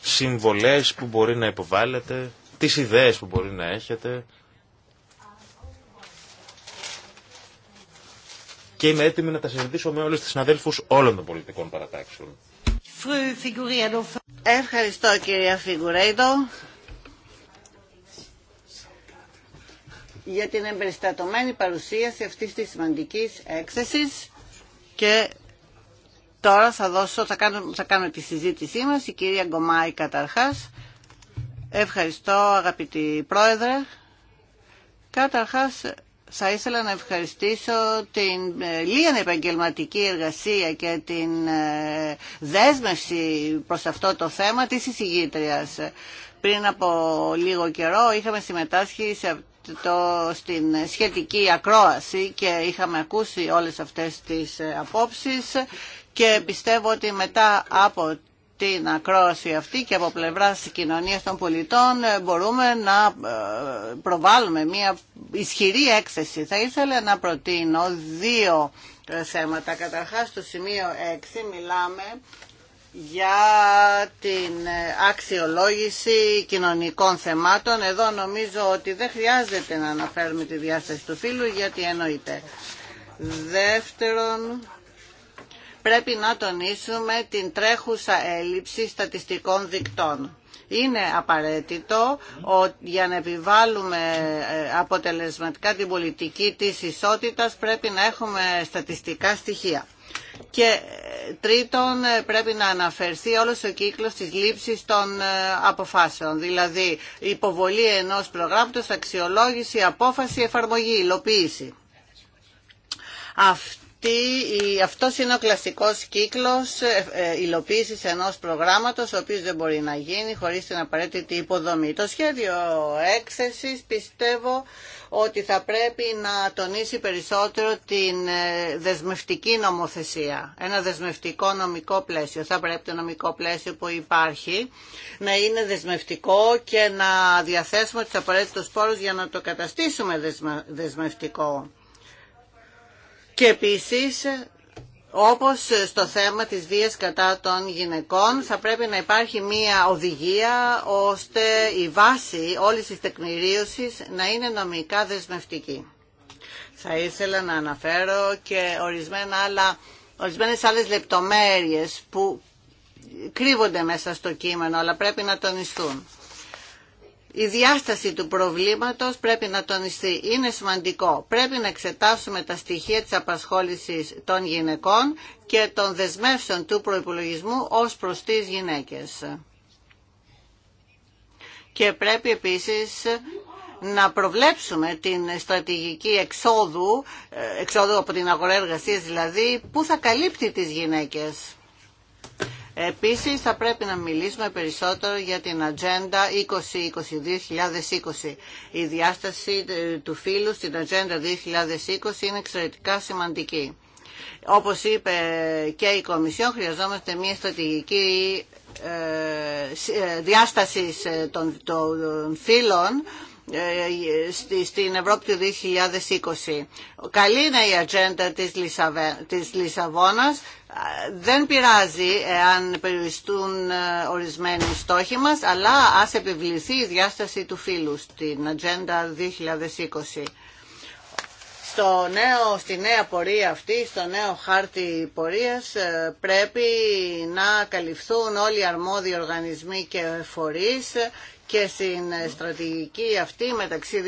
συμβολές που μπορεί να υποβάλλετε, τις ιδέες που μπορεί να έχετε. και είμαι έτοιμη να τα συζητήσω με όλους τους συναδέλφους όλων των πολιτικών παρατάξεων. Ευχαριστώ κυρία Φιγουρέιντο για την εμπεριστατωμένη παρουσίαση αυτής της σημαντικής έκθεσης και τώρα θα, δώσω, θα, κάνουμε, θα κάνουμε τη συζήτησή μας η κυρία Γκομάη καταρχάς. Ευχαριστώ αγαπητή πρόεδρε. Καταρχάς θα ήθελα να ευχαριστήσω την ε, λίγη επαγγελματική εργασία και την ε, δέσμευση προς αυτό το θέμα της εισηγήτριας. Πριν από λίγο καιρό είχαμε συμμετάσχει σε στην σχετική ακρόαση και είχαμε ακούσει όλες αυτές τις ε, απόψεις και πιστεύω ότι μετά από την ακρόαση αυτή και από πλευρά τη κοινωνία των πολιτών ε, μπορούμε να ε, προβάλλουμε μια ισχυρή έκθεση. Θα ήθελα να προτείνω δύο ε, θέματα. Καταρχάς, στο σημείο 6 μιλάμε για την αξιολόγηση κοινωνικών θεμάτων. Εδώ νομίζω ότι δεν χρειάζεται να αναφέρουμε τη διάσταση του φύλου γιατί εννοείται. Δεύτερον, πρέπει να τονίσουμε την τρέχουσα έλλειψη στατιστικών δικτών. Είναι απαραίτητο για να επιβάλλουμε ε, αποτελεσματικά την πολιτική της ισότητας πρέπει να έχουμε στατιστικά στοιχεία. Και ε, τρίτον ε, πρέπει να αναφερθεί όλος ο κύκλος της λήψης των αποφάσεων, δηλαδή υποβολή ενός προγράμματος, αξιολόγηση, απόφαση, εφαρμογή, υλοποίηση. Και αυτός είναι ο κλασικός κύκλος ε, ε, υλοποίησης ενός προγράμματος, ο οποίος δεν μπορεί να γίνει χωρίς την απαραίτητη υποδομή. Το σχέδιο έκθεση. πιστεύω ότι θα πρέπει να τονίσει περισσότερο την ε, δεσμευτική νομοθεσία, ένα δεσμευτικό νομικό πλαίσιο. Θα πρέπει το νομικό πλαίσιο που υπάρχει να είναι δεσμευτικό και να διαθέσουμε τους απαραίτητους πόρους για να το καταστήσουμε δεσμευτικό. Και επίσης, όπως στο θέμα της βίας κατά των γυναικών, θα πρέπει να υπάρχει μία οδηγία ώστε η βάση όλης της τεκμηρίωσης να είναι νομικά δεσμευτική. Θα ήθελα να αναφέρω και ορισμένα άλλα, ορισμένες άλλες λεπτομέρειες που κρύβονται μέσα στο κείμενο, αλλά πρέπει να τονιστούν η διάσταση του προβλήματος πρέπει να τονιστεί. Είναι σημαντικό. Πρέπει να εξετάσουμε τα στοιχεία της απασχόλησης των γυναικών και των δεσμεύσεων του προϋπολογισμού ως προς τις γυναίκες. Και πρέπει επίσης να προβλέψουμε την στρατηγική εξόδου, ε, εξόδου από την αγορά εργασίας δηλαδή, που θα καλύπτει τις γυναίκες. Επίσης θα πρέπει να μιλήσουμε περισσότερο για την Ατζέντα 2020-2020. Η διάσταση ε, του φύλου στην Ατζέντα 2020 είναι εξαιρετικά σημαντική. Όπως είπε και η Κομισιόν, χρειαζόμαστε μια στρατηγική ε, ε, διάσταση των, φίλων φύλων στην Ευρώπη του 2020. Καλή είναι η ατζέντα της, Λισαβόνας, δεν πειράζει αν περιοριστούν ε, ορισμένοι στόχοι μας, αλλά ας επιβληθεί η διάσταση του φύλου στην Ατζέντα 2020. Στο νέο, στη νέα πορεία αυτή, στο νέο χάρτη πορείας ε, πρέπει να καλυφθούν όλοι οι αρμόδιοι οργανισμοί και φορείς και στην στρατηγική αυτή μεταξύ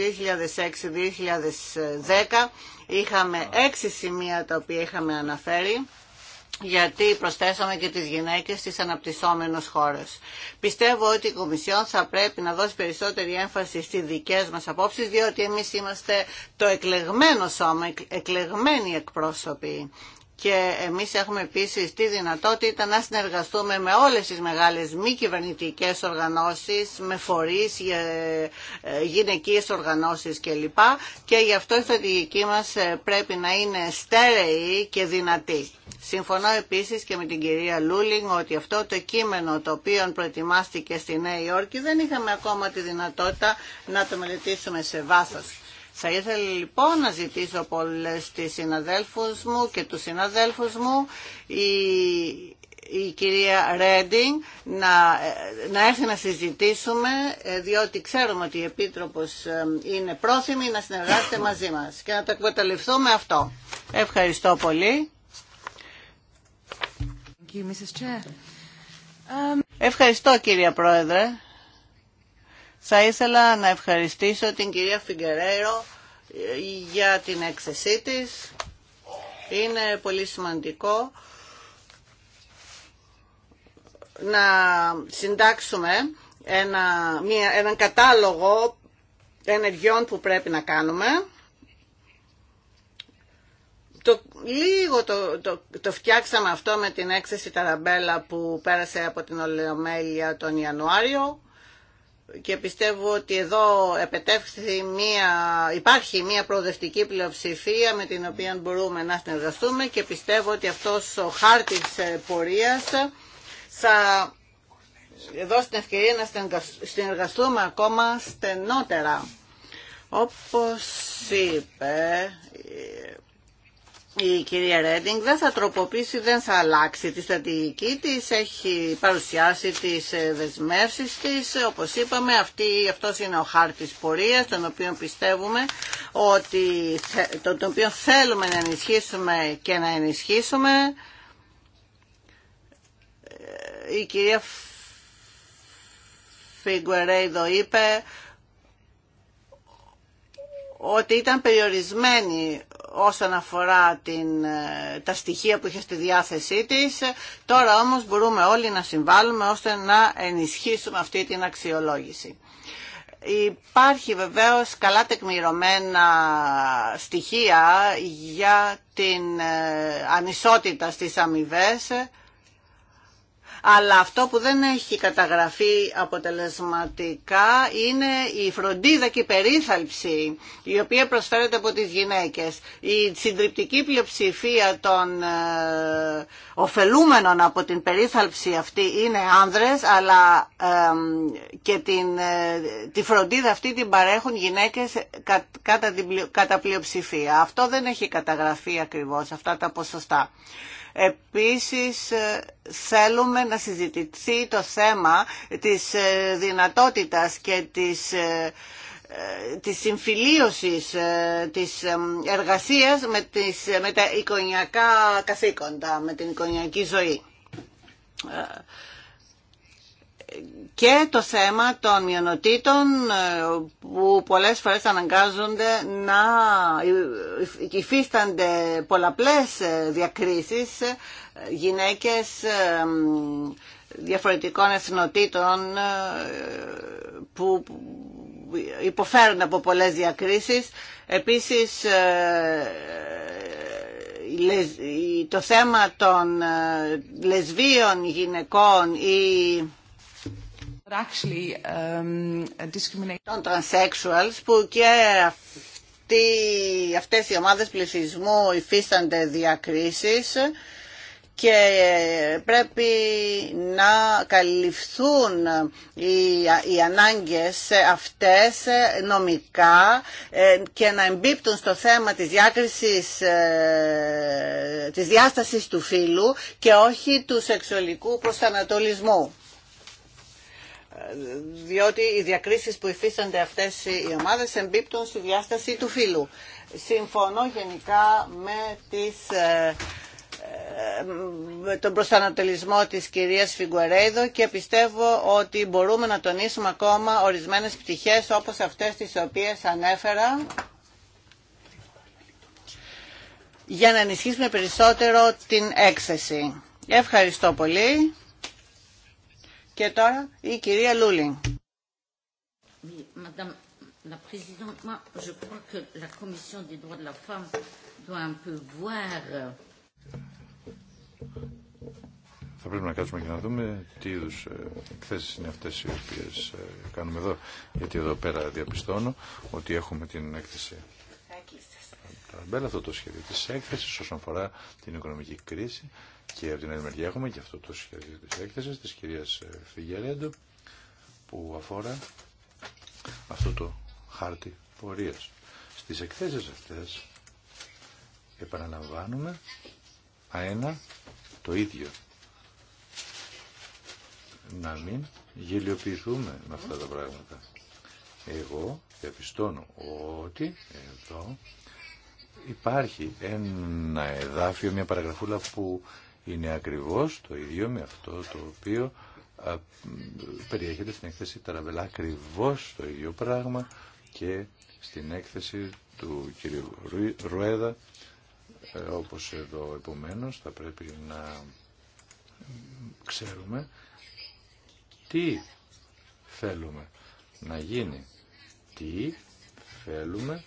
2006-2010 είχαμε έξι σημεία τα οποία είχαμε αναφέρει γιατί προσθέσαμε και τις γυναίκες στις αναπτυσσόμενες χώρες. Πιστεύω ότι η Κομισιόν θα πρέπει να δώσει περισσότερη έμφαση στις δικές μας απόψεις, διότι εμείς είμαστε το εκλεγμένο σώμα, εκλεγμένοι εκπρόσωποι και εμείς έχουμε επίσης τη δυνατότητα να συνεργαστούμε με όλες τις μεγάλες μη κυβερνητικέ οργανώσεις, με φορείς, ε, ε, γυναικείες οργανώσεις κλπ. Και γι' αυτό η στρατηγική μας ε, πρέπει να είναι στέρεη και δυνατή. Συμφωνώ επίσης και με την κυρία Λούλινγκ ότι αυτό το κείμενο το οποίο προετοιμάστηκε στη Νέα Υόρκη δεν είχαμε ακόμα τη δυνατότητα να το μελετήσουμε σε βάθος. Θα ήθελα λοιπόν να ζητήσω από όλες τις συναδέλφους μου και τους συναδέλφους μου η, κυρία Ρέντινγκ να, να έρθει να συζητήσουμε ε, διότι ξέρουμε ότι η Επίτροπος ε, είναι πρόθυμη να συνεργάζεται μαζί μας και να το εκμεταλλευτούμε αυτό. Ευχαριστώ πολύ. Ευχαριστώ κυρία Πρόεδρε. Θα ήθελα να ευχαριστήσω την κυρία Φιγκερέρο ε, για την έκθεσή της. Είναι πολύ σημαντικό να συντάξουμε ένα, μια, έναν κατάλογο ενεργειών που πρέπει να κάνουμε. Το, λίγο το, το, φτιάξαμε αυτό με την έκθεση Ταραμπέλα που πέρασε από την Ολεομέλεια τον Ιανουάριο και πιστεύω ότι εδώ μια, υπάρχει μια προοδευτική πλειοψηφία με την οποία μπορούμε να συνεργαστούμε και πιστεύω ότι αυτός ο χάρτης ε, πορείας θα δώσει την ευκαιρία να συνεργαστούμε ακόμα στενότερα. Όπως είπε, ε, η κυρία Ρέντινγκ δεν θα τροποποιήσει, δεν θα αλλάξει τη στρατηγική της, έχει παρουσιάσει τις ε, δεσμεύσεις της. Όπως είπαμε, αυτή, αυτός είναι ο χάρτης πορείας, τον οποίο πιστεύουμε ότι, τον οποίο θέλουμε να ενισχύσουμε και να ενισχύσουμε. Ε, η κυρία Φιγκουερέιδο είπε ότι ήταν περιορισμένη όσον αφορά την, ε, τα στοιχεία που είχε στη διάθεσή της. Τώρα όμως μπορούμε όλοι να συμβάλλουμε ώστε να ενισχύσουμε αυτή την αξιολόγηση. Υπάρχει βεβαίως καλά τεκμηρωμένα στοιχεία για την ε, ανισότητα στις αμοιβέ αλλά αυτό που δεν έχει καταγραφεί αποτελεσματικά είναι η φροντίδα και η περίθαλψη η οποία προσφέρεται από τις γυναίκες. Η συντριπτική πλειοψηφία των ε, ωφελούμενων από την περίθαλψη αυτή είναι άνδρες, αλλά και την, ε, τη φροντίδα αυτή την παρέχουν γυναίκες κατά, κατά πλειοψηφία. Αυτό δεν έχει καταγραφεί ακριβώς, αυτά τα ποσοστά. Επίσης ε, θέλουμε να συζητηθεί το θέμα της ε, δυνατότητας και της ε, της συμφιλίωσης της εργασίας με, τις, με τα εικονιακά καθήκοντα, με την εικονιακή ζωή και το θέμα των μειονοτήτων ε, που πολλές φορές αναγκάζονται να υφίστανται πολλαπλές ε, διακρίσεις ε, γυναίκες διαφορετικών εθνοτήτων που υποφέρουν από πολλές διακρίσεις. Επίσης το θέμα των λεσβίων γυναικών ή Um, των transsexuals που και αυτές οι ομάδες πληθυσμού υφίστανται διακρίσεις και πρέπει να καλυφθούν οι, οι ανάγκες αυτές νομικά ε, και να εμπίπτουν στο θέμα της διάκρισης ε, της διάστασης του φύλου και όχι του σεξουαλικού προσανατολισμού διότι οι διακρίσεις που υφίστανται αυτές οι ομάδες εμπίπτουν στη διάσταση του φύλου. Συμφωνώ γενικά με τις ε, ε, τον προσανατολισμό της κυρίας Φιγκουαρέιδο και πιστεύω ότι μπορούμε να τονίσουμε ακόμα ορισμένες πτυχές όπως αυτές τις οποίες ανέφερα για να ενισχύσουμε περισσότερο την έκθεση. Ευχαριστώ πολύ. Και τώρα η κυρία Λούλη. Euh, Θα πρέπει να κάτσουμε και να δούμε τι είδου ε, εκθέσει είναι αυτέ οι οποίε ε, κάνουμε εδώ. Γιατί εδώ πέρα διαπιστώνω ότι έχουμε την έκθεση. Ταραμπέλα, αυτό το σχέδιο τη έκθεση όσον αφορά την οικονομική κρίση και από την άλλη μεριά έχουμε και αυτό το σχέδιο της έκθεσης της κυρίας ε, Φιγερέντο που αφορά αυτό το χάρτη πορείας. Στις εκθέσεις αυτές επαναλαμβάνουμε αένα το ίδιο. Να μην γελιοποιηθούμε με αυτά τα πράγματα. Εγώ διαπιστώνω ότι εδώ υπάρχει ένα εδάφιο, μια παραγραφούλα που είναι ακριβώς το ίδιο με αυτό το οποίο περιέχεται στην έκθεση Ταραβελά. Ακριβώς το ίδιο πράγμα και στην έκθεση του κ. Ρουέδα, ε, όπως εδώ επομένως θα πρέπει να ξέρουμε τι θέλουμε να γίνει, τι θέλουμε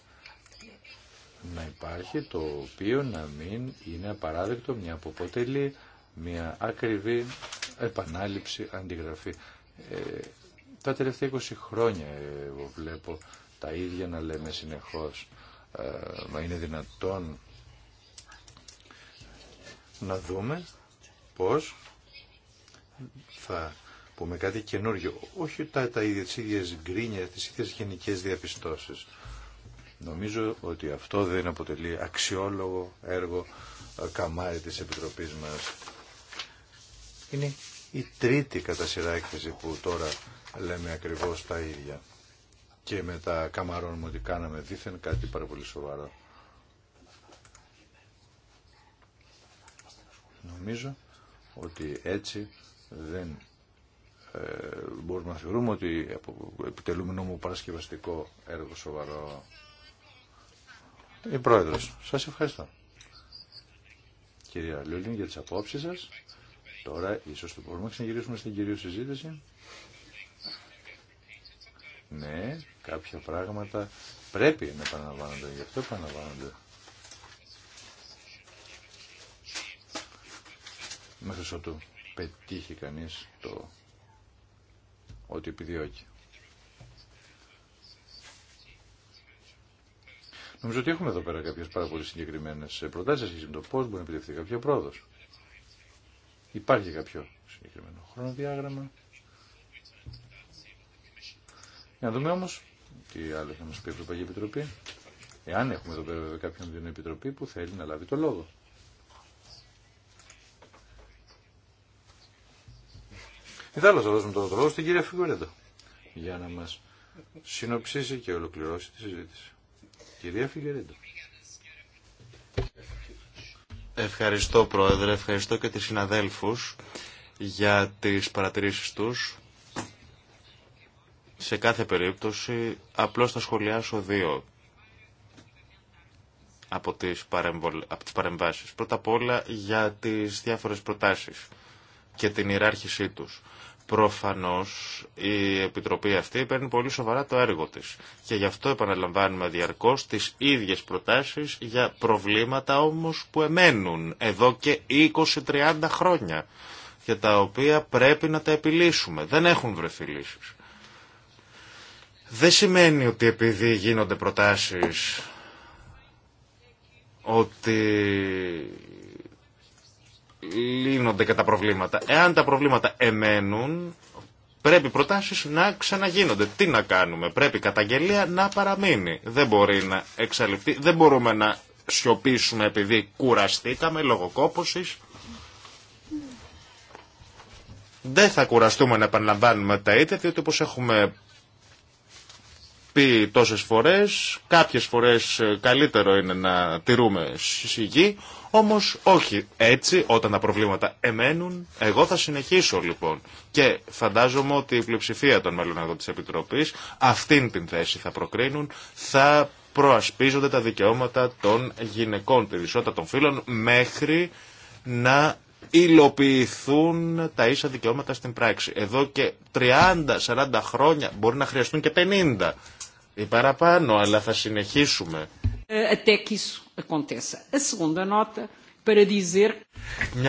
να υπάρχει το οποίο να μην είναι απαράδεκτο μια αποτελεί μια ακριβή επανάληψη, αντιγραφή. Ε, τα τελευταία 20 χρόνια ε, εγώ βλέπω τα ίδια να λέμε συνεχώς. Ε, μα είναι δυνατόν να δούμε πώς θα πούμε κάτι καινούργιο Όχι τα, τα ίδια, τις ίδιες γκρίνια, τις ίδιες γενικές διαπιστώσεις. Νομίζω ότι αυτό δεν αποτελεί αξιόλογο έργο ε, καμάρι της Επιτροπής μας. Είναι η τρίτη κατά σειρά έκθεση που τώρα λέμε ακριβώς τα ίδια. Και με καμαρών μου ότι κάναμε δήθεν κάτι πάρα πολύ σοβαρό. Νομίζω ότι έτσι δεν ε, μπορούμε να θεωρούμε ότι επιτελούμε νόμο παρασκευαστικό έργο σοβαρό. Η Πρόεδρος, σας ευχαριστώ. Κυρία Λούλιν για τις απόψεις σας. Τώρα ίσως το μπορούμε να ξαναγυρίσουμε στην κυρίως συζήτηση. Ναι, κάποια πράγματα πρέπει να επαναλαμβάνονται, γι' αυτό επαναλαμβάνονται. Μέχρι ότου πετύχει κανείς το ότι επιδιώκει. Νομίζω ότι έχουμε εδώ πέρα κάποιε πάρα πολύ συγκεκριμένε προτάσει σχετικά με το πώ μπορεί να επιτευχθεί κάποια πρόοδο. Υπάρχει κάποιο συγκεκριμένο χρονοδιάγραμμα. Για να δούμε όμω τι άλλο θα μα πει η Ευρωπαϊκή Επιτροπή. Εάν έχουμε εδώ πέρα βέβαια κάποιον την Επιτροπή που θέλει να λάβει το λόγο. Η θα δώσουμε τώρα το λόγο στην κυρία Φιγκορέντο για να μας συνοψίσει και ολοκληρώσει τη συζήτηση. Ευχαριστώ Πρόεδρε, ευχαριστώ και τις συναδέλφους για τις παρατηρήσεις τους. Σε κάθε περίπτωση απλώς θα σχολιάσω δύο από τις, παρεμβολ... από τις παρεμβάσεις. Πρώτα απ' όλα για τις διάφορες προτάσεις και την ιεράρχησή τους. Προφανώς η Επιτροπή αυτή παίρνει πολύ σοβαρά το έργο της και γι' αυτό επαναλαμβάνουμε διαρκώς τις ίδιες προτάσεις για προβλήματα όμως που εμένουν εδώ και 20-30 χρόνια για τα οποία πρέπει να τα επιλύσουμε. Δεν έχουν βρεθεί λύσεις. Δεν σημαίνει ότι επειδή γίνονται προτάσεις ότι λύνονται και τα προβλήματα. Εάν τα προβλήματα εμένουν, πρέπει προτάσεις να ξαναγίνονται. Τι να κάνουμε, πρέπει η καταγγελία να παραμείνει. Δεν μπορεί να εξαλειφθεί, δεν μπορούμε να σιωπήσουμε επειδή κουραστήκαμε λόγω κόπωσης. Δεν θα κουραστούμε να επαναλαμβάνουμε τα είτε διότι όπως έχουμε πει τόσες φορές, κάποιες φορές ε, καλύτερο είναι να τηρούμε σιγή, Όμω όχι. Έτσι, όταν τα προβλήματα εμένουν, εγώ θα συνεχίσω λοιπόν. Και φαντάζομαι ότι η πλειοψηφία των μέλων εδώ της Επιτροπής αυτήν την θέση θα προκρίνουν, θα προασπίζονται τα δικαιώματα των γυναικών, τη ισότητα των φίλων, μέχρι να υλοποιηθούν τα ίσα δικαιώματα στην πράξη. Εδώ και 30-40 χρόνια μπορεί να χρειαστούν και 50 ή παραπάνω, αλλά θα συνεχίσουμε até que isso aconteça. A segunda nota para dizer